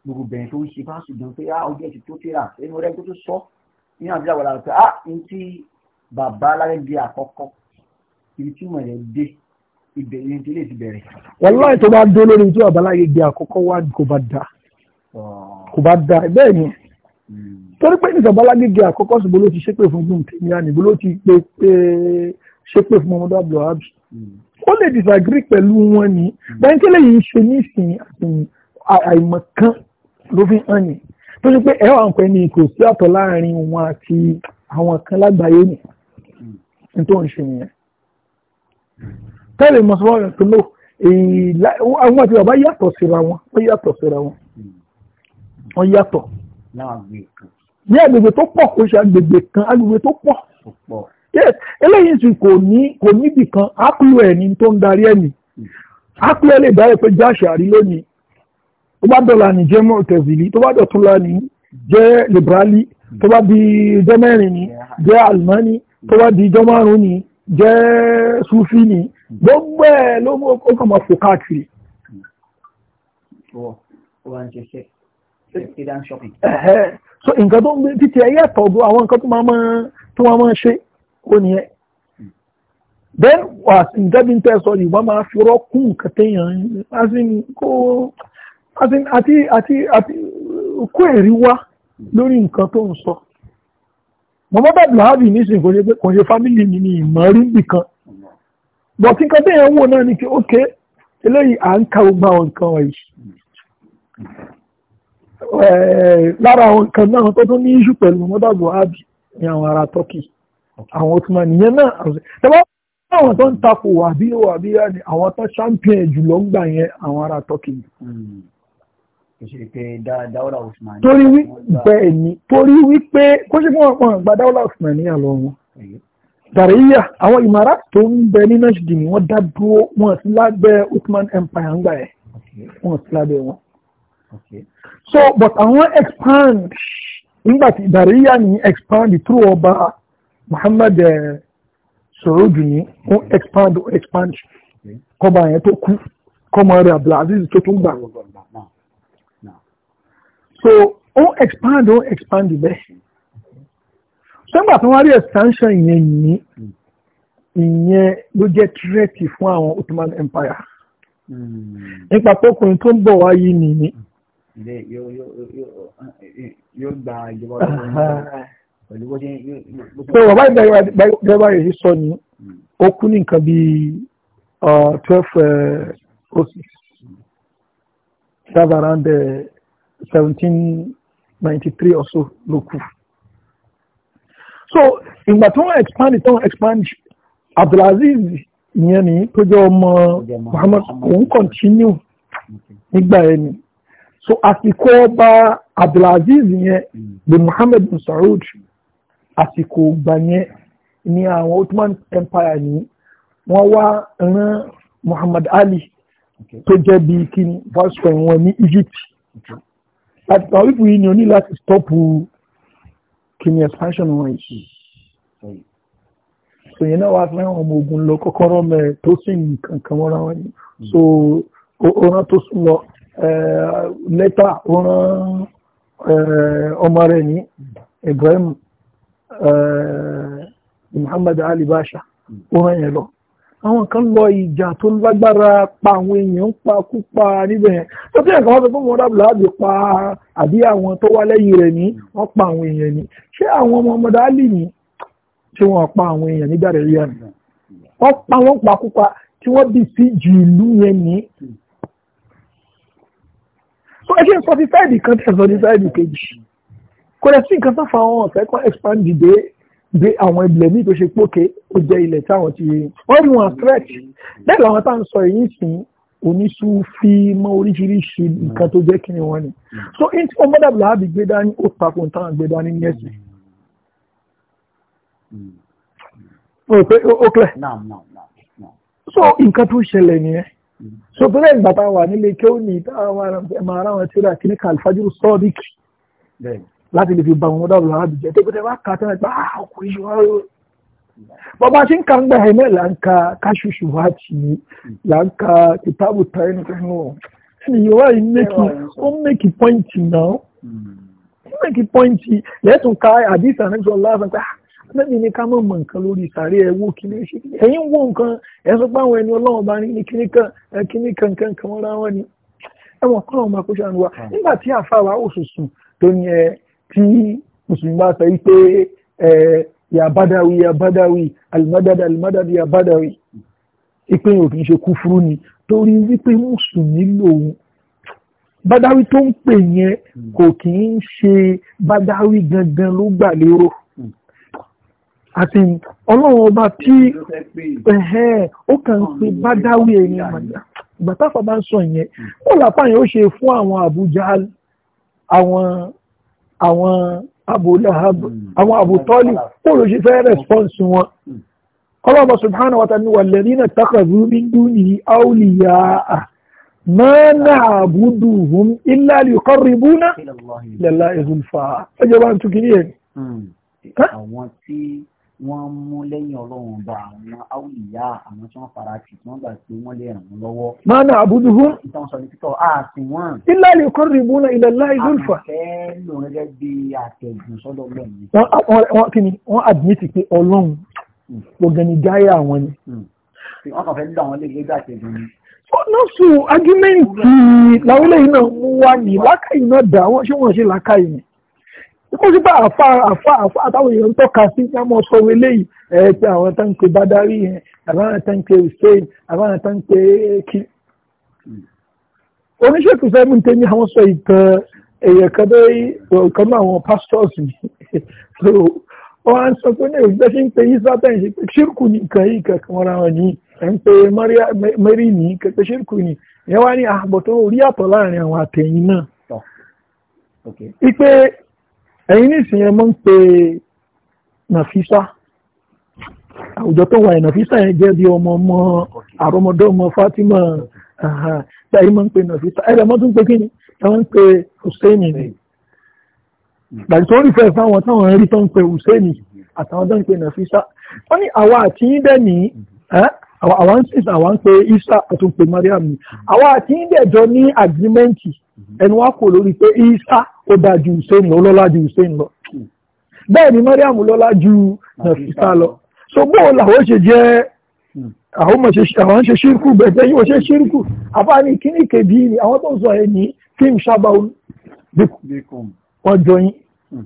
[SPEAKER 1] gbogbo bẹ̀rẹ̀ tó ń ṣe bá sùn gan pé á ah, ọjọ́ ti tó tẹ́ra ẹnu rẹ tó tó sọ ní àbúrò àwọn àlọ́ pé á ah, n tí bàbá alárẹ́gbẹ́ àkọ́kọ́ ibi tí mo rẹ̀ dé ìbẹ̀rẹ̀ ìdílé ti bẹ̀rẹ̀.
[SPEAKER 2] wàláì tó bá dó lórí tí ọ̀báláyé gbé àkọ́kọ́ wá kò bá da kò bá da bẹ́ẹ̀ ni hmm. torí pé nígbà ọ̀báláyé gbé àkọ́kọ́ ṣùgbọ́n ló ti ṣépè fún gbọ̀n tèmi ànìbó ló ti pé pé ṣépè fún ọmọdé abdulhabi hmm. ó lè disagree pẹ̀lú wọn ni hmm. bẹ́ńkẹ́lẹ́ yìí ṣe ní ìsìn àìmọ̀kan ló fi hàn ní tó ṣe pé ẹ̀rọ àwọn ẹni kò sí àtọ̀ láàrin wọn àti àwọn kan lágbàáyé ni tẹ́lẹ̀ mọ̀sánmọ́ rẹ̀ tó náà àwọn àti bàbá yàtọ̀ síra wọn wọ́n yàtọ̀ síra wọn wọ́n yàtọ̀ ní agbègbè tó pọ̀ kò ṣe agbègbè kan agbègbè tó
[SPEAKER 3] pọ̀
[SPEAKER 2] eléyìí sì kò ní kò níbì kan ápùlù ẹ̀ ní tó ń darí ẹ̀ ní ápùlù ẹ̀ lè dáyẹ̀ pé jáàṣì àrí lónìí tó bá dọ̀la ní jẹ́ mọ̀tẹ̀sílì tó bá dọ̀túnla ní jẹ́ liberali tó bá di jẹ́ mẹ́rin ní jẹ́ alimani tó bá di jẹ́ márùn ní jẹ́ sufi ní gbogbo ẹ̀ ló mú ó kàn fò káàkiri. so nǹkan tó ń gbé títí ẹ yàtọ̀ àwọn nǹkan tó máa tó máa ṣe nìyẹn. then wà nǹkan bí n sọ yìí wọ́n máa fi rọ́kùn nǹkan kó àti àti àti kó ẹ̀rí wá lórí nǹkan tó ń sọ. mọ̀mọ́dà bùhábì nísìnyí kò ṣe fámìlì mi ní nìkan. bọ̀tí nǹkan tẹ́yàn wò náà ni pé ókè eléyìí à ń ka gbogbo àwọn nǹkan wọ̀nyí eh, lára àwọn nǹkan náà tó tún ní iṣu pẹ̀lú mọ́tà buhari ní àwọn ará turkey àwọn ottoman nìyẹn náà tẹ́wọ́ àwọn tó ń takò wàbí wàbí yá ni àwọn tó champion jùlọ ń gbà yẹn àwọn ará turkey torí wípé kó ṣe fún ọ̀pọ̀ àgbà dáwọ́lá osmania lọ́wọ́ dàríyà àwọn ìmàrà tó ń bẹ ní nàìjíríà ni wọ́n dá dúró wọn sí lábẹ́ Ottoman Empire ń gbà ẹ̀ wọn sí lábẹ́ wọn. so but àwọn expand nígbà tí dàríyà ni expand through ọba Muhammad eh, Soroju ni wọ́n expand expand kọba yẹn tó kú kọmọ rẹ̀ Abdulaziz tó tún gbà. so wọ́n expand wọ́n expand bẹ́ẹ̀ sẹ́gbà tí wọ́n rí expansion ìyẹn yìí ìyẹn ló jẹ́ tírẹ́tì fún àwọn Ottoman Empire
[SPEAKER 1] hmm. nípa
[SPEAKER 2] pọ́kùnrin tó ń bọ̀ wá yìí nìyí.
[SPEAKER 1] yóò gba ìjọba pẹ̀lú bàbá
[SPEAKER 2] ìjọba yìí sọ ni hmm. ó kú ní nǹkan bíi uh, twelve uh, oh six serve around uh, seventeen ninety three or so ló kù so ìgbà tí wọ́n expand tí wọ́n expand Abdulaziz ìyẹn ni tó jẹ́ ọmọ Muhammad òun continue nígbà yẹn ni so àsìkò ọba Abdulaziz yẹn bin Muhammad bin Saud àsìkò ìgbà yẹn ni àwọn Ottoman Empire ni wọ́n wá ran Muhammad Ali tó jẹ́ bí kí ni vice president wọn ní Egypt àti àwọn ìfòyín ni o ní láti stọ́pù kí ni expansion wọn yìí so yẹn náà wá fún àwọn ọmọ ogun lọ kọ́kọ́rọ́ mẹ tó sì nǹkan kan mọ́ra wọn ni hmm. so oran tó sùn lọ lẹ́tà oran ọmọ rẹ̀ ní Ibrahim Muhammad Ali Basha oran hmm. yẹn lọ àwọn kan lọ ìjà tó lágbára pa àwọn èèyàn ń pa kú pa níbẹ̀ yẹn tó tí ẹ̀ka wọ́n sọ fún mọ́dàbù láàbì pa àbí àwọn tó wá lẹ́yìn rẹ̀ ní wọ́n pa àwọn èèyàn ní ṣé àwọn ọmọ ọmọdé alì ní tí wọ́n pa àwọn èèyàn nígbà rẹ̀ rí àná wọ́n pa wọ́n pa kú pa tí wọ́n bì sí jù ìlú yẹn ní. so ẹ ṣe sọ ti sáìdì kan tẹ̀ sọ ti sáìdì kejì kò lè sí nǹkan sáfà àwọn ọ̀fẹ́ kan expand dìde dé àwọn ilẹ̀ míì tó ṣe pókè ó jẹ́ ilẹ̀ táwọn ti rí wọ́n rí wọn stretch bẹ́ẹ̀ làwọn tá à ń sọ èyí sìn oníṣúfí mọ́ oríṣiríṣi nǹkan tó jẹ́ kíni wọn ni so in tí wọ́n mọ́dà bí láàbì gbé dání ó tako ní táwọn gbé dání ní ẹ̀sìn. ó clear so nǹkan tó ṣẹlẹ̀ nìyẹn so tó lẹ́yìn bàtà wà nílé kéwòn ní ìta àwọn ẹ̀mọ̀ ara wọn ti rà kíní kàlfàjú sọ́ọ̀dìkì láti lè fi ba wọn dábòlò arábì jẹ tẹ́gbẹ́tẹ́ wá ka tẹ́lẹ̀ gbà á ah, ọkùnrin yìí wá rò. bàbá ṣe ń ka ń gbà ẹ̀ náà là ń ka káṣíṣù wá tì í là ń ka kìtàbù táyé nìkan wọn. ìyẹn wá yìí mẹ́kì ó mẹ́kì pọ́ìntì náà ó mẹ́kì pọ́ìntì lẹ́tùn ká àdìsí ànájọ láàfin ni ká mọ̀ mọ̀ nǹkan lórí ìsàrí ẹ̀wọ́ kíní ṣe kíní ẹ̀yìn wo nǹkan ẹ̀sùn páwọn ẹni ọlọ́run bá ní kíní kan kíní kan kan kan wọ́n ra wọn ni ẹ̀wọ̀n kọ́ ọ̀ma kó ṣàánú wa nígbà tí àfa wa ò sùn sùn tó ní ẹ tí mùsùlùmí bá sọ wípé ya badawi ya badawi almadad almadad ya badawi ipe yóò kì í ṣe kúfúrú ni torí wípé mùsùlùmí lòun badawi tó ń pè yẹn kò kì í ṣe badawi gangan ló gbà lérò àti ọlọ́run ọba tí ó kàn ń pe bádáwí ẹni àmàlà ìgbà táfà bá ń sọ ìyẹn ó làpá yẹn ó ṣe fún àwọn Abu àwọn àwọn abúláhàbù hmm. àwọn àbútọ́lì kó ló ṣe fẹ́ rẹ̀spọ́nsì wọn ọlọ́bọ̀ subhanahu wa ta'ala walladhina ittakhadhu min dunihi awliya'a ma na'buduhum illa liyuqarribuna ila Allahi zulfa ẹjọba ń tukí ẹ̀
[SPEAKER 1] wọ́n mú lẹ́yìn ọlọ́run bá àwọn awùyá àwọn tí wọ́n fara tì tí wọ́n gbà pé wọ́n lè ràn wọ́n lọ́wọ́. máa na àbújú hún. ìtàn sọ ní títọ́ ààsìn wọn.
[SPEAKER 2] ilé àlè kọ́ rìbú náà ilẹ̀ láì ló ń fà. àfẹ́
[SPEAKER 1] lò gẹ́gẹ́ bí àtẹ̀gùn sọ́dọ̀ lẹ́yìn. wọ́n kí
[SPEAKER 2] ni wọ́n àdìmítì pé ọlọ́run hmm. gbọ̀ngàn ni gáyà àwọn ni.
[SPEAKER 1] Hmm. wọ́n kàn fẹ́ lọ àwọn lẹ́yìn ẹgbẹ́ àtẹ̀gùn ni
[SPEAKER 2] nọ́ọ̀sù agímẹ́ǹtì hmm. làwọn ó sì bá àfa àfa àfa àtàwọn èèyàn ń tọ́ka sí ní àmọ́ sọ wọlé yìí ẹ̀ pé àwọn tó ń pe bádárì yẹn àwọn tó ń pe hussein àwọn tó ń pe kí. oníṣègùn sẹ́mi tẹ́ ní àwọn sọ ìtàn èèyàn kan bẹ́ ọ̀kan náà àwọn pastors mi so wọ́n á sọ pé ní ìgbẹ́ sí ń pe israel ṣe pé ṣírkù ní nǹkan yìí kankan wọn ra wọn ní ẹ̀ ń pe mary ní kẹ́kẹ́ ṣírkù ní ìyẹn wá ní àbọ̀ ah, tó àtọ̀ láàrin àwọn àtẹ̀yìn náà. ipe ẹ̀yin ní ìsìn yẹn mọ́ ń pe nàfísà àwùjọ tó wà ẹ̀ nàfísà yẹn jẹ́ bí ọmọ ọmọ àrọmọdọ́ ọmọ Fatima ẹ̀yin mọ́ ń pe nàfísà ẹ̀rẹ̀ mọ́ tún pé kí ni ẹ̀ wọ́n ń pe Hussein ni gbàgbé tó ń rífẹ́ fáwọn táwọn ń tó ń pe Hussein àtàwọn tó ń pe nàfísà wọ́n ní àwa àti yín bẹ́ẹ̀ ní àwọn ń sìn àwọn ń pe Isa àtúnpè Mariam ni àwa àti yín dẹ̀ jọ ní àgírímẹ́ǹtì Mhm. ẹnu wa kò lórí pé isa ó dáa ju hussein lọ lọ́lá ju hussein lọ hmm. bẹ́ẹ̀ ni mariam lọ́lá ju nafisa lọ so bóò làwọn ṣe jẹ́ hmm. àwọn ṣe ṣírkù bẹ̀tẹ̀ yíò ṣe ṣírkù àbá ní kíní kèbí ni àwọn tó ń sọ ẹ̀ ní fíìmù sábà wọ́n jọ yín
[SPEAKER 1] hmm.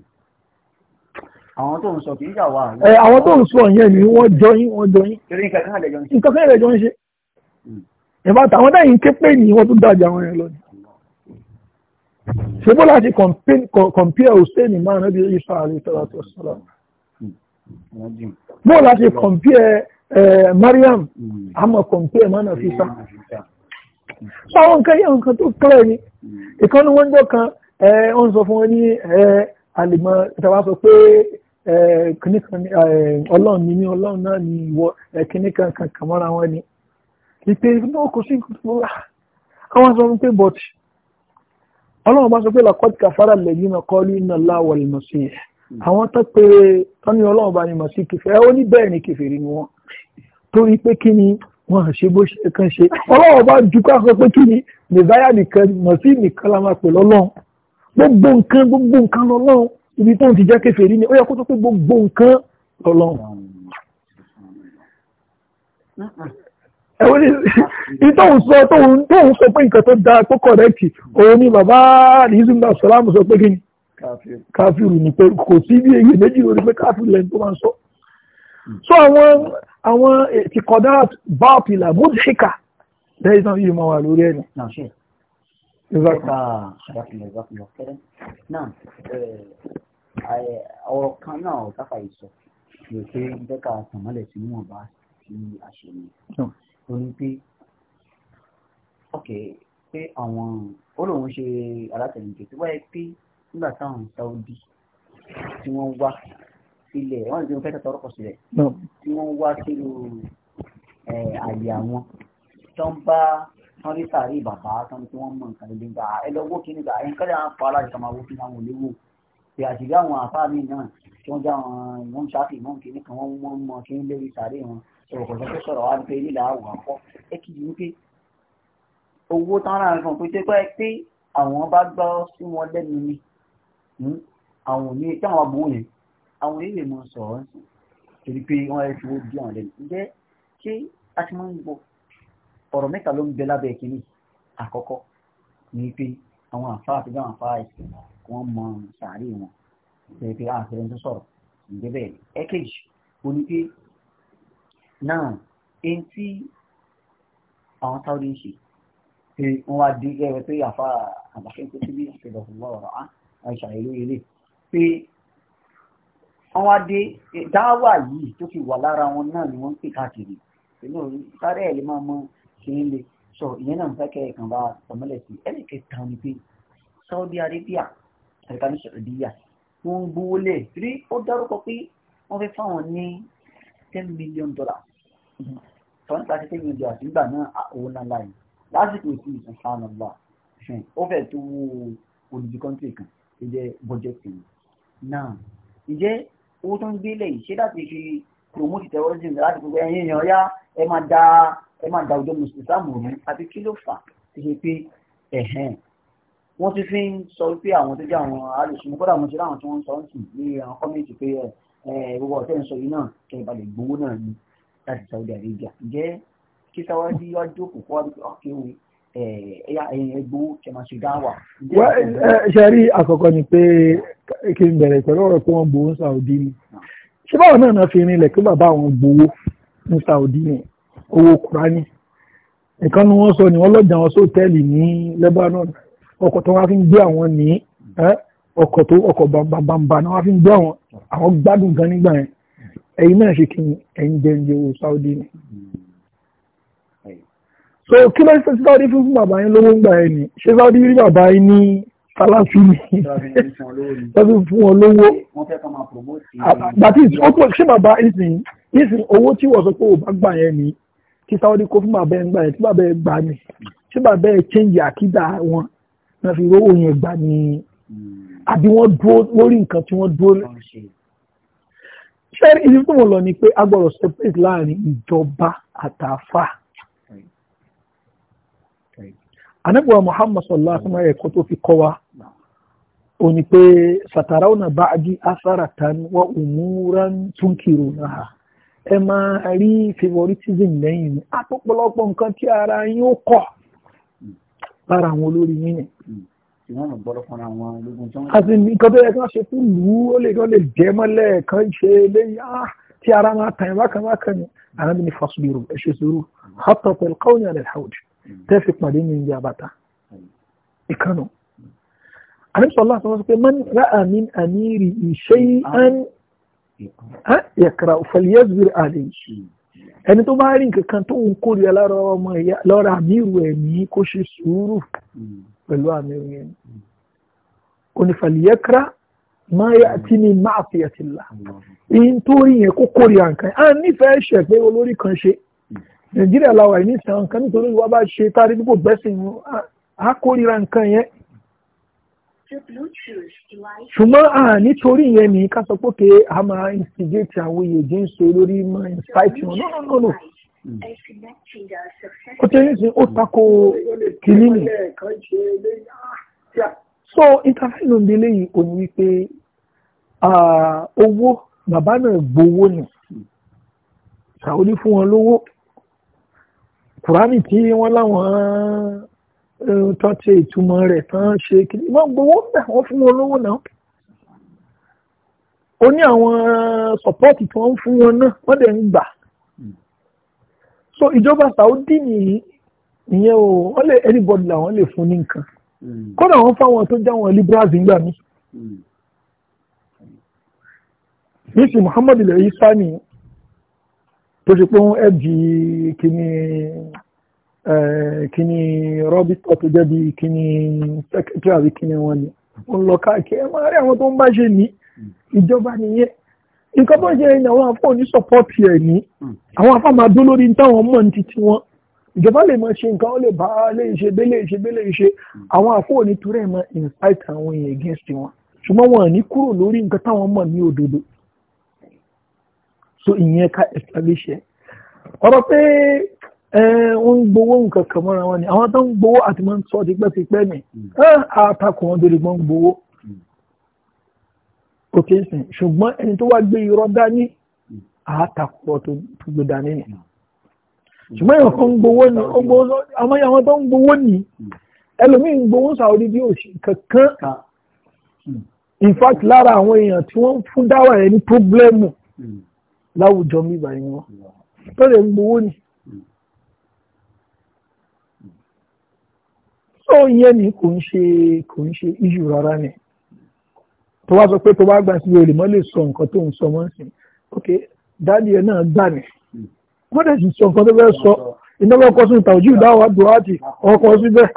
[SPEAKER 1] àwọn tó ń sọ kìí yàwó àwọn àwọn tó
[SPEAKER 2] ń sọ yẹn ni wọ́n jọ yín wọ́n jọ yín nǹkan kan lè jọ ń ṣe ìbátan àwọn dáyìn ké pé ní wọ́n tó dájà àwọn yẹn lọ ni ṣe bó láti compare hussein máa náà bí isa àríṣàlátọ̀ sọ́lá
[SPEAKER 3] bó láti compare
[SPEAKER 2] mariam àmọ́ compare máa náà fi sá sáwọn nǹkan yẹn nǹkan tó clear ni ìkànnì wọn jọ kan wọ́n sọ fún wọn ní àlèmọ́ ìtawà sọ pé kìnnìkan ọlọ́run ní ní ọlọ́run náà ní ìwọ kìnnìkan kan kàmọ́ra wọn ni ìpè ìfúnná kò sí nǹkan tó wà àwọn sọ fún pé bọ́tì ọlọ́run bá sọ pé laqad kafara alladhina qalu inna Allaha wal masih àwọn tó pé tọ́ni ọlọ́run bá ní masih kẹfẹ́ ó ní bẹ́ẹ̀ ni kèfèrí ni wọ́n torí pé kí ni wọ́n à ṣe bó ṣe kan ṣe ọlọ́run bá ju ká sọ pé kí ni mẹ̀sáyà nìkan masih nìkan la máa pè lọ́lọ́run gbogbo nǹkan gbogbo nǹkan lọ́lọ́run ibi tó ń ti jẹ́ kèfèrí ni ó yẹ kó tó pé gbogbo nǹkan lọ́lọ́run ẹ̀wọ́n ní tóun sọ tóun sọ pé nǹkan tó dáa tó kọ̀rẹ́kì òun ni bàbá rizum náà sọlámù sọ pé kí ni káfíìrù ni pé kò sí bí èyí méjì lórí pé káfíìrù lẹ́nu tó máa ń sọ. so àwọn àwọn ìkọ̀dá báàpìlà mùsíkà lẹ́yìn náà yìí máa wà lórí ẹ̀ ni.
[SPEAKER 1] ọ̀rọ̀ kan náà ọ̀gáfà yìí sọ pé ń bẹ́ka àtàmọ́lẹ̀ sí níwọ̀nba tí a ṣe ni torí pé ok pé àwọn ó lóun ṣe alátẹnudẹ tó wáyé pé nígbà táwọn Saudi tí wọ́n wá sílẹ̀ wọ́n ti fẹ́ tọ́tọ́ ọkọ̀ sílẹ̀ tí wọ́n wá sínú àyè àwọn tó ń bá tán rí sàárì bàbá tán tí wọ́n mọ nǹkan lóde gbà ẹ lọ wó kíni gbà ẹ nǹkan dáhùn pa aláṣẹ kan máa wó kíni àwọn olówó pé àṣìlẹ̀ àwọn àfáà náà tí wọ́n já wọn ìwọ́n ṣáfì mọ́ kíni kan wọ́n mọ́ kíni lórí sàárì wọn sọ̀rọ̀ kọ̀ọ̀kan tó sọ̀rọ̀ wá ń pe nílà àwọ̀ àpọ̀ ẹ kì í wípé owó tára nǹkan pé tẹ́pẹ́ pé àwọn bá gbọ́ sí wọn lẹ́nu ni hmm, àwọn ní táwọn abò yẹn àwọn ilé mọ̀ sọ̀rọ̀ torí pé wọ́n ẹ fi owó bí àwọn lẹ́nu ǹjẹ́ ṣé a ti máa ń gbọ́ ọ̀rọ̀ mẹ́ta ló ń bẹ lábẹ́ kínní àkọ́kọ́ ni pé àwọn àfáà àti báwọn àfáà ẹ̀sìn wọ́n mọ sàárè wọn pé pé àfẹ́rẹ́ tó sọ̀rọ̀ ǹjẹ́ bẹ́ẹ̀ ẹ̀kejì oní pé náà èyí tí àwọn táwọn ń ṣe pé wá di ẹ̀rọ pé àfa àbáṣẹ́ tó ti bí ìṣẹ̀lẹ̀ ọ̀gbọ́n ọ̀rọ̀ á ah, àìṣàyẹ̀ lórí ilé pé wọ́n wá dé dáwà yìí tó fi wà lára wọn náà ni wọ́n ń pè káàkiri inú sáré ẹ̀ lè máa mọ ṣe ń le sọ ìyẹn náà ń fẹ́ kẹ́ ẹ̀ bá tọ̀mọ́lẹ̀ sí ẹ̀ lè kẹta ni pé Saudi Arabia àti kàmí Saudiya wọ́n ń gbówó lẹ̀ rí ó dárúkọ pé wọ́n fẹ́ fáwọn ní ten million dollars tọ́ni tàbí ten million dollars nígbà náà owó náà láàyè lásìkò tí ìsìn sáànà wà ó fẹ́ tó wo olùdí kọ́ńtì kan tó jẹ́ bọ́jẹ́tì ni náà ǹjẹ́ owó tó ń gbélé yìí ṣé láti fi promote terrorism láti gbogbo ẹ̀yin èèyàn yá ẹ máa da ẹ máa da ọjọ́ mùsùlùmí rú àti kí ló fà á ṣe pé ẹ̀hẹ́n wọ́n ti fi ń sọ pé àwọn tó jẹ́ àwọn alùsùn kódà mo ti rí àwọn tí wọ́n sọ ń sùn ní àwọn kọ́mẹ́ǹtì pé ẹ̀ gbogbo ọ̀tẹ́ ń sọ yìí náà kẹ́ ẹ bá lè gbowó náà ni láti Saudi Arabia ǹjẹ́ kí sáwájú wá jókòó kó wá bí ọ̀kẹ́wé ẹ̀yà ẹ̀yìn ẹgbowó kẹ́ máa ṣe dáwà. ṣe
[SPEAKER 2] rí àkọ́kọ́ ni pé kí n bẹ̀rẹ̀ pẹ̀lú ọ̀rọ̀ pé wọ́n gbowó Saudi ni ṣé báwọn náà fi rinlẹ̀ pé bàbá àwọn gbowó ní Saudi ni owó Kùránì nǹkan ni wọ́n sọ ni wọ́n lọ́jà wọn sóòtẹ́ẹ̀lì ní Lebanon ọkọ̀ tó wá fi ń gbé àwọn ní ọkọ̀ tó ọkọ̀ bàbàbà náà wá fi ń gbé àwọn àwọn gbádùn gan nígbà yẹn ẹ̀yin náà ṣe kí ẹ̀yin jẹ́ owó Saudi ni. so kí ló ń ṣe Saudi fún fún bàbá yín lówó ń gbà yẹn ni ṣé Saudi rí bàbá yín ní sálásí ni tọ́sí fún wọn lówó
[SPEAKER 1] àbàtí ah,
[SPEAKER 2] ṣé bàbá ìsìn ìsìn owó tí wọ́n sọ pé ò bá gbà yẹn ni tí Saudi kó fún bàbá yẹn gbà yẹn tí bàbá yẹn gbà ni tí bàbá yẹn change àkídà wọn náà fi rówó yẹn gbà ni. Hmm àbí wọ́n dúró lórí nǹkan tí wọ́n dúró lẹ́yìn. ṣé ibi mo lọ ni pé a gbọ́dọ̀ separate láàrin ìjọba àtàfà. anábìwá Muhammad sallallahu alaihi wasallam ẹ̀kọ́ tó fi kọ́ wa ó ní pé satarawna ba'di asaratan wa umuran tunkirunaha ẹ máa rí favoritism lẹ́yìn àtọ́pọ̀lọpọ̀ nǹkan tí ara yín ó kọ̀ lára àwọn olórí yín yẹn
[SPEAKER 1] tí wọ́n mọ̀ gbọ́dọ̀ fúnra wọn lógún tán. àti
[SPEAKER 2] nǹkan tó yẹ kí wọ́n ṣe fún lù ú ó lè kí wọ́n lè jẹ́ mọ́lẹ̀ kan ṣe léyìn áá ah, tí ara máa tàn bákan bákan ni àwọn ẹni fasubiru ẹ ṣe sùúrù hatta talqawni ala al-hawd tẹ́ fi pàdé ní ìyá bàtà ìkànnù. àmì sọ̀lá sọ wọ́n sọ pé man ra'a min amiri shay'an yakra falyazbir alayhi ẹni tó bá rí nǹkan tó ń kórìíra lọ́rọ̀ àmì ìrù ẹ̀mí pẹ̀lú àmì òyìn onífàlìyẹ́kra máa yá àti ní máa fi ẹ̀sì là ìyìn tó rí yẹn kó kórìíra nǹkan à nífẹ̀ẹ́ ṣẹ̀ pé olórí kan ṣe nàìjíríà làwà ní ìsàn nǹkan nítorí wàá bá ṣe tá a rí pípò bẹ́sìn wọn á kórìíra nǹkan yẹn ṣùgbọ́n à nítorí yẹn ní ká sọ pé a máa instigate àwọn èèyàn jí ń so lórí máa incite wọn no no no no. no. Hmm. ó tẹ́lẹ̀ sí ó tako kìíní ni so interfere ń délé yìí kò ní wípé owó bàbá náà gbowó ni Saudi fún wọn lówó Kùránì tí wọ́n láwọn tán ṣe ìtumọ̀ rẹ̀ tán ṣe kìíní wọ́n gbowó bẹ̀ wọ́n fún wọn lówó náà ó ní àwọn sọ̀pọ́ọ̀tì tí wọ́n fún wọn náà wọ́n dẹ̀ ń gbà so ìjọba Saudi ni ìyẹn o wọ́n lè anybody làwọn lè fún ní nǹkan hmm. kódà wọ́n fáwọn tó já wọn liberals ń gbà mí hmm. nísì Muhammadu lè yí sani tó ṣe pé wọ́n ẹ̀ di kíní eh, kíní robert otto jẹ́bi kíní secretary àbí kíní wọn ni wọ́n lọ káàkiri ẹ̀ máa rí àwọn tó ń bá ṣe ní hmm. ìjọba nìyẹn nǹkan bó ṣe rìn ní àwọn afọ oníṣọpọ́ọ̀tì ẹ̀ ní hmm. àwọn afọ máa dó lórí táwọn mọ̀ ní titi wọn ìjọba lè máa ṣe nǹkan ó lè bá lè ṣe bẹ́lẹ̀ ṣe bẹ́lẹ̀ ṣe hmm. àwọn afọ onítúrẹ̀ máa incite àwọn èèyàn against wọn ṣùgbọ́n wọn ní kúrò lórí nǹkan táwọn mọ̀ ní òdodo so ìyẹn ká establish ẹ ọ̀rọ̀ pé wọ́n ń gbowó nǹkan kan mọ́ra wọn ni àwọn tó ń gbowó àti máa ń sọ ọ́ tipẹ́tipẹ́ ni hmm. ah, àtakùn wọn torí òkè ìsìn ṣùgbọ́n ẹni tó wá gbé irọ́ dání àátàpọ̀ tó gbé dání nì ṣùgbọ́n èèyàn kan gbowó ni àwọn tó ń gbowó ni ẹlòmíì ń gbowó sàórí bí òṣì kankan hmm. in fact lára àwọn èèyàn tí wọ́n fún dáwà ẹ̀ ní pọ́blẹ́mù hmm. láwùjọ mi báyìí wọn tó lè ń gbowó ni. Hmm. so ìyẹn ni kò ń ṣe kò ń ṣe issue rárá ni tó wá sọ pé tó wá gbà sí olè mọ́ lè sọ nǹkan tó ń sọ mọ́ sí ok dáàdi ẹ̀ náà gbà mí wọ́n dẹ̀ sì sọ nǹkan tó fẹ́ sọ iná bá kọ́ sínú tàwùjú ìdáwà dùwátì ọkọ̀ síbẹ̀.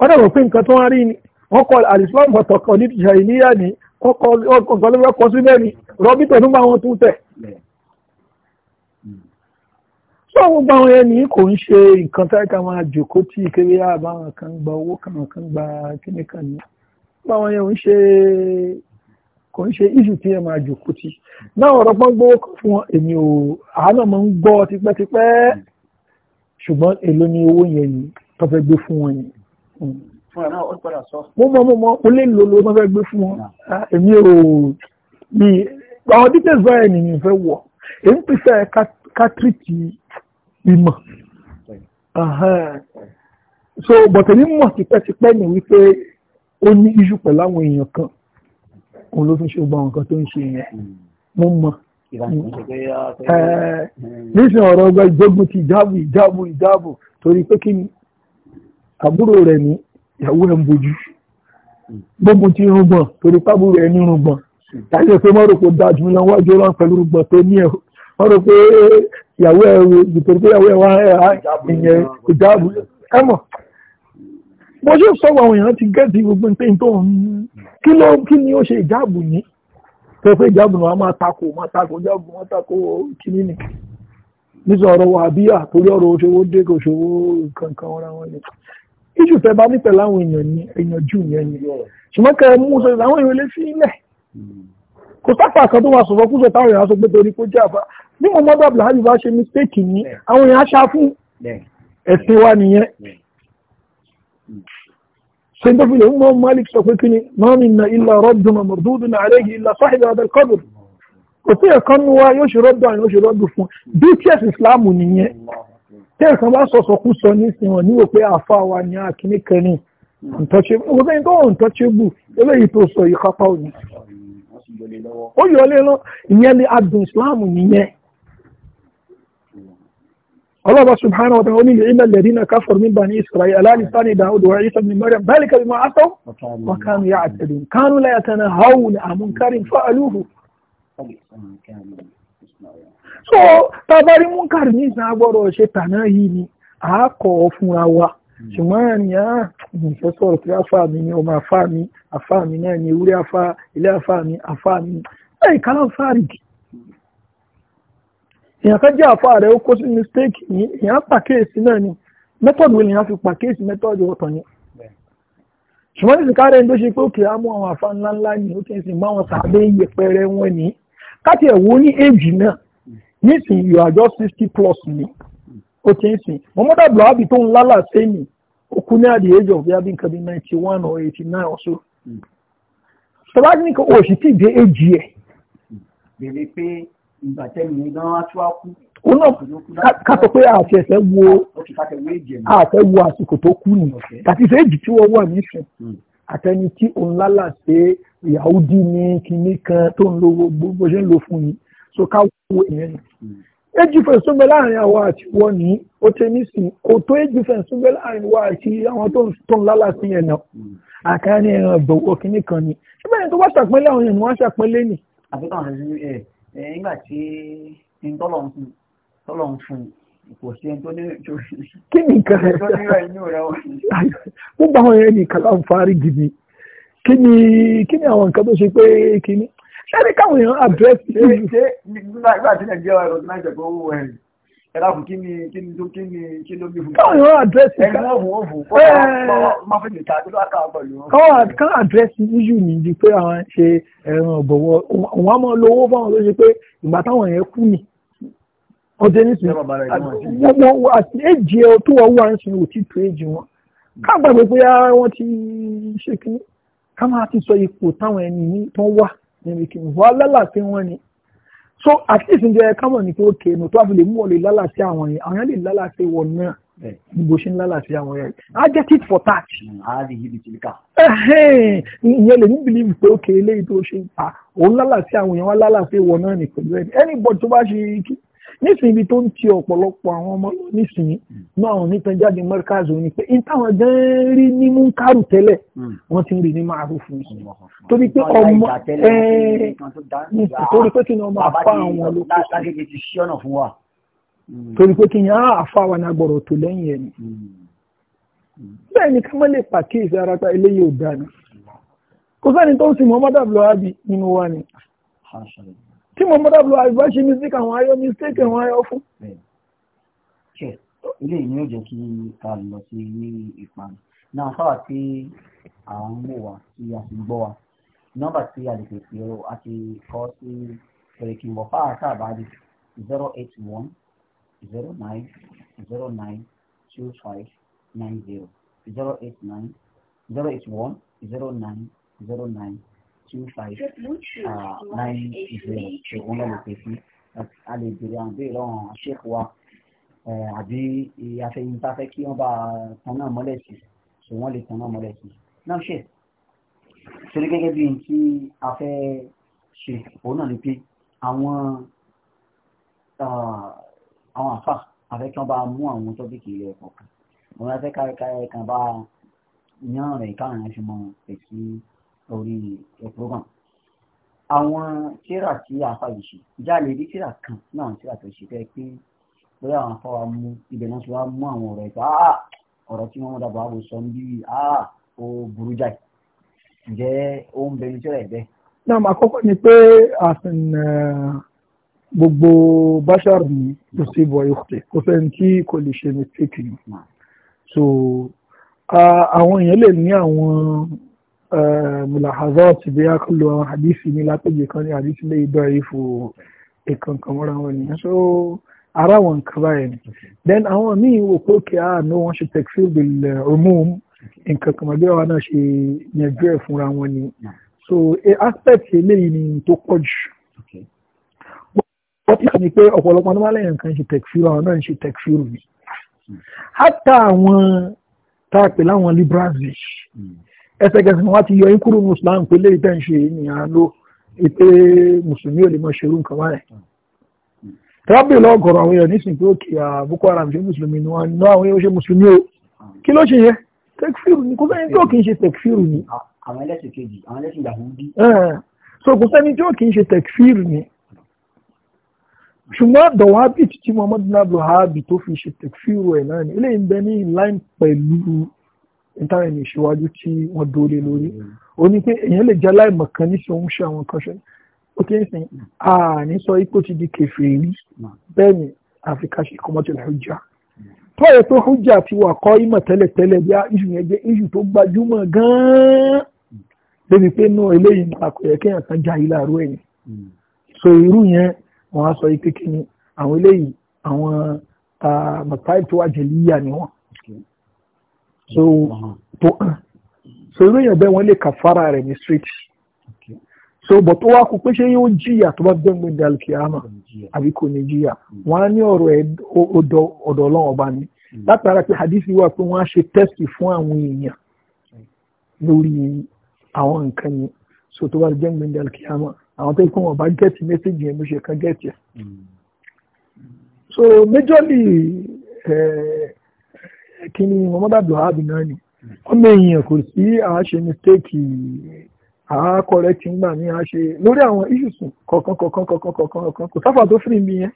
[SPEAKER 2] wọ́n dẹ̀ mọ̀ pé nǹkan tó wá rí ni wọ́n kọ́ àlìsílámù ọ̀tọ̀kọ̀ ní tìṣà ìníyà ni wọ́n kọ́ nǹkan tó fẹ́ kọ́ síbẹ̀ ni rọ́bìtẹ̀ nígbà wọn tún tẹ̀ báwo gbogbo àwọn ẹni kò ń ṣe nǹkan tá ká máa jòkó tí ìkéré àbáwọn kan gba owó kan kan gba kíní kan ní báwọn yẹn ń ṣe kò ń ṣe iṣu tí ẹ máa jòkó tí náà ọ̀rọ̀ pọ́n gbówó kan fún wọn èmi ò àánà máa ń gbọ́ tipẹ́tipẹ́ ṣùgbọ́n èló ni owó yẹn yìí tó fẹ́ gbé fún wọn yìí mo mọ mo mọ o lè lo lo tó fẹ́ gbé fún wọn ah, èmi ò mi àwọn details báyìí nìyí fẹ́ wọ̀ èmi pèsè ká ìmọ̀ so bọ̀tẹ̀ mímọ̀ tipẹ́tipẹ́ ní wípé ó ní iṣu pẹ̀lú àwọn èèyàn kan òun ló fi ṣe gbọ́ àwọn nǹkan tó ń ṣe yẹn mo mọ̀ nísìn ọ̀rọ̀ ọgbà ìjọ́gun ti ìjáàbù ìjáàbù ìjáàbù torí pé kí ni àbúrò rẹ̀ ní ìyàwó ẹ̀ ń bojú gbógun ti rúgbọ̀n torí pábúrò ẹ̀ ní rúgbọ̀n hmm. táyé pé mọ́rò kò dájú lọ wájú ọlọ́run pẹ̀lú rúgbọ̀n tó ní ẹ̀hó wọ́n rò pé ìyàwó ẹ̀ gbìtòrò pé ìyàwó ẹ̀ wá ìyẹn ìjáàbù ẹ̀mọ̀ bó ṣe sọ àwọn èèyàn ti gẹ́ẹ̀tì gbogbo pé tó ń kí ló kí ni ó ṣe ìjáàbù ní tó pé ìjáàbù náà máa takò máa takò ìjáàbù máa takò kíní ni nísọ ọ̀rọ̀ wà bí àtòrí ọ̀rọ̀ òṣòwò dé kò ṣòwò kankan ọ̀rọ̀ àwọn ènìyàn iṣu tẹ bá ní pẹ̀lú èèyàn ní èèyàn jù yẹn ni ṣùgbọ́n kẹ mú sọ àwọn èèyàn lè fi ilẹ̀ hmm. kò sáfà kan tó wà sọ̀rọ̀ kúsọ̀ táwọn èèyàn sọ pé torí kó jẹ́ àbá bí mo mọ́dọ̀ abdulhadi bá ṣe mistake ní àwọn èèyàn aṣá fún ẹ̀sìn wa nìyẹn sèǹtẹ́fìlì ọmọ malik sọ pé kí ni mọ́mí na ilà rọ́dùn na mọ̀dúdùn na àrẹ́gì ilà sáhìlì adal kọ́dùn kò sí ẹ̀kan nu wa yóò ṣe rọ́dùn àwọn yóò ṣe rọ́dùn fún bí tí ẹ̀sìn islam nìyẹn tí ẹ̀kan bá sọ̀sọ̀ kú sọ ní ìsìn wọn níwò pé àfa wa ni àkíní kẹni untouchable kò sẹ́yìn tó untouchable eléyìí Allah subhanahu وتعالى ta'ala ní ilẹ̀ alladhina kafaru min bani Isra'il ala lisani Dawud wa Isa ibn Maryam dhalika bima asaw wa kanu ya'tadun kanu la yatanahawna 'an munkarin fa'aluhu. so tabari munkar ní ìsìn agbọ́dọ̀ ṣe tànà yìí ni a kọ̀ fúnra wa ṣùgbọ́n ènìyàn ìfẹ́ ah, sọ̀rọ̀ pé afá mi ni ọmọ afá mi afá mi náà ni ewúrẹ́ afá ilé afá mi afá mi láì kálá fáàrìkì èèyàn kan jẹ́ àfa rẹ̀ ó kó sí mistake yìí èèyàn pàkíyèsí náà ni method wo lèèyàn fi pàkíyèsí method ọ̀tọ̀ ni. ṣùgbọ́n nísìnyí káàrẹ̀ ń tó ṣe pé òkè á mú àwọn àfa ńlá ńlá ni ó kì í sì máa wọn sàbẹ̀ yẹpẹrẹ wọn ni káti ẹ̀wọ́ ní èjì náà nísìnyí you are just sixty plus ni ó ti ń sìn mọ́mọ́dà buhari tó ń lálà sẹ́yìn ó kú ní àdìyẹ jọ bí abínkan bí ninety one or eighty nine or so. tọ́lá hmm. ní kò òṣì tí ì dé èjì ẹ̀.
[SPEAKER 1] Hmm ìgbà tẹ́lẹ̀ yẹn gan-an tó wá kú. ó náà ká sọ pé
[SPEAKER 2] àfẹ́fẹ́ wo àfẹ́ wo àsìkò tó kú nì àti ìfẹ́jì tí wọ́n wà nífẹ̀ẹ́ hmm. àtẹni tí òun lálà pé Yahudi ní kinní kan tó ń lo gbogbo ṣe ń lo fún yìí so ká wo ìyẹn nù hmm. age difference tó ń láàrin àwọn àti wọn ní ó tẹ ní sí kò tó age difference láàrin wa àti àwọn tó ń lálà sí yẹn náà hmm. àkáyà ní ẹran ọgbọ̀n òkìní kan ni ṣùgbọ́n ẹni tó wá ṣàpẹ́lẹ̀ àwọn èèyàn ni wọ́n ṣàpẹ́lẹ̀ nì.
[SPEAKER 1] àfikún àwọn ẹni nígbà tí n tọ́lọ̀ ń fún tọ́lọ̀ ń fún kò sí ẹni tó ní
[SPEAKER 2] kí ni nǹkan rẹ̀ tó ní rẹ̀ inú rẹ̀ wọ́n. wọ́n bá wọn yẹn ní kàlàǹfààrí gidi àwọn nǹkan tó ṣe pé kí ni ẹni káwọn èèyàn àdírẹ́sì.
[SPEAKER 1] ṣé nígbà tí nàìjíríà wà lọ́dún náà ìjọba owó ẹ̀rìn ẹ̀dàkùn kí ni kí ni kí ni kí ló bí fún mi. káwọn yóò àdírẹ́sì ká ẹ̀gbọ́n òfò òfò kó máa fẹ́ lè ta kí ló ká pẹ̀lú wọn.
[SPEAKER 2] káwọn àdírẹ́sì iṣu mi di pé àwọn ṣe ẹran ọ̀bọ̀wọ̀ òun á máa lo owó fáwọn tó ṣe pé ìgbà táwọn yẹn kú ni. ọdẹ nísìnyí wọn àti èjì ẹ tó wọ́n wà ń sin òtí tó èjì wọn. káàgbà pé pé wọ́n ti ṣe kí ká máa ti sọ ipò táwọn ẹni tó wà níbi kí wọ́n lálàáfíà wọn ni so at least ǹjẹ́ kámọ̀ ní pé ó kéènù tó àfi lè mú ọ lè lálàsí àwọn yẹn àwọn yẹn lè lálàsí wọ náà ní bó ṣe ń lálàsí àwọn yẹn á jẹ́ tit for tat. Hmm, ìyẹn lè ní believe pé ó kéèlé èyí tó ṣe ń pa òun lálàsí àwọn yẹn wá lálàsí wọ náà ní pẹ̀lú ẹni anybody tó bá ṣe kí nísìnyí ibi tó ń ti ọ̀pọ̀lọpọ̀ àwọn ọmọ lọ nísìnyí hmm. náà àwọn onítan jáde mọ́ríkàzì òní pé n táwọn gan rí ní múnkárù tẹ́lẹ̀ hmm. wọ́n ti ń rí ní márùn fún mi torí pé ọmọ torí pé kí ni ọmọ àfa àwọn ló hmm. torí pé kí ni ah, àfa wa náà gbọ́dọ̀ tó lẹ́yìn ẹ̀ ni bẹ́ẹ̀ ni ká má lè pàkíyèsí ara pa eléyìí ò dáa ni kò sẹ́ni tó ń sin Muhammadu Abdullahi nínú wa ni tí mo mọ́dá blu àìbá ṣe mistake àwọn ayọ́ mistake àwọn ayọ́ fún.
[SPEAKER 1] ilé yìí ni ó jẹ́ kí ká lọ sí ní ìpanu náà fáwà tí à ń wò wá tí a sì gbọ́ wa nọ́mbà tí a lè pè sí o a ti kọ́ sí pèrèkìmbọ̀ fáwà káàbàdì zero eight one zero nine zero nine two five nine zero zero eight nine zero eight one zero nine zero nine two five
[SPEAKER 2] uh, nine zero ṣùgbọ́n lọ́ọ́ lè pè
[SPEAKER 1] sí a lè eh, àbí afẹ́yìn a fẹ́ kí wọ́n bá tan náà mọ́lẹ̀ sí so wọ́n lè tan náà mọ́lẹ̀ sí náà ṣe torí gẹ́gẹ́ bí tí a fẹ́ ṣe òun náà ni pé àwọn ah, àwọn àfà afẹ́ kí wọ́n bá mú àwọn tọ́bíkì ilẹ̀ kọ̀ọ̀kan òun afẹ́ káyọ̀káyọ̀ kan bá yán rẹ̀ káwọn ẹ̀ṣin mọ́ pèsè orí ẹ̀pọ́gàn. àwọn tíra tí a fa yìí ṣe jáde rí tíra kan ní àwọn tíra tó ṣe fẹ́ pé bóyá àwọn afọ wa mú ibẹ̀ náà ti wá mú àwọn ọ̀rọ̀ ẹ̀ka ọ̀rọ̀ tí wọ́n mú dàbọ̀ àbò sọ bí ó burú jáì ǹjẹ́ ó ń bẹ ní tíra ẹ̀ bẹ́ẹ̀.
[SPEAKER 2] náà mà kọ́kọ́ ni pé àfin gbogbo bashar ni kò sí ìbọn ìkùtẹ̀ kò sẹ́ni tí kò lè ṣe mistake ni so àwọn èèyàn lè ní àwọn Ehm, mulahazat bí a kò lo àwọn hadisi ní látọ̀jì kan ní hadisi lè dọ̀ ìfò ìkankan mọ́ra wọn ni so ara wọn nǹkan báyìí ni then àwọn míì wò pé òkè àánú ah, wọn ṣe tekfil bil umum nǹkan kan mọ̀gbẹ́ wa náà ṣe yanjú ẹ̀ fúnra wọn ni so e, aspect eléyìí ni tó pọ̀ jù wọ́n ti sọ ni pé ọ̀pọ̀lọpọ̀ ọdún wálé nǹkan ṣe tekfil àwọn náà ń ṣe tekfil ni hátà hmm. àwọn tá a pè láwọn liberals hmm ẹsẹ̀kẹsẹ̀ wọn ti yọ ikúrò muslim pé lè ni ń ṣe ènìyàn ló pé mùsùlùmí ò lè mọ ṣerú nǹkan wáyé tẹ́wọ́n bèèrè lọ́gọ̀rọ̀ àwọn èèyàn nísìnyí pé òkè Boko Haram ṣe mùsùlùmí ni wọ́n ná àwọn èèyàn ṣe mùsùlùmí o kí ló ṣe yẹ tekfiru ni kò sẹ́ni tí ò kì í ṣe tekfiru ni.
[SPEAKER 1] àwọn ẹlẹ́sìn kejì àwọn ẹlẹ́sìn Yahudi.
[SPEAKER 2] so kò sẹ́ni tí ò kì í ṣe tekfiru ni ṣùgbọ́n tekfiru ẹ̀ náà ni line pẹ̀lú ìtàwọn ẹni ìṣíwájú tí wọ́n dóolé lórí ó ní pé èèyàn lè jẹ́ aláìmọ̀kan ní sòun ṣe àwọn kan ṣe ó ti ń sìn àní sọ ipò ti di kèfèrí bẹ́ẹ̀ ni àfikà ṣe kọ́mọ́tò làwùjá tọ́yẹ̀ tó hújà ti wà kọ́ ìmọ̀ tẹ́lẹ̀tẹ́lẹ̀ bí iṣu yẹn jẹ́ iṣu tó gbajúmọ̀ gan-an débi pé náà eléyìí nípa kò yẹ kéèyàn kan já yìí láàárọ̀ ẹ̀yìn so irú yẹn wọ́n á sọ pé kí ni àwọn eléyìí ah, so tó kàn so irú èèyàn bẹ́ẹ̀ wọ́n lè kàfàrà rẹ̀ ní street so but ó wá kó pé ṣé yóò jìyà tó bá gbẹ́ ń gbé dalki ama àbí kò ní jìyà wọ́n á ní ọ̀rọ̀ ọ̀dọ̀ ọlọ́run ọba ni hmm. látara pé hadith wà pé wọ́n á ṣe test fún àwọn èèyàn hmm. lórí àwọn nǹkan yẹn so tó bá gbẹ́ ń gbé dalki ama àwọn tó kọ́ wọn bá gẹ́ẹ̀tì mẹ́sẹ̀gì yẹn bó ṣe kan gẹ́ẹ̀tì ẹ̀ hmm. so majorly. Uh, kíní Muhammad Abdulhab náà ni ọmọ èèyàn kò sí àáṣe mistake àákọrẹ tí ń gbà ní àáṣe lórí àwọn issues kọ̀ọ̀kan kọ̀ọ̀kan kọ̀ọ̀kan kọ̀ọ̀kan kò sáfà tó fìrì mi yẹn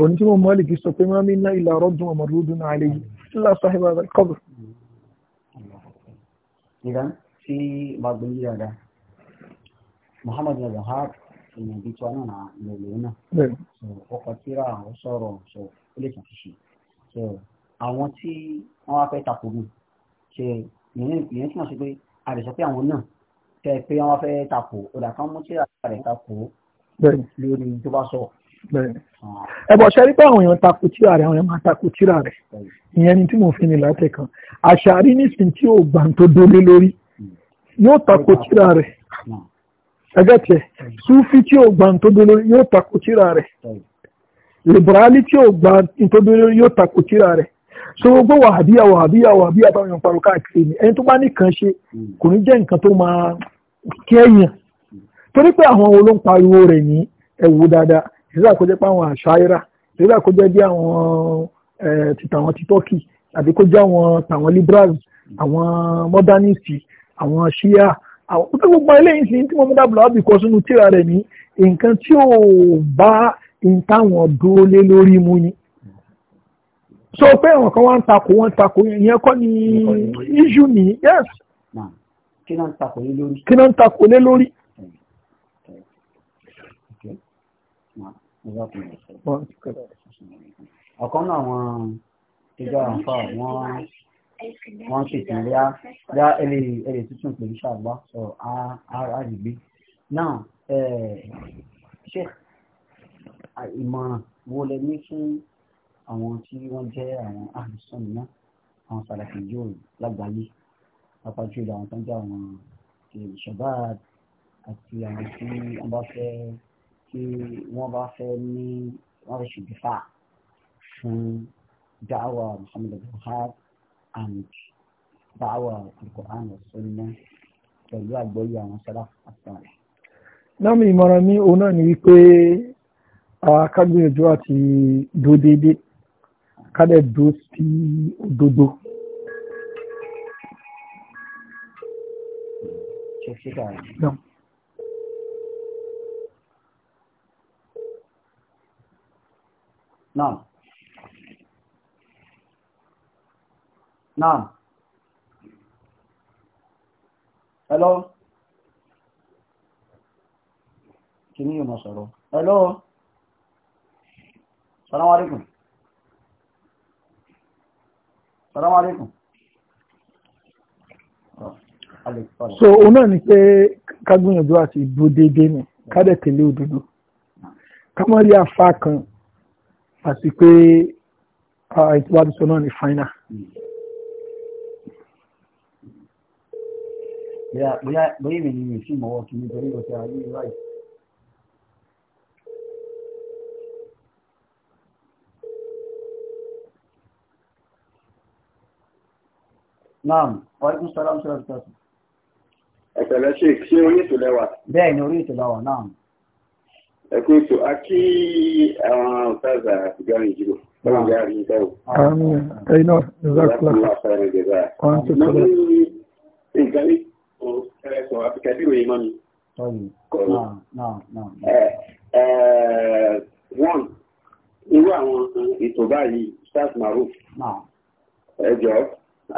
[SPEAKER 2] òní tí mo mọ sọ pé máa mi ná ìlà ọdún ọmọ lódún náà lè yí sílá sáhìbà
[SPEAKER 1] ìdá tí àwọn tí wọ́n wá fẹ́ tako mi ṣe ìyẹn túmọ̀ sí pé a lè sọ pé àwọn náà tẹ pé wọ́n wá fẹ́ tako ọ̀dà kan mú tí a lè tako lórí tó bá sọ.
[SPEAKER 2] Ah. ẹ bọ̀ ṣe rí pé àwọn èèyàn tako tíra rẹ̀ àwọn èèyàn máa tako tíra rẹ̀ ìyẹn ni tí mo fi ní látẹ̀ kan àṣàrí nísìnyí tí ò gbà tó dólé hmm. hmm. lórí yóò tako tíra rẹ̀ ẹgbẹ́ tiẹ̀ súfì tí ò gbà tó dólé lórí yóò tako tíra rẹ̀ liberali tí ò gbà tó dólé lórí yóò tako tíra rẹ̀ so gbogbo wàhábíyà wàhábíyà wàhábíyà táwọn èèyàn parọ́ káàkiri ni ẹni tó bá nìkan ṣe kò ní jẹ́ nǹkan tó máa kí ẹ̀yàn torí pé àwọn wo ló ń pariwo rẹ̀ ní ẹ̀wù dáadáa ìṣẹ́lẹ̀ àkójẹ́ pé àwọn àṣàyíra ìṣẹ́lẹ̀ àkójẹ́ bí àwọn tìtàwọn ti tọ́kì àbí kó jẹ́ àwọn tàwọn liberals àwọn modernist àwọn ṣíà àwọn tó gbogbo eléyìí sí tí mohamed abdullahi kọ sínú tíra rẹ̀ ní nǹkan tí ò bá nǹkan táwọn dúró lé lórí mu ni so pé àwọn kan wá ń takò wọ́n ń takò yẹn kọ́ ni iṣu ni yes kí náà ń takò lé lórí.
[SPEAKER 1] ọ̀kan náà wọn ìjọ àǹfà wọn
[SPEAKER 3] wọ́n sì tún rí á
[SPEAKER 1] ẹlẹ́ tuntun pẹ̀lú ṣàgbá sọ àràgbé náà ṣe ìmọ̀ràn wo lẹ ní fún àwọn tí wọ́n jẹ́ àwọn àìsàn náà àwọn sàlàfì yóò lágbàáyé pàápàá jùlọ àwọn tó ń jẹ́ àwọn ìṣọ̀bá àti àwọn tí wọ́n bá fẹ́ tí wọ́n bá fẹ́ ní wọ́n fẹ́ ṣègbèfà fún dáwà Muhammad buhari and dáwà Al-Qur'an wa Sunnah pẹ̀lú àgbọ́yé àwọn sàlàfì àtàrà.
[SPEAKER 2] náà mi ìmọ̀ràn mi òun náà ni wípé àkágbìyànjú àti dúró déédéé kádẹ̀ dó sí òdodo.
[SPEAKER 1] Naam. Naam. Hello. Kí ni yóò máa sọ̀rọ̀? Hello. Salaam alaikum. Salaam alaikum. Ah, so, òun náà ni
[SPEAKER 2] pé ká gbìyànjú àti ìdúró déédéé nù, ká dẹ̀ tẹ̀lé òdodo. Ká mọ́ rí afá kan àti pé ah, ìtìwádìí sọ náà ni fáínà.
[SPEAKER 1] Bóyá èmi ni mi fi mọ̀wọ́ kí nítorí ọ̀sẹ̀ ayé láìsí. Naam, wàlúkún sọ́lá ṣe ọ̀rọ̀
[SPEAKER 2] Ẹ̀tẹ̀lẹ́ ṣe ṣe orí ètò lẹ́wà.
[SPEAKER 1] Bẹ́ẹ̀ orí ètò lẹ́wà náà.
[SPEAKER 2] Ẹ ètò, a kí
[SPEAKER 1] àwọn ọ̀tázà ìgbàrin ìjírò. Bọ́lá ìyá rí ìdáwò. Àmín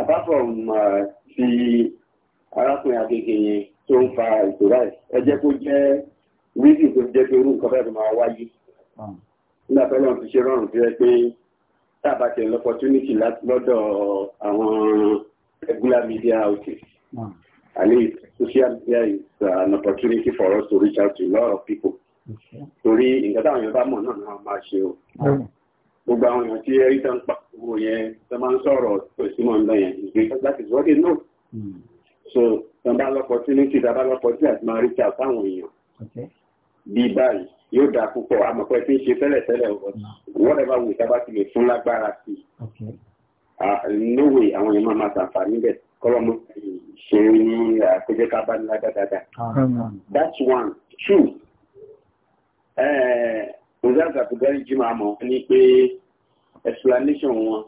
[SPEAKER 1] apart from ti arákùnrin akéèké yẹn tó ń fa ìṣòro ẹ̀ ẹ jẹ́ kó jẹ́ wíìsì tó jẹ́ pé irú nǹkan bẹ́ẹ̀ tó máa wáyé hmm. nígbà tó lọ́n ti ṣe rọrùn sí ẹ pé tábà tẹ̀ lọ lọ́dọ̀ àwọn regular media outlets hmm. at social media is an opportunity for us to reach out to a lot of people torí nǹkan táwọn Yorùbá mọ̀ náà máa ṣe o. Hmm gbogbo àwọn èèyàn tí ẹ̀rí tán pa owó yẹn tó máa ń sọ̀rọ̀ pé símọ̀ ń lọ yẹn ìgbé that is what they know. so tán bá lọ́pọ̀ tí ní ti dá bá lọ́pọ̀ tí àti máa rí ta fáwọn èèyàn. bí báyìí yóò dáa púpọ̀ àmọ̀pẹ́ tí ń ṣe tẹ́lẹ̀ tẹ́lẹ̀ hmm. whatever way tá a bá ti lè fún lágbára sí no way àwọn èèyàn máa máa ṣàǹfààní bẹ̀ kọ́lọ́mù ṣe ní àpéjẹ́ ká bá ní lágbàdàgbà. Ah. that's one two. Uh, mozart akubẹ́rì jimá mọ̀ ní pé explanation wọn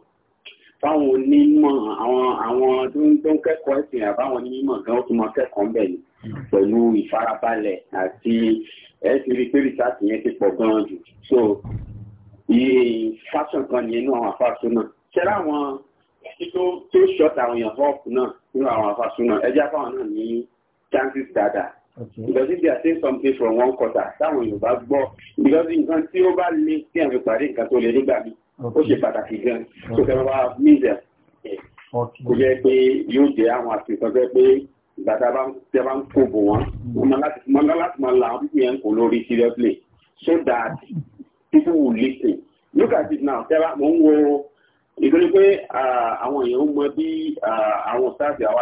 [SPEAKER 1] fáwọn onímọ̀ àwọn àwọn tó ń tó ń kẹ́kọ̀ọ́ ẹ̀sìn àbáwọn onímọ̀ gan ó tún mọ kẹ́kọ̀ọ́ ńbẹ̀ ni pẹ̀lú ìfarabalẹ̀ àti ẹ̀sìn rí pé rìsáàtì yẹn ti pọ̀ gan jù so iye fashion kan nìyẹn nínú àwọn afáṣọ náà ṣẹlẹ àwọn tó tó ṣọta àwọn èèyàn họọkù náà nínú àwọn afáṣọ náà ẹjẹ afáwọn náà ní chances dáadáa. Because if they are saying something from one quarter, táwọn Yorùbá gbọ́ because nǹkan tí ó bá lé tí àwọn ìpàdé nǹkan tó lè nígbà mi, ó ṣe pàtàkì gan. So kẹ́ wá mílẹ̀ kò jẹ́ pé yóò jẹ́ àwọn àfihàn jẹ́ pé ìgbà tá a bá ń kó bò wọ́n, wọ́n máa láti máa la àwọn yẹn kò lórí seriously so that people will listen. Look at it now, tẹ́lá mò ń wo ìtorí pé àwọn èèyàn ń mọ bí àwọn sáàtì àwa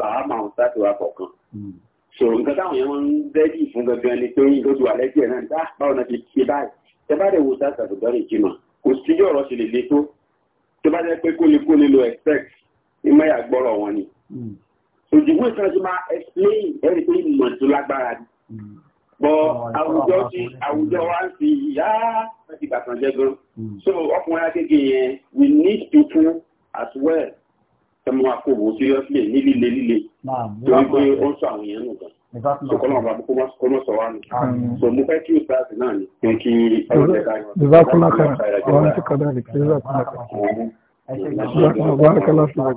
[SPEAKER 1] làwa máa ń sáàtì wa kọ̀ọ̀kan. Hmm so nǹkan táwọn yẹn wọ́n ń rẹ́dì fún gangan ni pé lójú alẹ́ díẹ̀ náà dá ah, báwọn náà ti ṣe báyìí tẹ bá dẹ̀ wo sáàsà tó dọ́rọ̀ ìjìmọ̀ kò sí bí ọ̀rọ̀ ṣe lè le tó tó bá jẹ́ pé kólékólé lo expect ní mẹ́yà gbọ́rọ̀ wọn ni. òjìgbó hmm. ìtàn ti máa explain ẹ̀rí pé ìmọ̀ tó lágbára ni. Hmm.
[SPEAKER 3] bọ àwùjọ ti
[SPEAKER 1] àwùjọ wa ń fi yá láti bàtàn jẹ gan. Hmm. so ọkùnrin akéèké yẹn we need people as well ẹ mú àkóbò síríọ́sílẹ̀ ní líle líle
[SPEAKER 3] torí pé ó ń
[SPEAKER 1] sọ àwọn èèyàn nù gan sọkọlọ àwọn àbúkọ kọ mọ sọ wa nù so mo fẹ́ kí ìsáàsì náà ní kí n kí ọjọ́ ẹ̀ka yọ. ìbákúnlá kan ọ̀rọ̀ ti kọjá lè kí ìbákúnlá kan. ìbákúnlá kan ọ̀rọ̀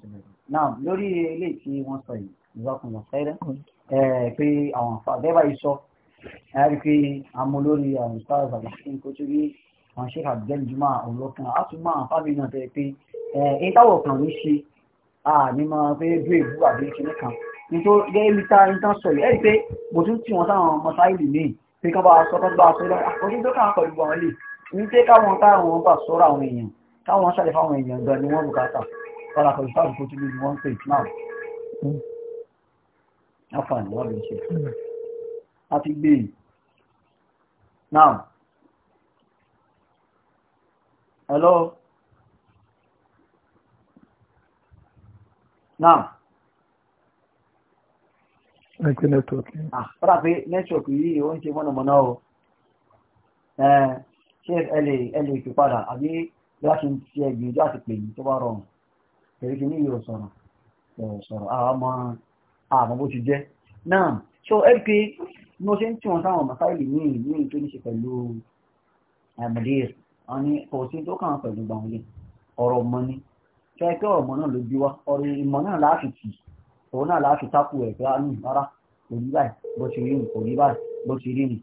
[SPEAKER 1] ti náà lórí ilé tí wọ́n sọ yìí ìbákúnlá fẹ́rẹ́ pé àwọn àfàdébà yìí sọ ẹ̀ rí pé àmọ́ lórí àwọn ìsáàsì àti àwọn ṣe àgbẹ́jùmọ́ àwọn ọlọ́kan á tún máa fábí náà tẹ́ pé ẹ̀ ìtawọ̀ kan ní ṣe àní máa fẹ́ bí èbú àbí ìṣẹ́ nìkan nítorí gẹ́gẹ́ bí ta ìtàn sọ yìí ẹ̀rí pé mo tún tí wọ́n sáwọn mọ́sáìlì míì pé kán bá sọ kán bá sọ lọ́wọ́ àkọsí tó kàn pẹ̀lú wọn lè ní pé káwọn táwọn bá sọ́rọ̀ àwọn èèyàn káwọn ṣàlẹ̀ fáwọn èèyàn gan ni wọ́n bùkátà wọn àkọsí fáwọn kò tún lè wọ́n pè náà. àfààní wọ́n lè ṣe. a gbé náà Hello? Now.
[SPEAKER 2] Ẹgbẹ́ nẹ́tíwọ̀kì.
[SPEAKER 1] Fọ́dá pé nẹ́tíwọ̀kì yìí ó ń ṣe mọ́nàmọ́ná o. Eh, ṣé ẹ lè fi padà àbí láti ṣe ẹgbẹ̀rún láti pè ní tó bá rọrùn? Kẹ̀rí kí ní yóò sọ̀rọ̀. Sọ̀rọ̀ àmọ́ àmọ́ bó ti jẹ́. Náà, so ẹ pé mo ṣe ń tí wọn sáwọn màsáìlì míì míì tó ní ṣe pẹ̀lú àmọ̀dé eh, rẹ̀ àwọn ni kò sí tó kàn án pẹ̀lú gbàwọn lé ọ̀rọ̀ ọmọ ni fẹ́ pé ọ̀rọ̀ ọmọ náà ló bí wá ọ̀rọ̀ ìmọ̀ náà láàfin tì òun náà láàfin tápù ẹ̀ pé àánú ah, mm, rárá kò rí báyìí bó ti rí nì kò rí báyìí bó ti rí nì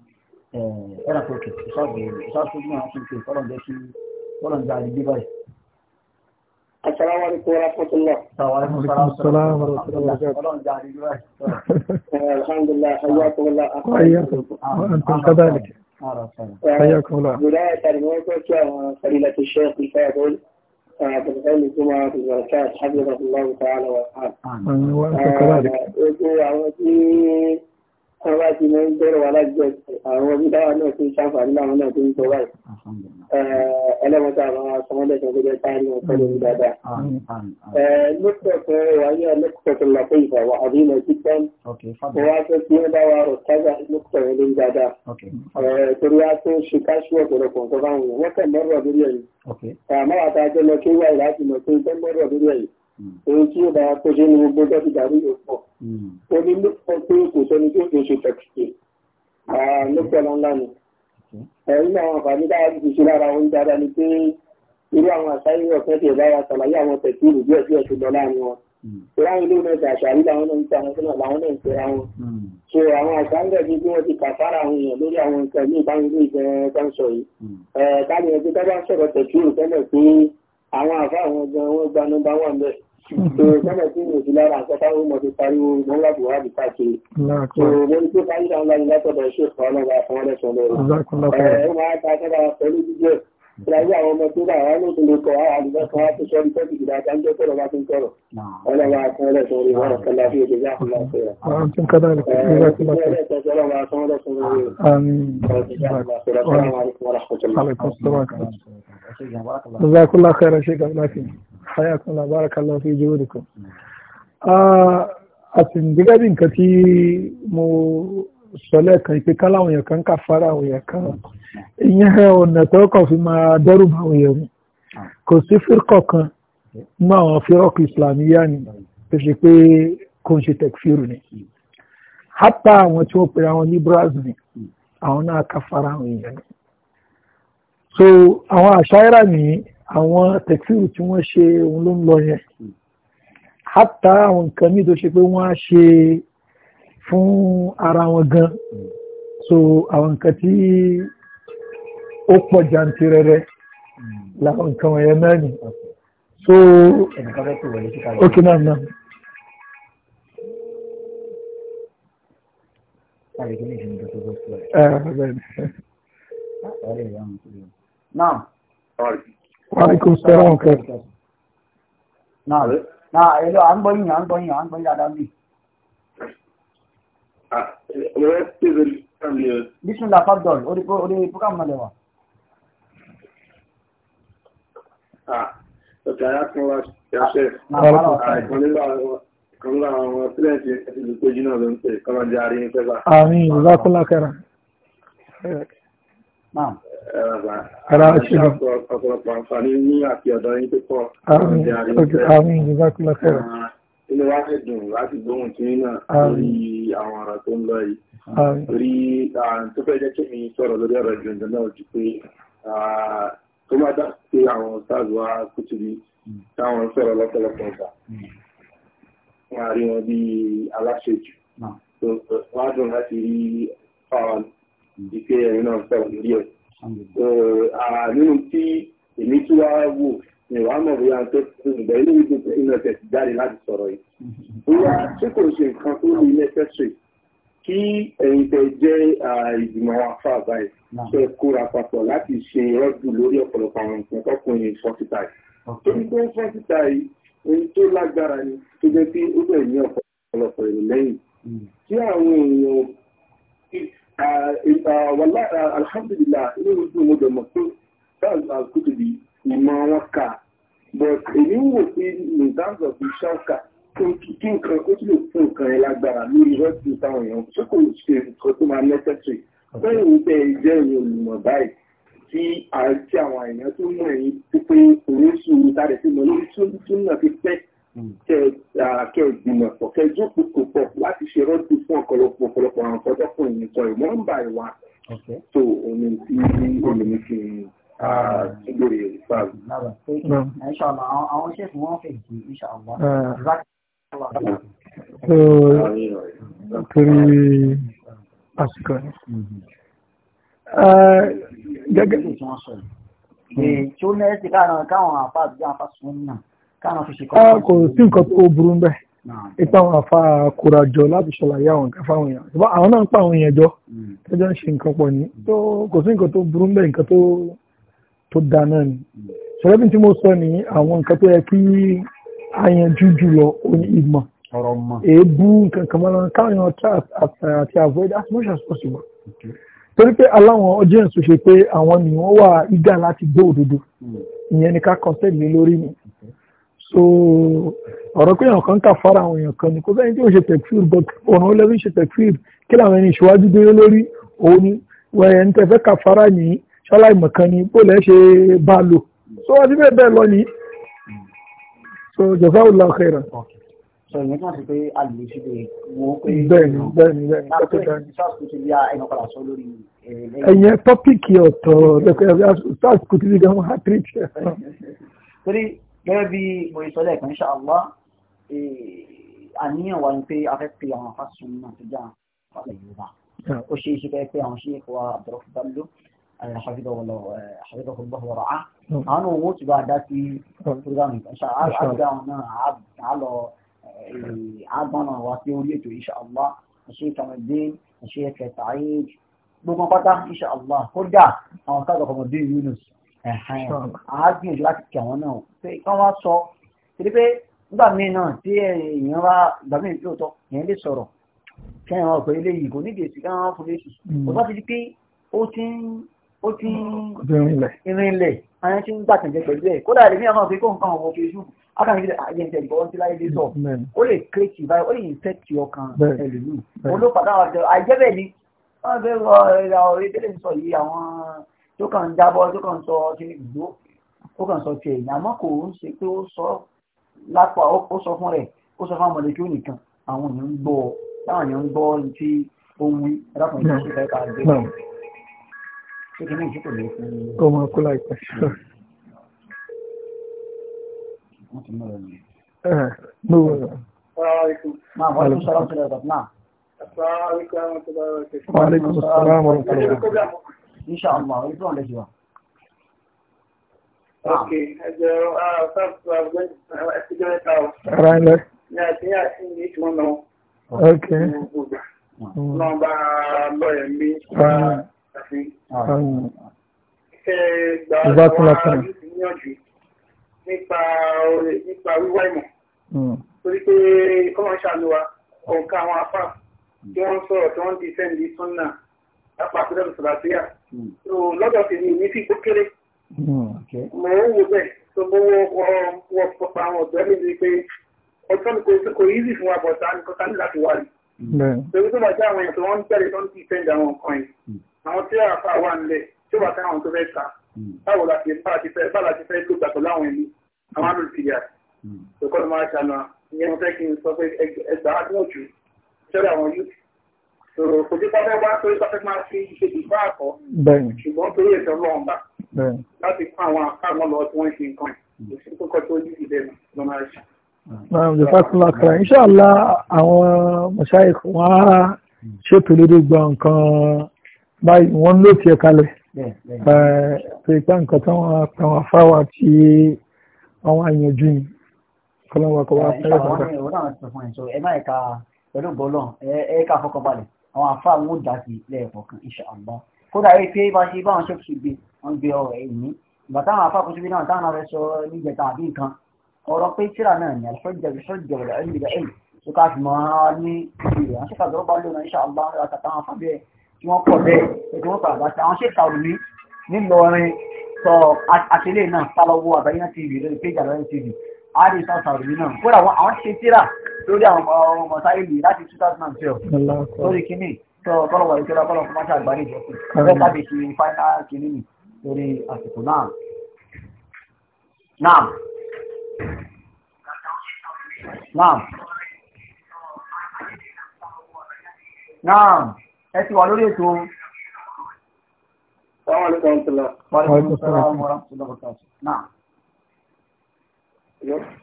[SPEAKER 1] ẹ̀rọ tó kè ìṣàgbé ìṣàṣojú náà tún kè fọlọ́n jẹ́ sí fọlọ́n jẹ́ àdìgbé báyìí. asalaamualeykum wa rahmatulah. asalaamualeykum wa rahmatulah. alhamdulilah. حياكم الله بداية الموقف فضيلة الشيخ الفاضل بالعلم كما في البركات حفظه الله تعالى ويرحمه. أنا وأنت كذلك. àwọn tí wọ́n ń bẹ̀rẹ̀ wà lájọ́ àwọn bí dáwà náà ti ń ṣàǹfààní láwọn náà ti ń sọ báyìí. Eh, ẹlẹ́mọ̀tà àwọn asọmọlẹ́sìn tó jẹ́ táàrí wọn pẹ̀lú orí dáadáa. lókùtọ̀kọ̀ wáyé lókùtọ̀kọ̀ lọ́pọ̀ ìfà wà àbí ilẹ̀ títẹ́ mo wá fẹ́ kí wọ́n bá wa rọ̀ tájà lókùtọ̀ yẹn lórí dáadáa. Eh, torí a tó ṣe káṣí ọ̀pọ̀lọpọ̀ nǹkan báwọn yẹn wọ́n kàn mọ́rọ̀ lórí ẹ̀yìn. Eh, àmọ́ àtàjọ lọ kí Hmm? ẹ̀rú àwọn àǹfààní dára ti ṣe lára wọn dáadáa ni pé irú àwọn àṣàyè ọ̀fẹ́ tiẹ̀ bá wa ṣàlàyé àwọn tẹ̀sí ìlú díẹ̀ díẹ̀ tó lọ láàrin wọn. ìrá hmm. ilé náà ti àṣà làwọn náà ń tẹ àwọn tó náà náà ń tẹra wọn. Hmm. so àwọn àṣà ń bí wọ́n ti kàfàrà àwọn èèyàn lórí àwọn nǹkan ní ìbámu ilé ìgbẹ́ tó ń sọ yìí. káàdì ẹgbẹ́ bá sọ̀rọ̀ tẹ̀sí ìlú tẹ́lẹ̀ pé àwọn àfa àwọn gan wọn gbanú bá wà ń bẹ̀. So gbọ́dọ̀ tí mo ti lára àkọ́kọ́ ó mọ̀ ti pariwo mọ́lá Buhari káàkiri. So mo ní pé báyìí náà láyé látọ̀dọ̀ ṣe kọ́ ọlọ́wà fún ọlọ́sọ̀lọ́ rẹ̀. Ẹ máa ta sábà pẹ̀lú jíjẹ́ ìdájọ́ àwọn ọmọ tó bá àwọn olóògùn lè kọ́ àwọn àdúgbò kan wá tó sọ ní tẹ́tì ìdá àdájọ́ tó lọ bá ti ń kọ̀rọ̀ ọlọ́wà kan ẹlẹ́sùn orí wọn kan láti èdè yá fún láti rẹ̀. àwọn tí ń kọ́ dáa lè kọ́ ní láti láti rẹ̀. ọlọ́wà kan ẹlẹ́sùn orí wọn kan láti èdè yá fún láti rẹ̀.
[SPEAKER 2] جزاكم الله خيرا شيخ عبد العافية حياكم الله بارك الله في جهودكم. àtìǹdígàdì nǹkan tí mo sọ lẹ́ẹ̀kan ìpè ká láwọn èèyàn kan ń kà fara àwọn èèyàn kan ìyẹn ọ̀nà tó kàn fi máa dẹ́rù bá àwọn èèyàn mu kò sí fírkọ̀ kan nínú àwọn fírọ̀kù islamiyá ni tó ṣe pé kò ń ṣe tẹ̀kfíìrù ni hápá àwọn tí wọ́n pèrè àwọn liberals ni àwọn náà kà fara àwọn èèyàn ni so àwọn àṣàyẹ́rà ní àwọn tẹ̀kfíìrù tí wọ́n ṣe òun ló ń lọ yẹn hátà àwọn nǹkan míì tó ṣe pé wọ́n á ṣe fún ara wọn gan so àwọn nǹkan tí ó pọ̀ jantirẹrẹ láwọn nǹkan wọ̀nyẹn náà ni so
[SPEAKER 1] ok náà ah, náà. Naam.
[SPEAKER 2] Wa alaikum salaam.
[SPEAKER 1] Naam. Naam, ẹ̀rọ à ń gbọ́ yìnyín, à ń gbọ́ yìnyín, à ń gbọ́ yìnyín dáadáa bíi. Bismillah Fadol, orí program náà lẹ́wà.
[SPEAKER 2] Ọ̀tà ya kan wá ṣe Kọ́nlá àwọn sílẹ̀ǹtì àti ìlúkó jìnà ló ń pè kọ́nlá jẹ́ àrí ìfẹ́ bá. Àmín ìlúkọ́lá kẹra. Ara ṣe lọ.
[SPEAKER 1] Ọ̀pọ̀lọpọ̀ àǹfààní ní àti ọ̀dọ́ yín
[SPEAKER 2] ilé wa fẹ́ dùn láti gbóhùn tí ní náà lórí àwọn ọ̀rọ̀ tó ń lọ
[SPEAKER 3] yìí
[SPEAKER 2] rí tó fẹ́ jẹ́ kí mi sọ̀rọ̀ lórí ọ̀rọ̀ ìjọba náà ju pé tó má dá pé àwọn sars wa kùtù
[SPEAKER 1] mi táwọn sọ̀rọ̀ lọ́pọ̀lọpọ̀ ọ̀gá wọn rí wọn bí aláṣejù wọn á dùn láti rí fáwọn ìpè ẹ̀rín náà sọ̀rọ̀ lórí ẹ̀ nínú tí èmi tí wàá wò ìwà mọ̀ bóyá tó ṣùgbọ́n inú ìdí iná tẹ̀ ti jáde láti sọ̀rọ̀ yìí. bóyá ṣé kò ṣe nǹkan tó ní necessary kí ẹ̀yin tẹ jẹ́ ìgbìmọ̀ afá báyìí
[SPEAKER 2] ṣe kóra papọ̀ láti ṣe rọ́jù lórí ọ̀pọ̀lọpọ̀ àwọn nǹkan tọkùnrin fọ́sítà yìí. torí pé fọ́sítà yìí ohun tó lágbára ni tó jẹ́ pé ó bẹ̀ ní ọ̀pọ̀lọpọ̀
[SPEAKER 1] èrò lẹ́yìn. tí hmm. àwọn èèyàn
[SPEAKER 2] alhamdulilah inú ìdúró mọ́jọ mọ̀ pé táwọn àkútùbí ìmọ̀ wọn kà but èyí ń wò pé in terms of iṣẹ́ ọ̀kà kí nǹkan kó tó lè fún nǹkan ẹ lágbára lórí rẹ́pù táwọn èèyàn ṣé kò ṣe nǹkan tó máa necessary bẹ́ẹ̀ ni bẹ́ẹ̀ jẹ́ ìwé olùmọ̀ báyìí tí àti àwọn èèyàn tó mọ̀ ẹ̀yìn tó pé oríṣiríṣi
[SPEAKER 1] ìtàdé sí mọ̀ lórí tó náà fi pẹ́ hmm. kẹ ìgbìmọ̀ pọ̀ kẹ jókòó kò pọ̀ láti ṣe rọ́ọ̀tì fún ọ̀pọ̀lọpọ̀ ọ̀pọ̀lọpọ̀ àwọn ọ̀pọ̀lọpọ̀ ìyẹn sọ ìwọ̀n ìwà tó òun ti olùmí fi ń ìgbèrè ìpàdé. Inshallah, àwọn iṣẹ́ fún wọn fèjì, inshallah.
[SPEAKER 3] Torí àsìkò ni.
[SPEAKER 1] Gẹ́gẹ́ bí wọ́n sọ yìí, tí ó mẹ́rẹ́ sí káwọn àfá àbújá àfá sún náà, káwọn fi ṣe kọ́. Kò sí nǹkan tó burú bẹ́ẹ̀. Ipa
[SPEAKER 2] àwọn àfá kórajọ láti ṣàlàyé àwọn nǹkan fáwọn èèyàn. Àwọn náà ń pa àwọn èèyàn jọ, ẹjọ́ ń ṣe nǹkan pọ̀ ní. Kò sí nǹkan tó burú bẹ́ẹ̀ nǹkan tó tó da náà ni ṣọlọ́bí tí mo sọ ní àwọn nǹkan tó yẹ kí ayanjú jùlọ oní ìmọ̀ èébú nǹkan kan mọ́ra káwọn àti avoid as much as possible torí pé aláwọn audience ṣe pé àwọn ni wọ́n wà ìgà láti gbọ́ òdodo hmm. ìyẹn ni ká consent lé lórí ni so ọ̀rọ̀ pé èèyàn kan kà fara àwọn èèyàn kan ni kò sẹ́yìn tí ó ṣe tẹ̀kfíìr but ọ̀nà olórí ṣe tẹ̀kfíìr kí làwọn ẹni ìṣíwájú dúró lórí òun ni wọ́n ẹ̀ ń tẹ̀fẹ́ kà fara nìyí ṣáláì mọ̀kan ni bó lẹ́ ṣe bá lò so wọ́n ti bẹ́ẹ̀ bẹ́ẹ̀ lọ nìyí so jazakallahu khairan.
[SPEAKER 1] bẹ́ẹ̀ni bẹ́ẹ̀ni bẹ́ẹ̀ni bẹ́ẹ̀ni ẹ̀yẹ
[SPEAKER 2] tọ́pìkì ọ̀tọ̀ stars kò ti di gan wá trip.
[SPEAKER 1] torí gẹ́gẹ́ bí mo sọ lẹ́ẹ̀kan insha Allah eh, àníyàn wa ni pé a fẹ́ pe àwọn afásùn náà tó já àwọn Yorùbá ó ṣe é ṣe fẹ́ pé àwọn ṣe é kó wa fún bá lò. حفظه الله ورعاه àwọn òun ó ti bá a dá sí program ìfẹsà àgbà wọn náà àlọ àgbọnà wa sí orí ètò inṣàlá ṣe kàmọdé ṣe kẹtàáyéj gbogbo pátá inṣàlá kódà àwọn káàdọ̀ kọmọdé Yunus àágbìyànjú láti kí àwọn náà pé kí wọn sọ títí pé nígbà míì náà tí èèyàn bá gbà míì tí ó tọ èèyàn lè sọ̀rọ̀ kẹrin ọkọ eléyìí kò nídìí sí káwọn fún lẹsùn kò bá ti di pé ó ti ń ó ti irinlẹ̀ àwọn tí ń gbà pẹ̀lú ẹ̀ kódà ẹ̀mí àwọn ọ̀fẹ́ kó nǹkan ọ̀wọ̀ Facebook akànṣe àjẹǹtẹ̀ ìbọ̀wọ́n ti láyé dé sọ ó lè kírètì báyìí ó lè ìfẹ́kì ọkàn ẹlòmíì olópàdà àjọ àjẹbẹ̀ ni wọ́n fẹ́ rọ ẹ̀rọ ọ̀rẹ́ tẹ́lẹ̀ ń sọ yìí àwọn tó kàn ń jábọ́ tó kàn ń sọ ti gbó tó kàn ń sọ tiẹ̀ àmọ́ kò ń ṣe pé ó sọ lápá ó sọ fún rẹ̀ ó sọ fún àwọn mọ̀lẹ́kí nìkan àwọn èèyàn ń gbọ́ táwọn èèyàn ń gbọ́ ti ohun ẹ̀rọ ṣé kí ní ìṣúkò lè fún un. ó
[SPEAKER 2] máa kú láìpẹ́. wọ́n
[SPEAKER 1] ti alaikum assalam wa rahmatullah. Okay, ah, so uh, first I'm going to figure uh, it out. Right. Yeah, Okay. Mm-hmm. Mm.
[SPEAKER 2] Number uh, lawyer Ìgbà tí wọ́n kàn. Nípa wíwá ìmọ̀. Hmm. Torí pé kọ́mọ̀ ṣàánú wa, ọ̀ǹkà àwọn afá tí wọ́n sọ̀rọ̀ tí wọ́n ti fẹ́ǹdì sọ́nà lápapọ̀ sọ̀ràfíà. Lọ́dọ̀ tèmi ní fi kó kéré. Hmm, mo ń wo bẹ́ẹ̀ tó mọ́ wọ́n pọ̀pọ̀ àwọn ọ̀dọ́ níbi pé ọjọ́ mi kò easy fún wa bọ̀ sáà ní kọ́ta ní láti wà rí. Hmm. Torí tó bàjẹ́ àwọn èèyàn tó wọ́n ń tẹ̀lé tó ń ti fẹ́ǹdì àwọn nǹkan yìí àwọn tí àfa wà ń lẹ̀ tí ó wà táwọn tó fẹ́ ta hmm. báwo la ti bá ti fẹ́ báwo la ti fẹ́ tó gbà pẹ̀lú àwọn ẹni àwọn alùpùpìyà ìkọ́ hmm. ló máa ṣàlà ìyẹn mo fẹ́ kí n sọ pé ẹgbàá àdúgbò jù sọ́dọ̀ àwọn yóò sọ̀rọ̀ kò sí pápẹ́ wá torí pápẹ́ máa fi ṣe ìfọ́ àkọ́ ṣùgbọ́n torí ẹ̀sọ́ lọ́wọ́n bá láti kó àwọn àkàmọ́ lọ tí wọ́n ṣe nǹkan ẹ̀ hmm. kò sí
[SPEAKER 1] kókó tó ní ìbẹ̀rù lọ́ máa ṣe.
[SPEAKER 2] Inshallah àwọn mọ̀ṣáìkì wọn á ṣètò lórí gbọ̀ǹkan báyìí wọ́n ló tiẹ̀ kalẹ̀ pé ipá nǹkan táwọn afáwà tí àwọn àyànjú ni kọ́lọ́wà kọ́wà fẹ́rẹ̀ fọ́nà.
[SPEAKER 1] ẹ má ẹ̀ka pẹ̀lú bọ́lọ̀ ẹ̀ka fọkànbalẹ̀ àwọn afáà wọn ò sí lẹ́ẹ̀kọ̀ọ̀kan ìṣàlọ́ kódà ẹ pé bá ṣe báwọn ṣe fi gbé wọn gbé ọ̀rọ̀ ẹ̀yìn ìgbà táwọn afáà kò síbi náà táwọn ará sọ níjẹta àbí nǹkan ọ̀rọ̀ pé tíra náà ni àlùfẹ́jẹ̀ àlùfẹ́jẹ̀ ọ̀rọ̀ ìgbà ẹ̀yìn tó ká fi mọ́ ní ìrìn àṣẹ́kà tí wọ́n pọ̀ bẹ́ẹ̀ tí wọ́n pàdà sí àwọn ṣèkà olùmí nílọrin sọ àtẹlẹ náà sálọ́wọ́ àbáyé tv lórí péjì àbáyé tv àdé south olùmí náà kódà àwọn ṣe tíra lórí àwọn ọmọ sáyẹ̀lì láti 2012 lórí kínní sọ bọ́lọ̀ wà lókè lọ́bọ̀lọ̀ fún máṣá àgbáyé ìjọsìn ẹgbẹ́ tàbí ṣe fáínà kínní lórí àsìkò náà. Naam. Naam. Naam ẹ ti wà lórí ètò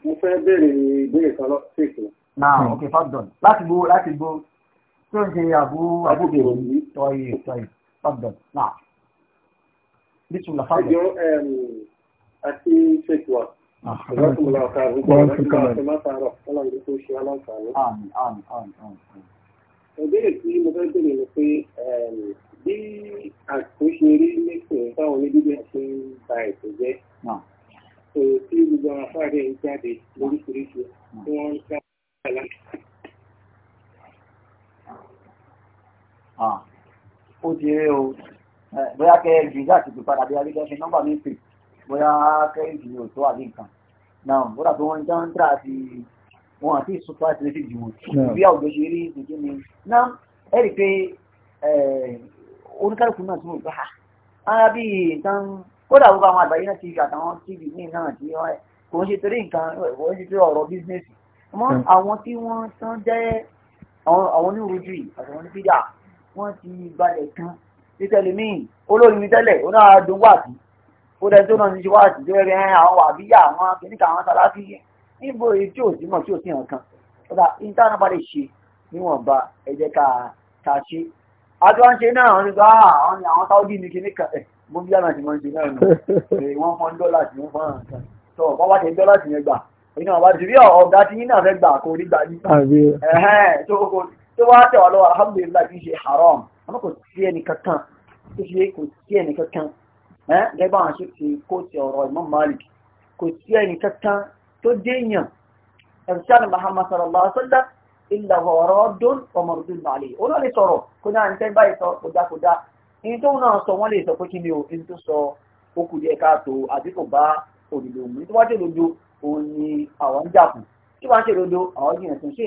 [SPEAKER 1] mo fẹ́ béèrè ìbéèrè kan lọ sí ìkìlọ̀. náà ok fagdon láti gbó láti gbó tí ó ń ṣe àbú àbúbèrè yìí tọ́yì tọ́yì fagdon náà bísúlà fagdon. ẹjọ́ ah, àti ṣètùwà ìlọ́kùnrin ọ̀ka àbúkọ́ ọ̀rẹ́ nígbà tó má sàárọ̀ ọlọ́run tó ṣe aláǹfààní. àmín àmín àmín àmín ìbéèrè tí mo fẹ́ bèèrè ni pé ehm, bí àtúnṣe rí lẹ́sìn táwọn onídìbò ṣe ń ba ètò jẹ́ kò ah. sí gbogbo àwọn afárẹ̀ ń jáde lóríṣiríṣi ah. tí wọ́n ń ká àlá. Ah. ó ti eh, rí o bóyá kẹ́ẹ̀jì láti pè padà bí arígbẹ́ ṣe nọ́mbà mi pè bóyá kẹ́ẹ̀jì ò tó àbí náà bóyá tó wọ́n ń jáwọ́n tíra àti wọn àti ìsúpa àti lè fi jù wọn bí àwùjọ ṣe rí ìdíje ni náà ẹ rí i pé oníkálukú náà tún gbà ara bí nǹkan kódà gbogbo àwọn àgbáyé náà tv àtàwọn tv ní náà tí wọn kò ń ṣe torí nǹkan kò ń ṣe torí ọ̀rọ̀ bísínẹ́sì àwọn tí wọ́n tán jẹ́ àwọn onírúurú yìí àtàwọn onífídà wọ́n ti balẹ̀ kan títẹ̀lé míì olórin mi tẹ́lẹ̀ onáàdùn wà sí ó dẹ́ni tó náà ti ṣe wá sí rẹ̀ àwọn wà níbo bu tí ò dímọ̀ tí ò sí nǹkan kódà ìtàn bá ṣe níwọ̀nba ká ṣe. àjọ ń ṣe náà wọn ni ah, àwọn ni àwọn ní kíní kan eh, bí àná ń ṣe náà eh, dọ́là tó wá dọ́là yẹn gbà ti rí ọ̀gá tí yín náà fẹ́ gbà kó ní. tó wá tẹ̀ wá lọ́wọ́ alhamdulilayi kì í ṣe haram àmọ́ kò sí ẹnì kankan kò sí ẹnì kankan wọn tó dé èèyàn ẹ̀rùsánà Muhammad sallallahu alaihi wasallam ìlàwọ̀ ọ̀rọ̀ dún ọmọ ọdún bàálẹ̀ ó náà lè sọ̀rọ̀ kó náà nǹkan báyìí sọ kódákódá ní tó náà sọ wọ́n lè sọ pé kí ni o ní tó sọ ó kù díẹ̀ káàtó àbí kò bá òdòdó mu nítorí wọ́n ṣe lòdò òun ni àwọn ń jàpù tí wọ́n ṣe lòdò àwọn jìnnà tó ń ṣe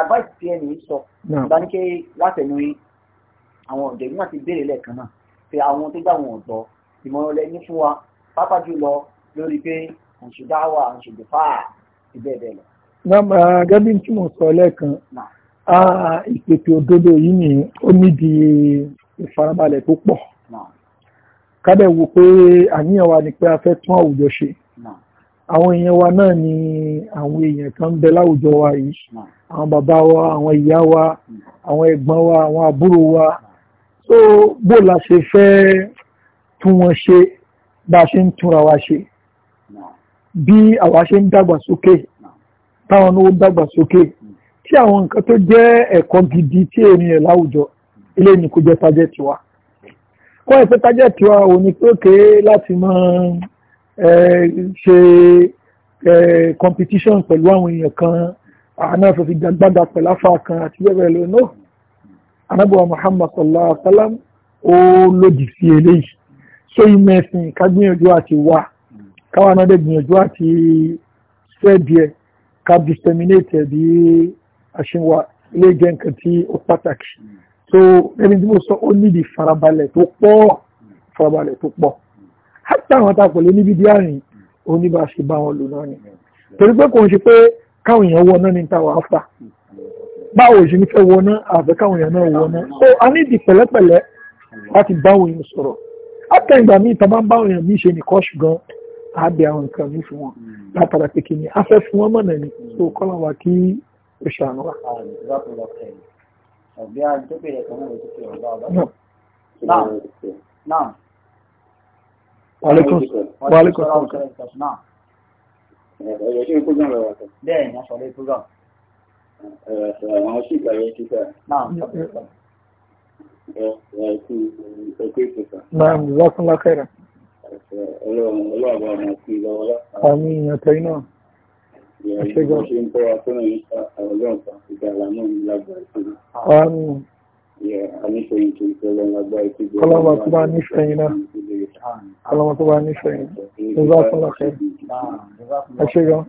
[SPEAKER 1] advice tí ẹni sọ ìbáníkẹ́ látẹnu àwọn ọ̀dọ́ ìgbìmọ̀ ti béèrè lẹ́ẹ̀kan náà pé àwọn tó gbà wọn ọ̀dọ́ ìmọ̀ràn lẹ́ni fún wa pápá jùlọ lórí pé àǹṣùdáwà àǹṣùdùfà ìbẹ́ẹ̀ bẹ́ẹ̀ lọ.
[SPEAKER 2] Ah, gẹ́gẹ́ bí tí mo sọ lẹ́ẹ̀kan ìpètè òdodo yìí ni ó nídìí ìfarabalẹ̀ tó pọ̀ kádẹ̀ wò pé àníyàn wa ni pé a fẹ́ tún àwùjọ ṣe àwọn èèyàn wa náà ni àwọn èèyàn kan ń bẹ láwùjọ wa yìí àwọn bàbá wa àwọn ìyá wa àwọn ẹ̀gbọ́n wa àwọn àbúrò wa so bó la ṣe fẹ́ tún wọn ṣe bá a ṣe ń túnra wa ṣe bí àwa ṣe ń dàgbà sókè táwọn náà ń dàgbà sókè tí àwọn nǹkan tó jẹ́ ẹ̀kọ́ gidi tí ènìyàn láwùjọ ilé ní kó jẹ́ tajẹ́ tiwa kọ́ ẹ̀fẹ́ tajẹ́ tiwa ò ní pé láti máa ṣe competition pẹ̀lú àwọn èèyàn kan àná fífi gbàgbàgbà pẹ̀lú afa kan àti bẹ́ẹ̀ lọ náà anábọ̀wá Muhammad sallallahu alaihi sallam ó lòdì sí eléyìí so ìmọ̀ ẹ̀sìn àti wà káwọn náà dẹ̀ gbìyànjú àti sẹ́ẹ̀dì ẹ̀ ká disseminate ẹ̀ bí àṣewà ilé jẹ́ nǹkan tí ó pàtàkì so ẹni tí mo sọ ó nídìí farabalẹ̀ tó pọ̀ farabalẹ̀ tó pọ̀ hátà àwọn tá a pẹ̀lú níbi díà rìn oníbàṣe bá wọn lò náà ni torí pé kò ń ṣe pé káwọn èèyàn wọ náà ní ta wàá fà báwo ṣe ní fẹ́ wọ náà àbẹ́ káwọn èèyàn náà wọ náà so a nídìí pẹ̀lẹ́pẹ̀lẹ́ láti báwọn èèyàn sọ̀rọ̀ á bẹ àwọn nǹkan mí fún wọn látara pé kí ni a fẹ́ fún wọn mọ̀nà ni so kọ́lá wa kí o ṣàánú wa.
[SPEAKER 1] ọ̀bí àjọpẹ̀ yẹ kàn wọ́n ti fi ọ̀gá ọ̀gá. náà náà. wàlẹ́kùn wàlẹ́kùn sọ̀rọ̀ ẹ̀yọ̀ sí ìkójọ́ rẹ̀ wà tẹ̀. bẹ́ẹ̀ ni a sọ̀rọ̀ ìkójọ́. àwọn sì gbàgbé títà. náà ẹ̀kú ẹ̀kú ìtòkà.
[SPEAKER 2] náà ìwọ́sùn lákẹ́rẹ̀.
[SPEAKER 1] Ọlọ́run ọlọ́ọ̀bọ̀ ọ̀nà sí lọ́wọ́ lọ́pàá. Àmì ìyàtẹ̀yìn náà. Ìyàtẹ̀yìn náà ṣe ń kọ́ra tó náà nípa ọlọ́run pàtàkì àlámọ́ ní lágbàá ìtòlú. Àmì. Àníṣẹ́yìn tó ń fẹ́ lọ́wọ́ lágbàá ìtòlú. Ọlọ́run tó bá
[SPEAKER 2] níṣẹ́yìn náà. Ọlọ́run tó bá níṣẹ́yìn. Ìjọba fún lọ́kẹ́. Ẹ ṣe gan.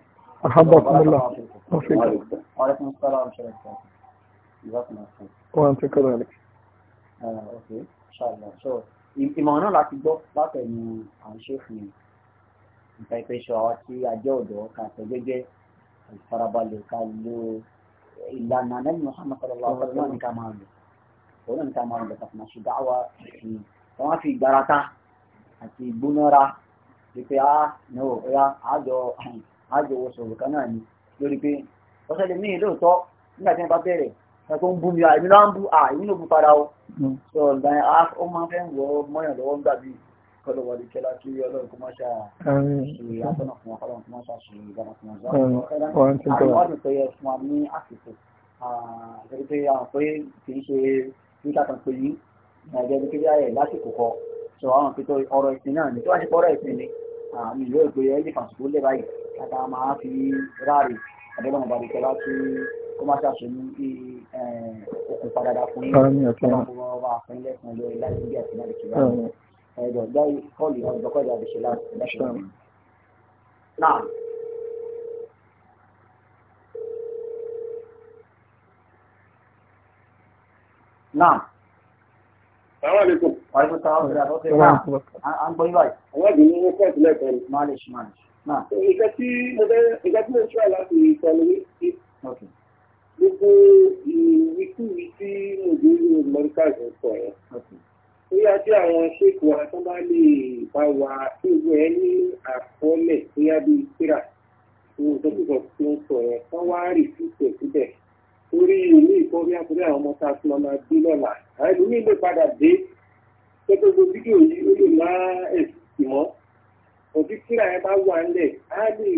[SPEAKER 2] Alhamdulillah. Wọ́n fi kọ́. Wọ́n ti kọ́
[SPEAKER 1] ìmọ̀ náà láti gbọ́ látẹ̀nu àwọn ṣéfù nípa ìpẹ́ṣọ àwọn tí a jẹ́ ọ̀dọ́ ká tẹ̀ gẹ́gẹ́ ìfarabalẹ̀ ká lo ìlànà nẹ́bí Muhammad sallallahu alaihi wa sallam ní ká máa lò òun náà ní ká máa lò kàtà máa ṣe dáwà ìṣìn wọn fi ìgbárata àti ìgbónára wípé a náà ọ̀yá àjọ àjọ wọ̀ṣọ̀rọ̀ kan náà ni lórí pé ọ̀sẹ̀ lè ní ìlóòótọ́ nígbà tí wọ́n bá bẹ̀rẹ̀ ẹ̀kọ́ ń bú mi àìmí náà ń bú àìmí ló bú padà ó sọ ọ̀dà ó máa fẹ́ wọ mọ́yàn lọ́wọ́ ńgbà bíi kọ́lọ̀ wọlé kẹlá kí ọlọ́run kó má ṣá ṣe àtọ́nà fún ọlọ́run kó má ṣá ṣe ìgbàna fún ọjọ́ àwọn ọdún tó yẹ fún wa ní àsìkò àgbẹ̀rẹ̀ pé àwọn pé kì í ṣe nígbà kan pé yí ẹ̀jẹ̀ bí kíyà ẹ̀ lásìkò kọ sọ àwọn pé tó ọ̀rọ̀ ìsìn náà ní tí wọ́n ṣe pọ́rọ̀ ìsìn ni àmì ìlú ìpè ẹ̀jẹ̀ fàṣìkò lè báyìí kàtà máa fi ráàrì àbẹ́lẹ̀ kó má ṣàṣọ ní bí okùn padàdà fún yín ọmọ ọmọ ọmọ àfin lẹ́sìn ọjọ́ ìlànà ìgbé àti ìlànà ìkìlá ẹ̀dọ̀ gbá kọ́ọ̀lù yẹn ọjọ́ kọ́ọ̀lù àbíṣe láti náà. Naam. Salaamaleykum. Waaleykum salaam wa rahmatulah. À ń gbọ́ yín báyìí. Àwọn ìgbìmọ̀ ní kẹ́ẹ̀tì lẹ́ẹ̀kan ni. Máa lè ṣe máa lè ṣe. Náà. Ìgbà tí mo fẹ́ ìgbà tí mo ń ṣọ́ láti sọ ni wí gbogbo ìwíkúwí tí mòdúrú mọ́ríkà ń sọ yẹn. bóyá tí àwọn ṣèkù àtọ́ bá lè bá wa tí gbogbo ẹ ní àkọọ́lẹ̀ bóyá bíi kíra ní ìtọ́júkọ̀ tí ń sọ yẹn kán wá rí síbẹ̀ síbẹ̀. torí ilé ìkọ́rí àkúrẹ́ àwọn ọmọ tá a ti máa gbé lọ́la àwọn ẹlòmíì lè padà dé pẹ́pẹ́ gbogbo fídíò
[SPEAKER 2] yìí ó lè má ẹ̀sìn mọ́ òbí kíra ẹ bá wà ńlẹ̀ á lè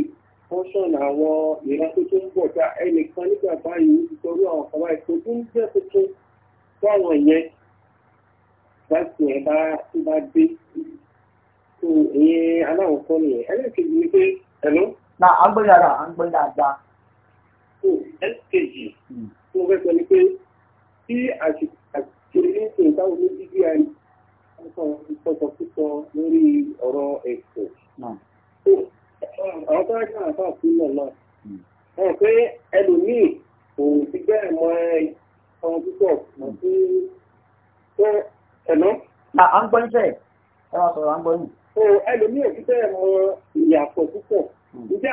[SPEAKER 2] function àwọn ìran tó ń bọ̀ ẹnìkan nígbà báyìí nítorí àwọn ọ̀pá ìtọ́jú
[SPEAKER 1] ń jẹ́ tuntun fún ìyẹn láti ẹ̀ bá tó bá dé tó ìyẹn aláwọ̀ nìyẹn ẹlẹ́kejì ni pé ẹ̀lú. na à ń gbé yàrá tó ẹlẹ́kejì fẹ́ sọ ni pé tí àṣìṣe ní ìtàwọn olójú bí i sọ̀tọ̀ sísọ lórí ọ̀rọ̀ ẹ̀kọ́. àwọn tó ń ṣàǹfà fún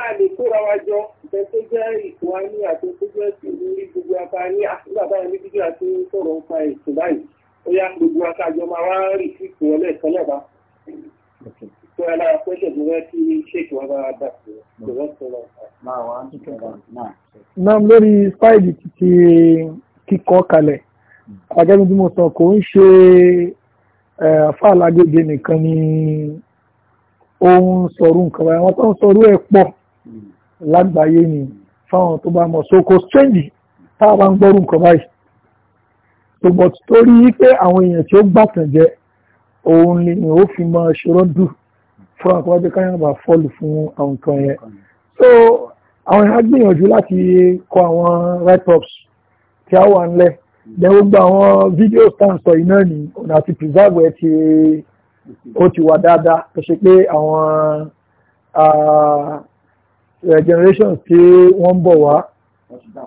[SPEAKER 2] a lè kóra wa jọ ìfẹ́ tó ní àti tó jẹ́ ti ní gbogbo apá ní àtúgbà báyìí
[SPEAKER 1] akwai alaƙa da gwamnati shekwa ba
[SPEAKER 2] lórí fáìlì títí kíkọ́ kalẹ̀ agẹ́bí tí mo sọ kò ń ṣe fáàlágbègbè nìkan ni ohun sọ̀rọ̀ nǹkan báyìí wọ́n tó ń sọ̀rọ̀ ẹ̀ pọ̀ lágbàáyé ni fáwọn tó bá mọ̀ so kò strange tá a bá ń gbọ́rù nǹkan báyìí ṣùgbọ́n torí pé àwọn èèyàn tí ó gbàtàn jẹ òun ni ó fi máa ṣe rọ́dù fún àkọ́jọ́ káyọ̀ bá fọ́ọ̀lù fún àwọn nǹkan yẹn so àwọn èèyàn gbìyànjú láti kọ àwọn write-ups tí a wà ńlẹ̀ then gbogbo àwọn fídíò stands ọ̀yìn náà ni ọ̀nà àti preserve ẹ̀ ti ó ti wà dáadáa tó ṣe pé àwọn generations tí wọ́n ń bọ̀ wá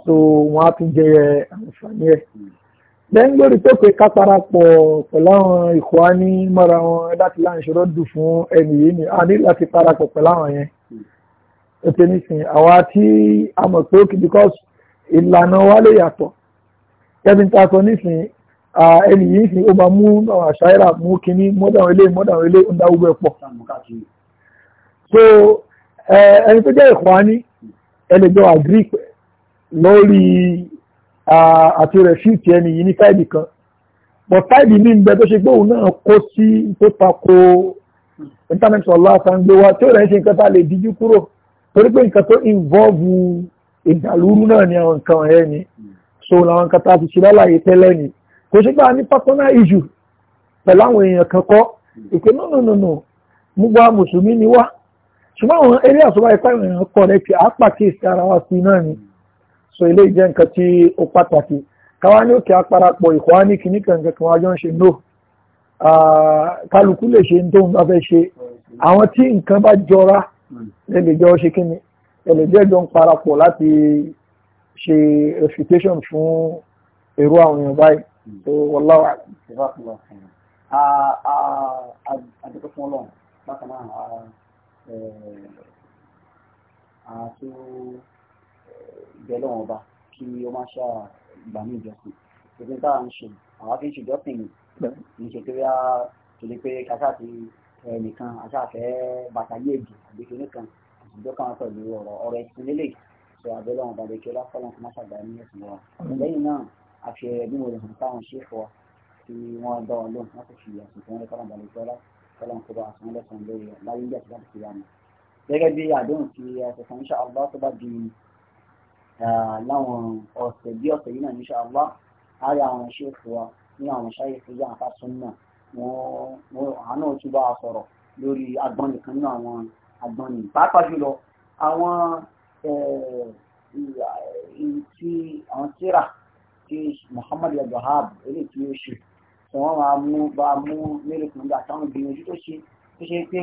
[SPEAKER 2] so wọ́n á tún jẹ àǹfààní ẹ̀. Hmm lẹ́yìn lórí tó pé ká parapọ̀ pẹ̀lú àwọn ìkọ́ á ní mọ́ra wọn láti láǹṣọ́rọ́ dùn fún ẹnì yìí ni a ní láti parapọ̀ pẹ̀lú yẹn ó ti nísìnyí àwa tí a mọ̀ pé ókè because ìlànà wa lè yàtọ̀ kevin taso nísìnyí ẹnì yìí sì ó máa mú àwọn àṣàyẹ́rà mú kínní mọ́dàwọn ilé mọ́dàwọn ilé ń dá gbogbo pọ̀ so ẹni tó jẹ́ ìkọ́ á ní ẹ jọ agree lórí àti rẹ̀ fíìtì ẹni yìí ní kan but táìdì mi ń tó ṣe naa náà kó sí tó tako internet ọ̀la àtàǹgbé wa tí ó rẹ̀ ń ṣe nǹkan tá a lè díjú kúrò torí pé nǹkan tó involve ìdàlúrú ni àwọn nǹkan so làwọn nǹkan tá a ti ṣe lálàyé tẹ́lẹ̀ ni kò ṣe pé a ní personal issue pẹ̀lú àwọn èèyàn kan kọ́ ìpè no no no no mùsùlùmí ni wá ṣùgbọ́n àwọn eré so ilé ìjẹ́ nǹkan tí ó pàtàkì káwá ní òkè àparapọ̀ ìkọ́wá ní kíní kankan kan wájọ́ ń ṣe no kálukú lè ṣe tóun bá fẹ́ ṣe àwọn tí nǹkan bá jọra lè lè jọ ṣe kíni ẹlẹ́jẹ́ jọ ń parapọ̀ láti ṣe refutation fún èrò àwọn èèyàn báyìí so wallahu a'lam.
[SPEAKER 1] àdúgbò fún ọlọ́run bákan náà àtò bẹ́ẹ̀ lọ́wọ́n bá kí ó má ṣáà gbà ní ìjọsìn gbogbo tá à ń ṣe àwa fi ń ṣe ìjọsìn ní ṣe pé a tòlé pé kásá ti ẹnìkan aṣáfẹ́ bàtà yéèdì àgbékiní kan àtijọ́ kan pẹ̀lú ọ̀rọ̀ ọ̀rọ̀ ẹ̀sìn lélẹ̀ sọ abẹ́lẹ́ wọn bàbá ìkẹ́lá fọlọ́n fún máṣàgbà ní ẹ̀sìn wa lẹ́yìn náà àfi ẹbí mo lè hàn táwọn ṣe fọ tí wọ́n dá wọn lóhùn láti fi àsìkò wọn lè fọlọ́n bàbá ìkẹ́lá fọlọ́n kó bá àsán lẹ́sàn lórí láyé ìjà tó bá ti fi wà gẹ́gẹ́ bí àdéhùn ti ẹ̀sẹ̀ fún iṣẹ́ ọba tó bá di láwọn ọ̀sẹ̀ bí ọ̀sẹ̀ yìí náà insha Allah á rí àwọn ṣe fún wa ní àwọn ṣáyé fún yá àfa sún náà wọn àánú tún bá a sọ̀rọ̀ lórí agbọ́n nìkan nínú àwọn agbọ́n nìyí pàápàá jùlọ àwọn tí àwọn tíra tí Muhammad abdulhab eléyìí tí ó ṣe tí wọ́n máa mú bá mú mélòó kan táwọn ìgbìyànjú tó ṣe tó ṣe pé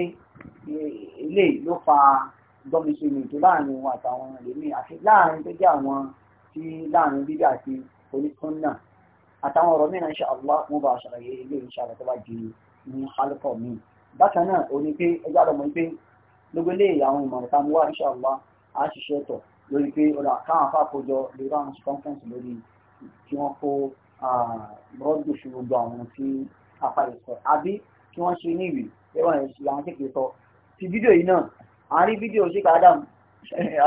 [SPEAKER 1] eléyìí ló fa gbọ́míṣe ní ètò láàrin wọn àtàwọn ẹlẹ́mí àti láàrin tó jẹ́ àwọn tí láàrin bíbí àti oníkúnnà àtàwọn ọ̀rọ̀ mìíràn insha Allah wọn bá ṣàlàyé ilé insha Allah tó bá di ní alùpọ̀ mi bákan náà ò ní pé ẹjọ́ àdọ́mọ́ pé gbogbo ilé àwọn ìmọ̀ràn tá a mú wá insha Allah á ṣiṣẹ́ tọ̀ lórí pé ọ̀rọ̀ àkáwọn afáàkójọ lórí àwọn circumference lórí kí wọ́n kó rọ́dù sí gbogbo àwọn tí apá ìsọ̀ àbí kí wọ́n ṣe ní ìwé ẹ̀wọ̀n àwọn kékeré sọ ti fídíò yìí náà àárín fídíò ṣíkà adam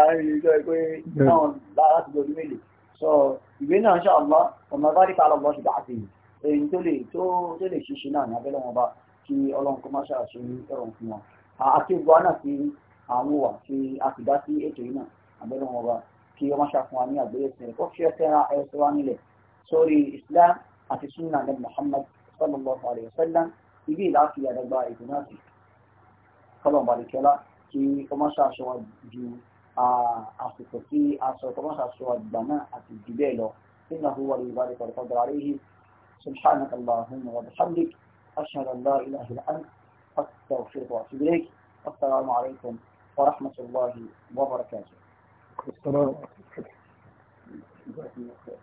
[SPEAKER 1] àárín ìjọ ẹgbẹ́ náà láti lórí mélòó sọ ìwé náà ṣe àmọ́ ọmọ bá dípa lọ́gbọ́n ṣùgbọ́n àti èyí tó lè tó lè ṣiṣẹ́ náà ní abẹ́lẹ́ wọn bá kí ọlọ́run kó má ṣàṣe ní ẹ̀rọ fún wọn àti ògbó àná sí àwọn òwà tí a sì dá sí Islam àti sunna ní Muhammad sallallahu alayhi wa sallam ibi ìlàáfíà dàgbà ètò náà sí kọ́lọ̀ kí kọ́mọ́sà aṣọ wa ju àsìkò tí aṣọ kọ́mọ́sà aṣọ wa gbà náà àti jù bẹ́ẹ̀ lọ nígbà tó wà lórí ìbára ìpàdé kan dára rí سبحانك اللهم وبحمدك أشهد أن لا إله إلا أنت أستغفرك وأتوب إليك السلام عليكم ورحمة الله وبركاته. السلام عليكم.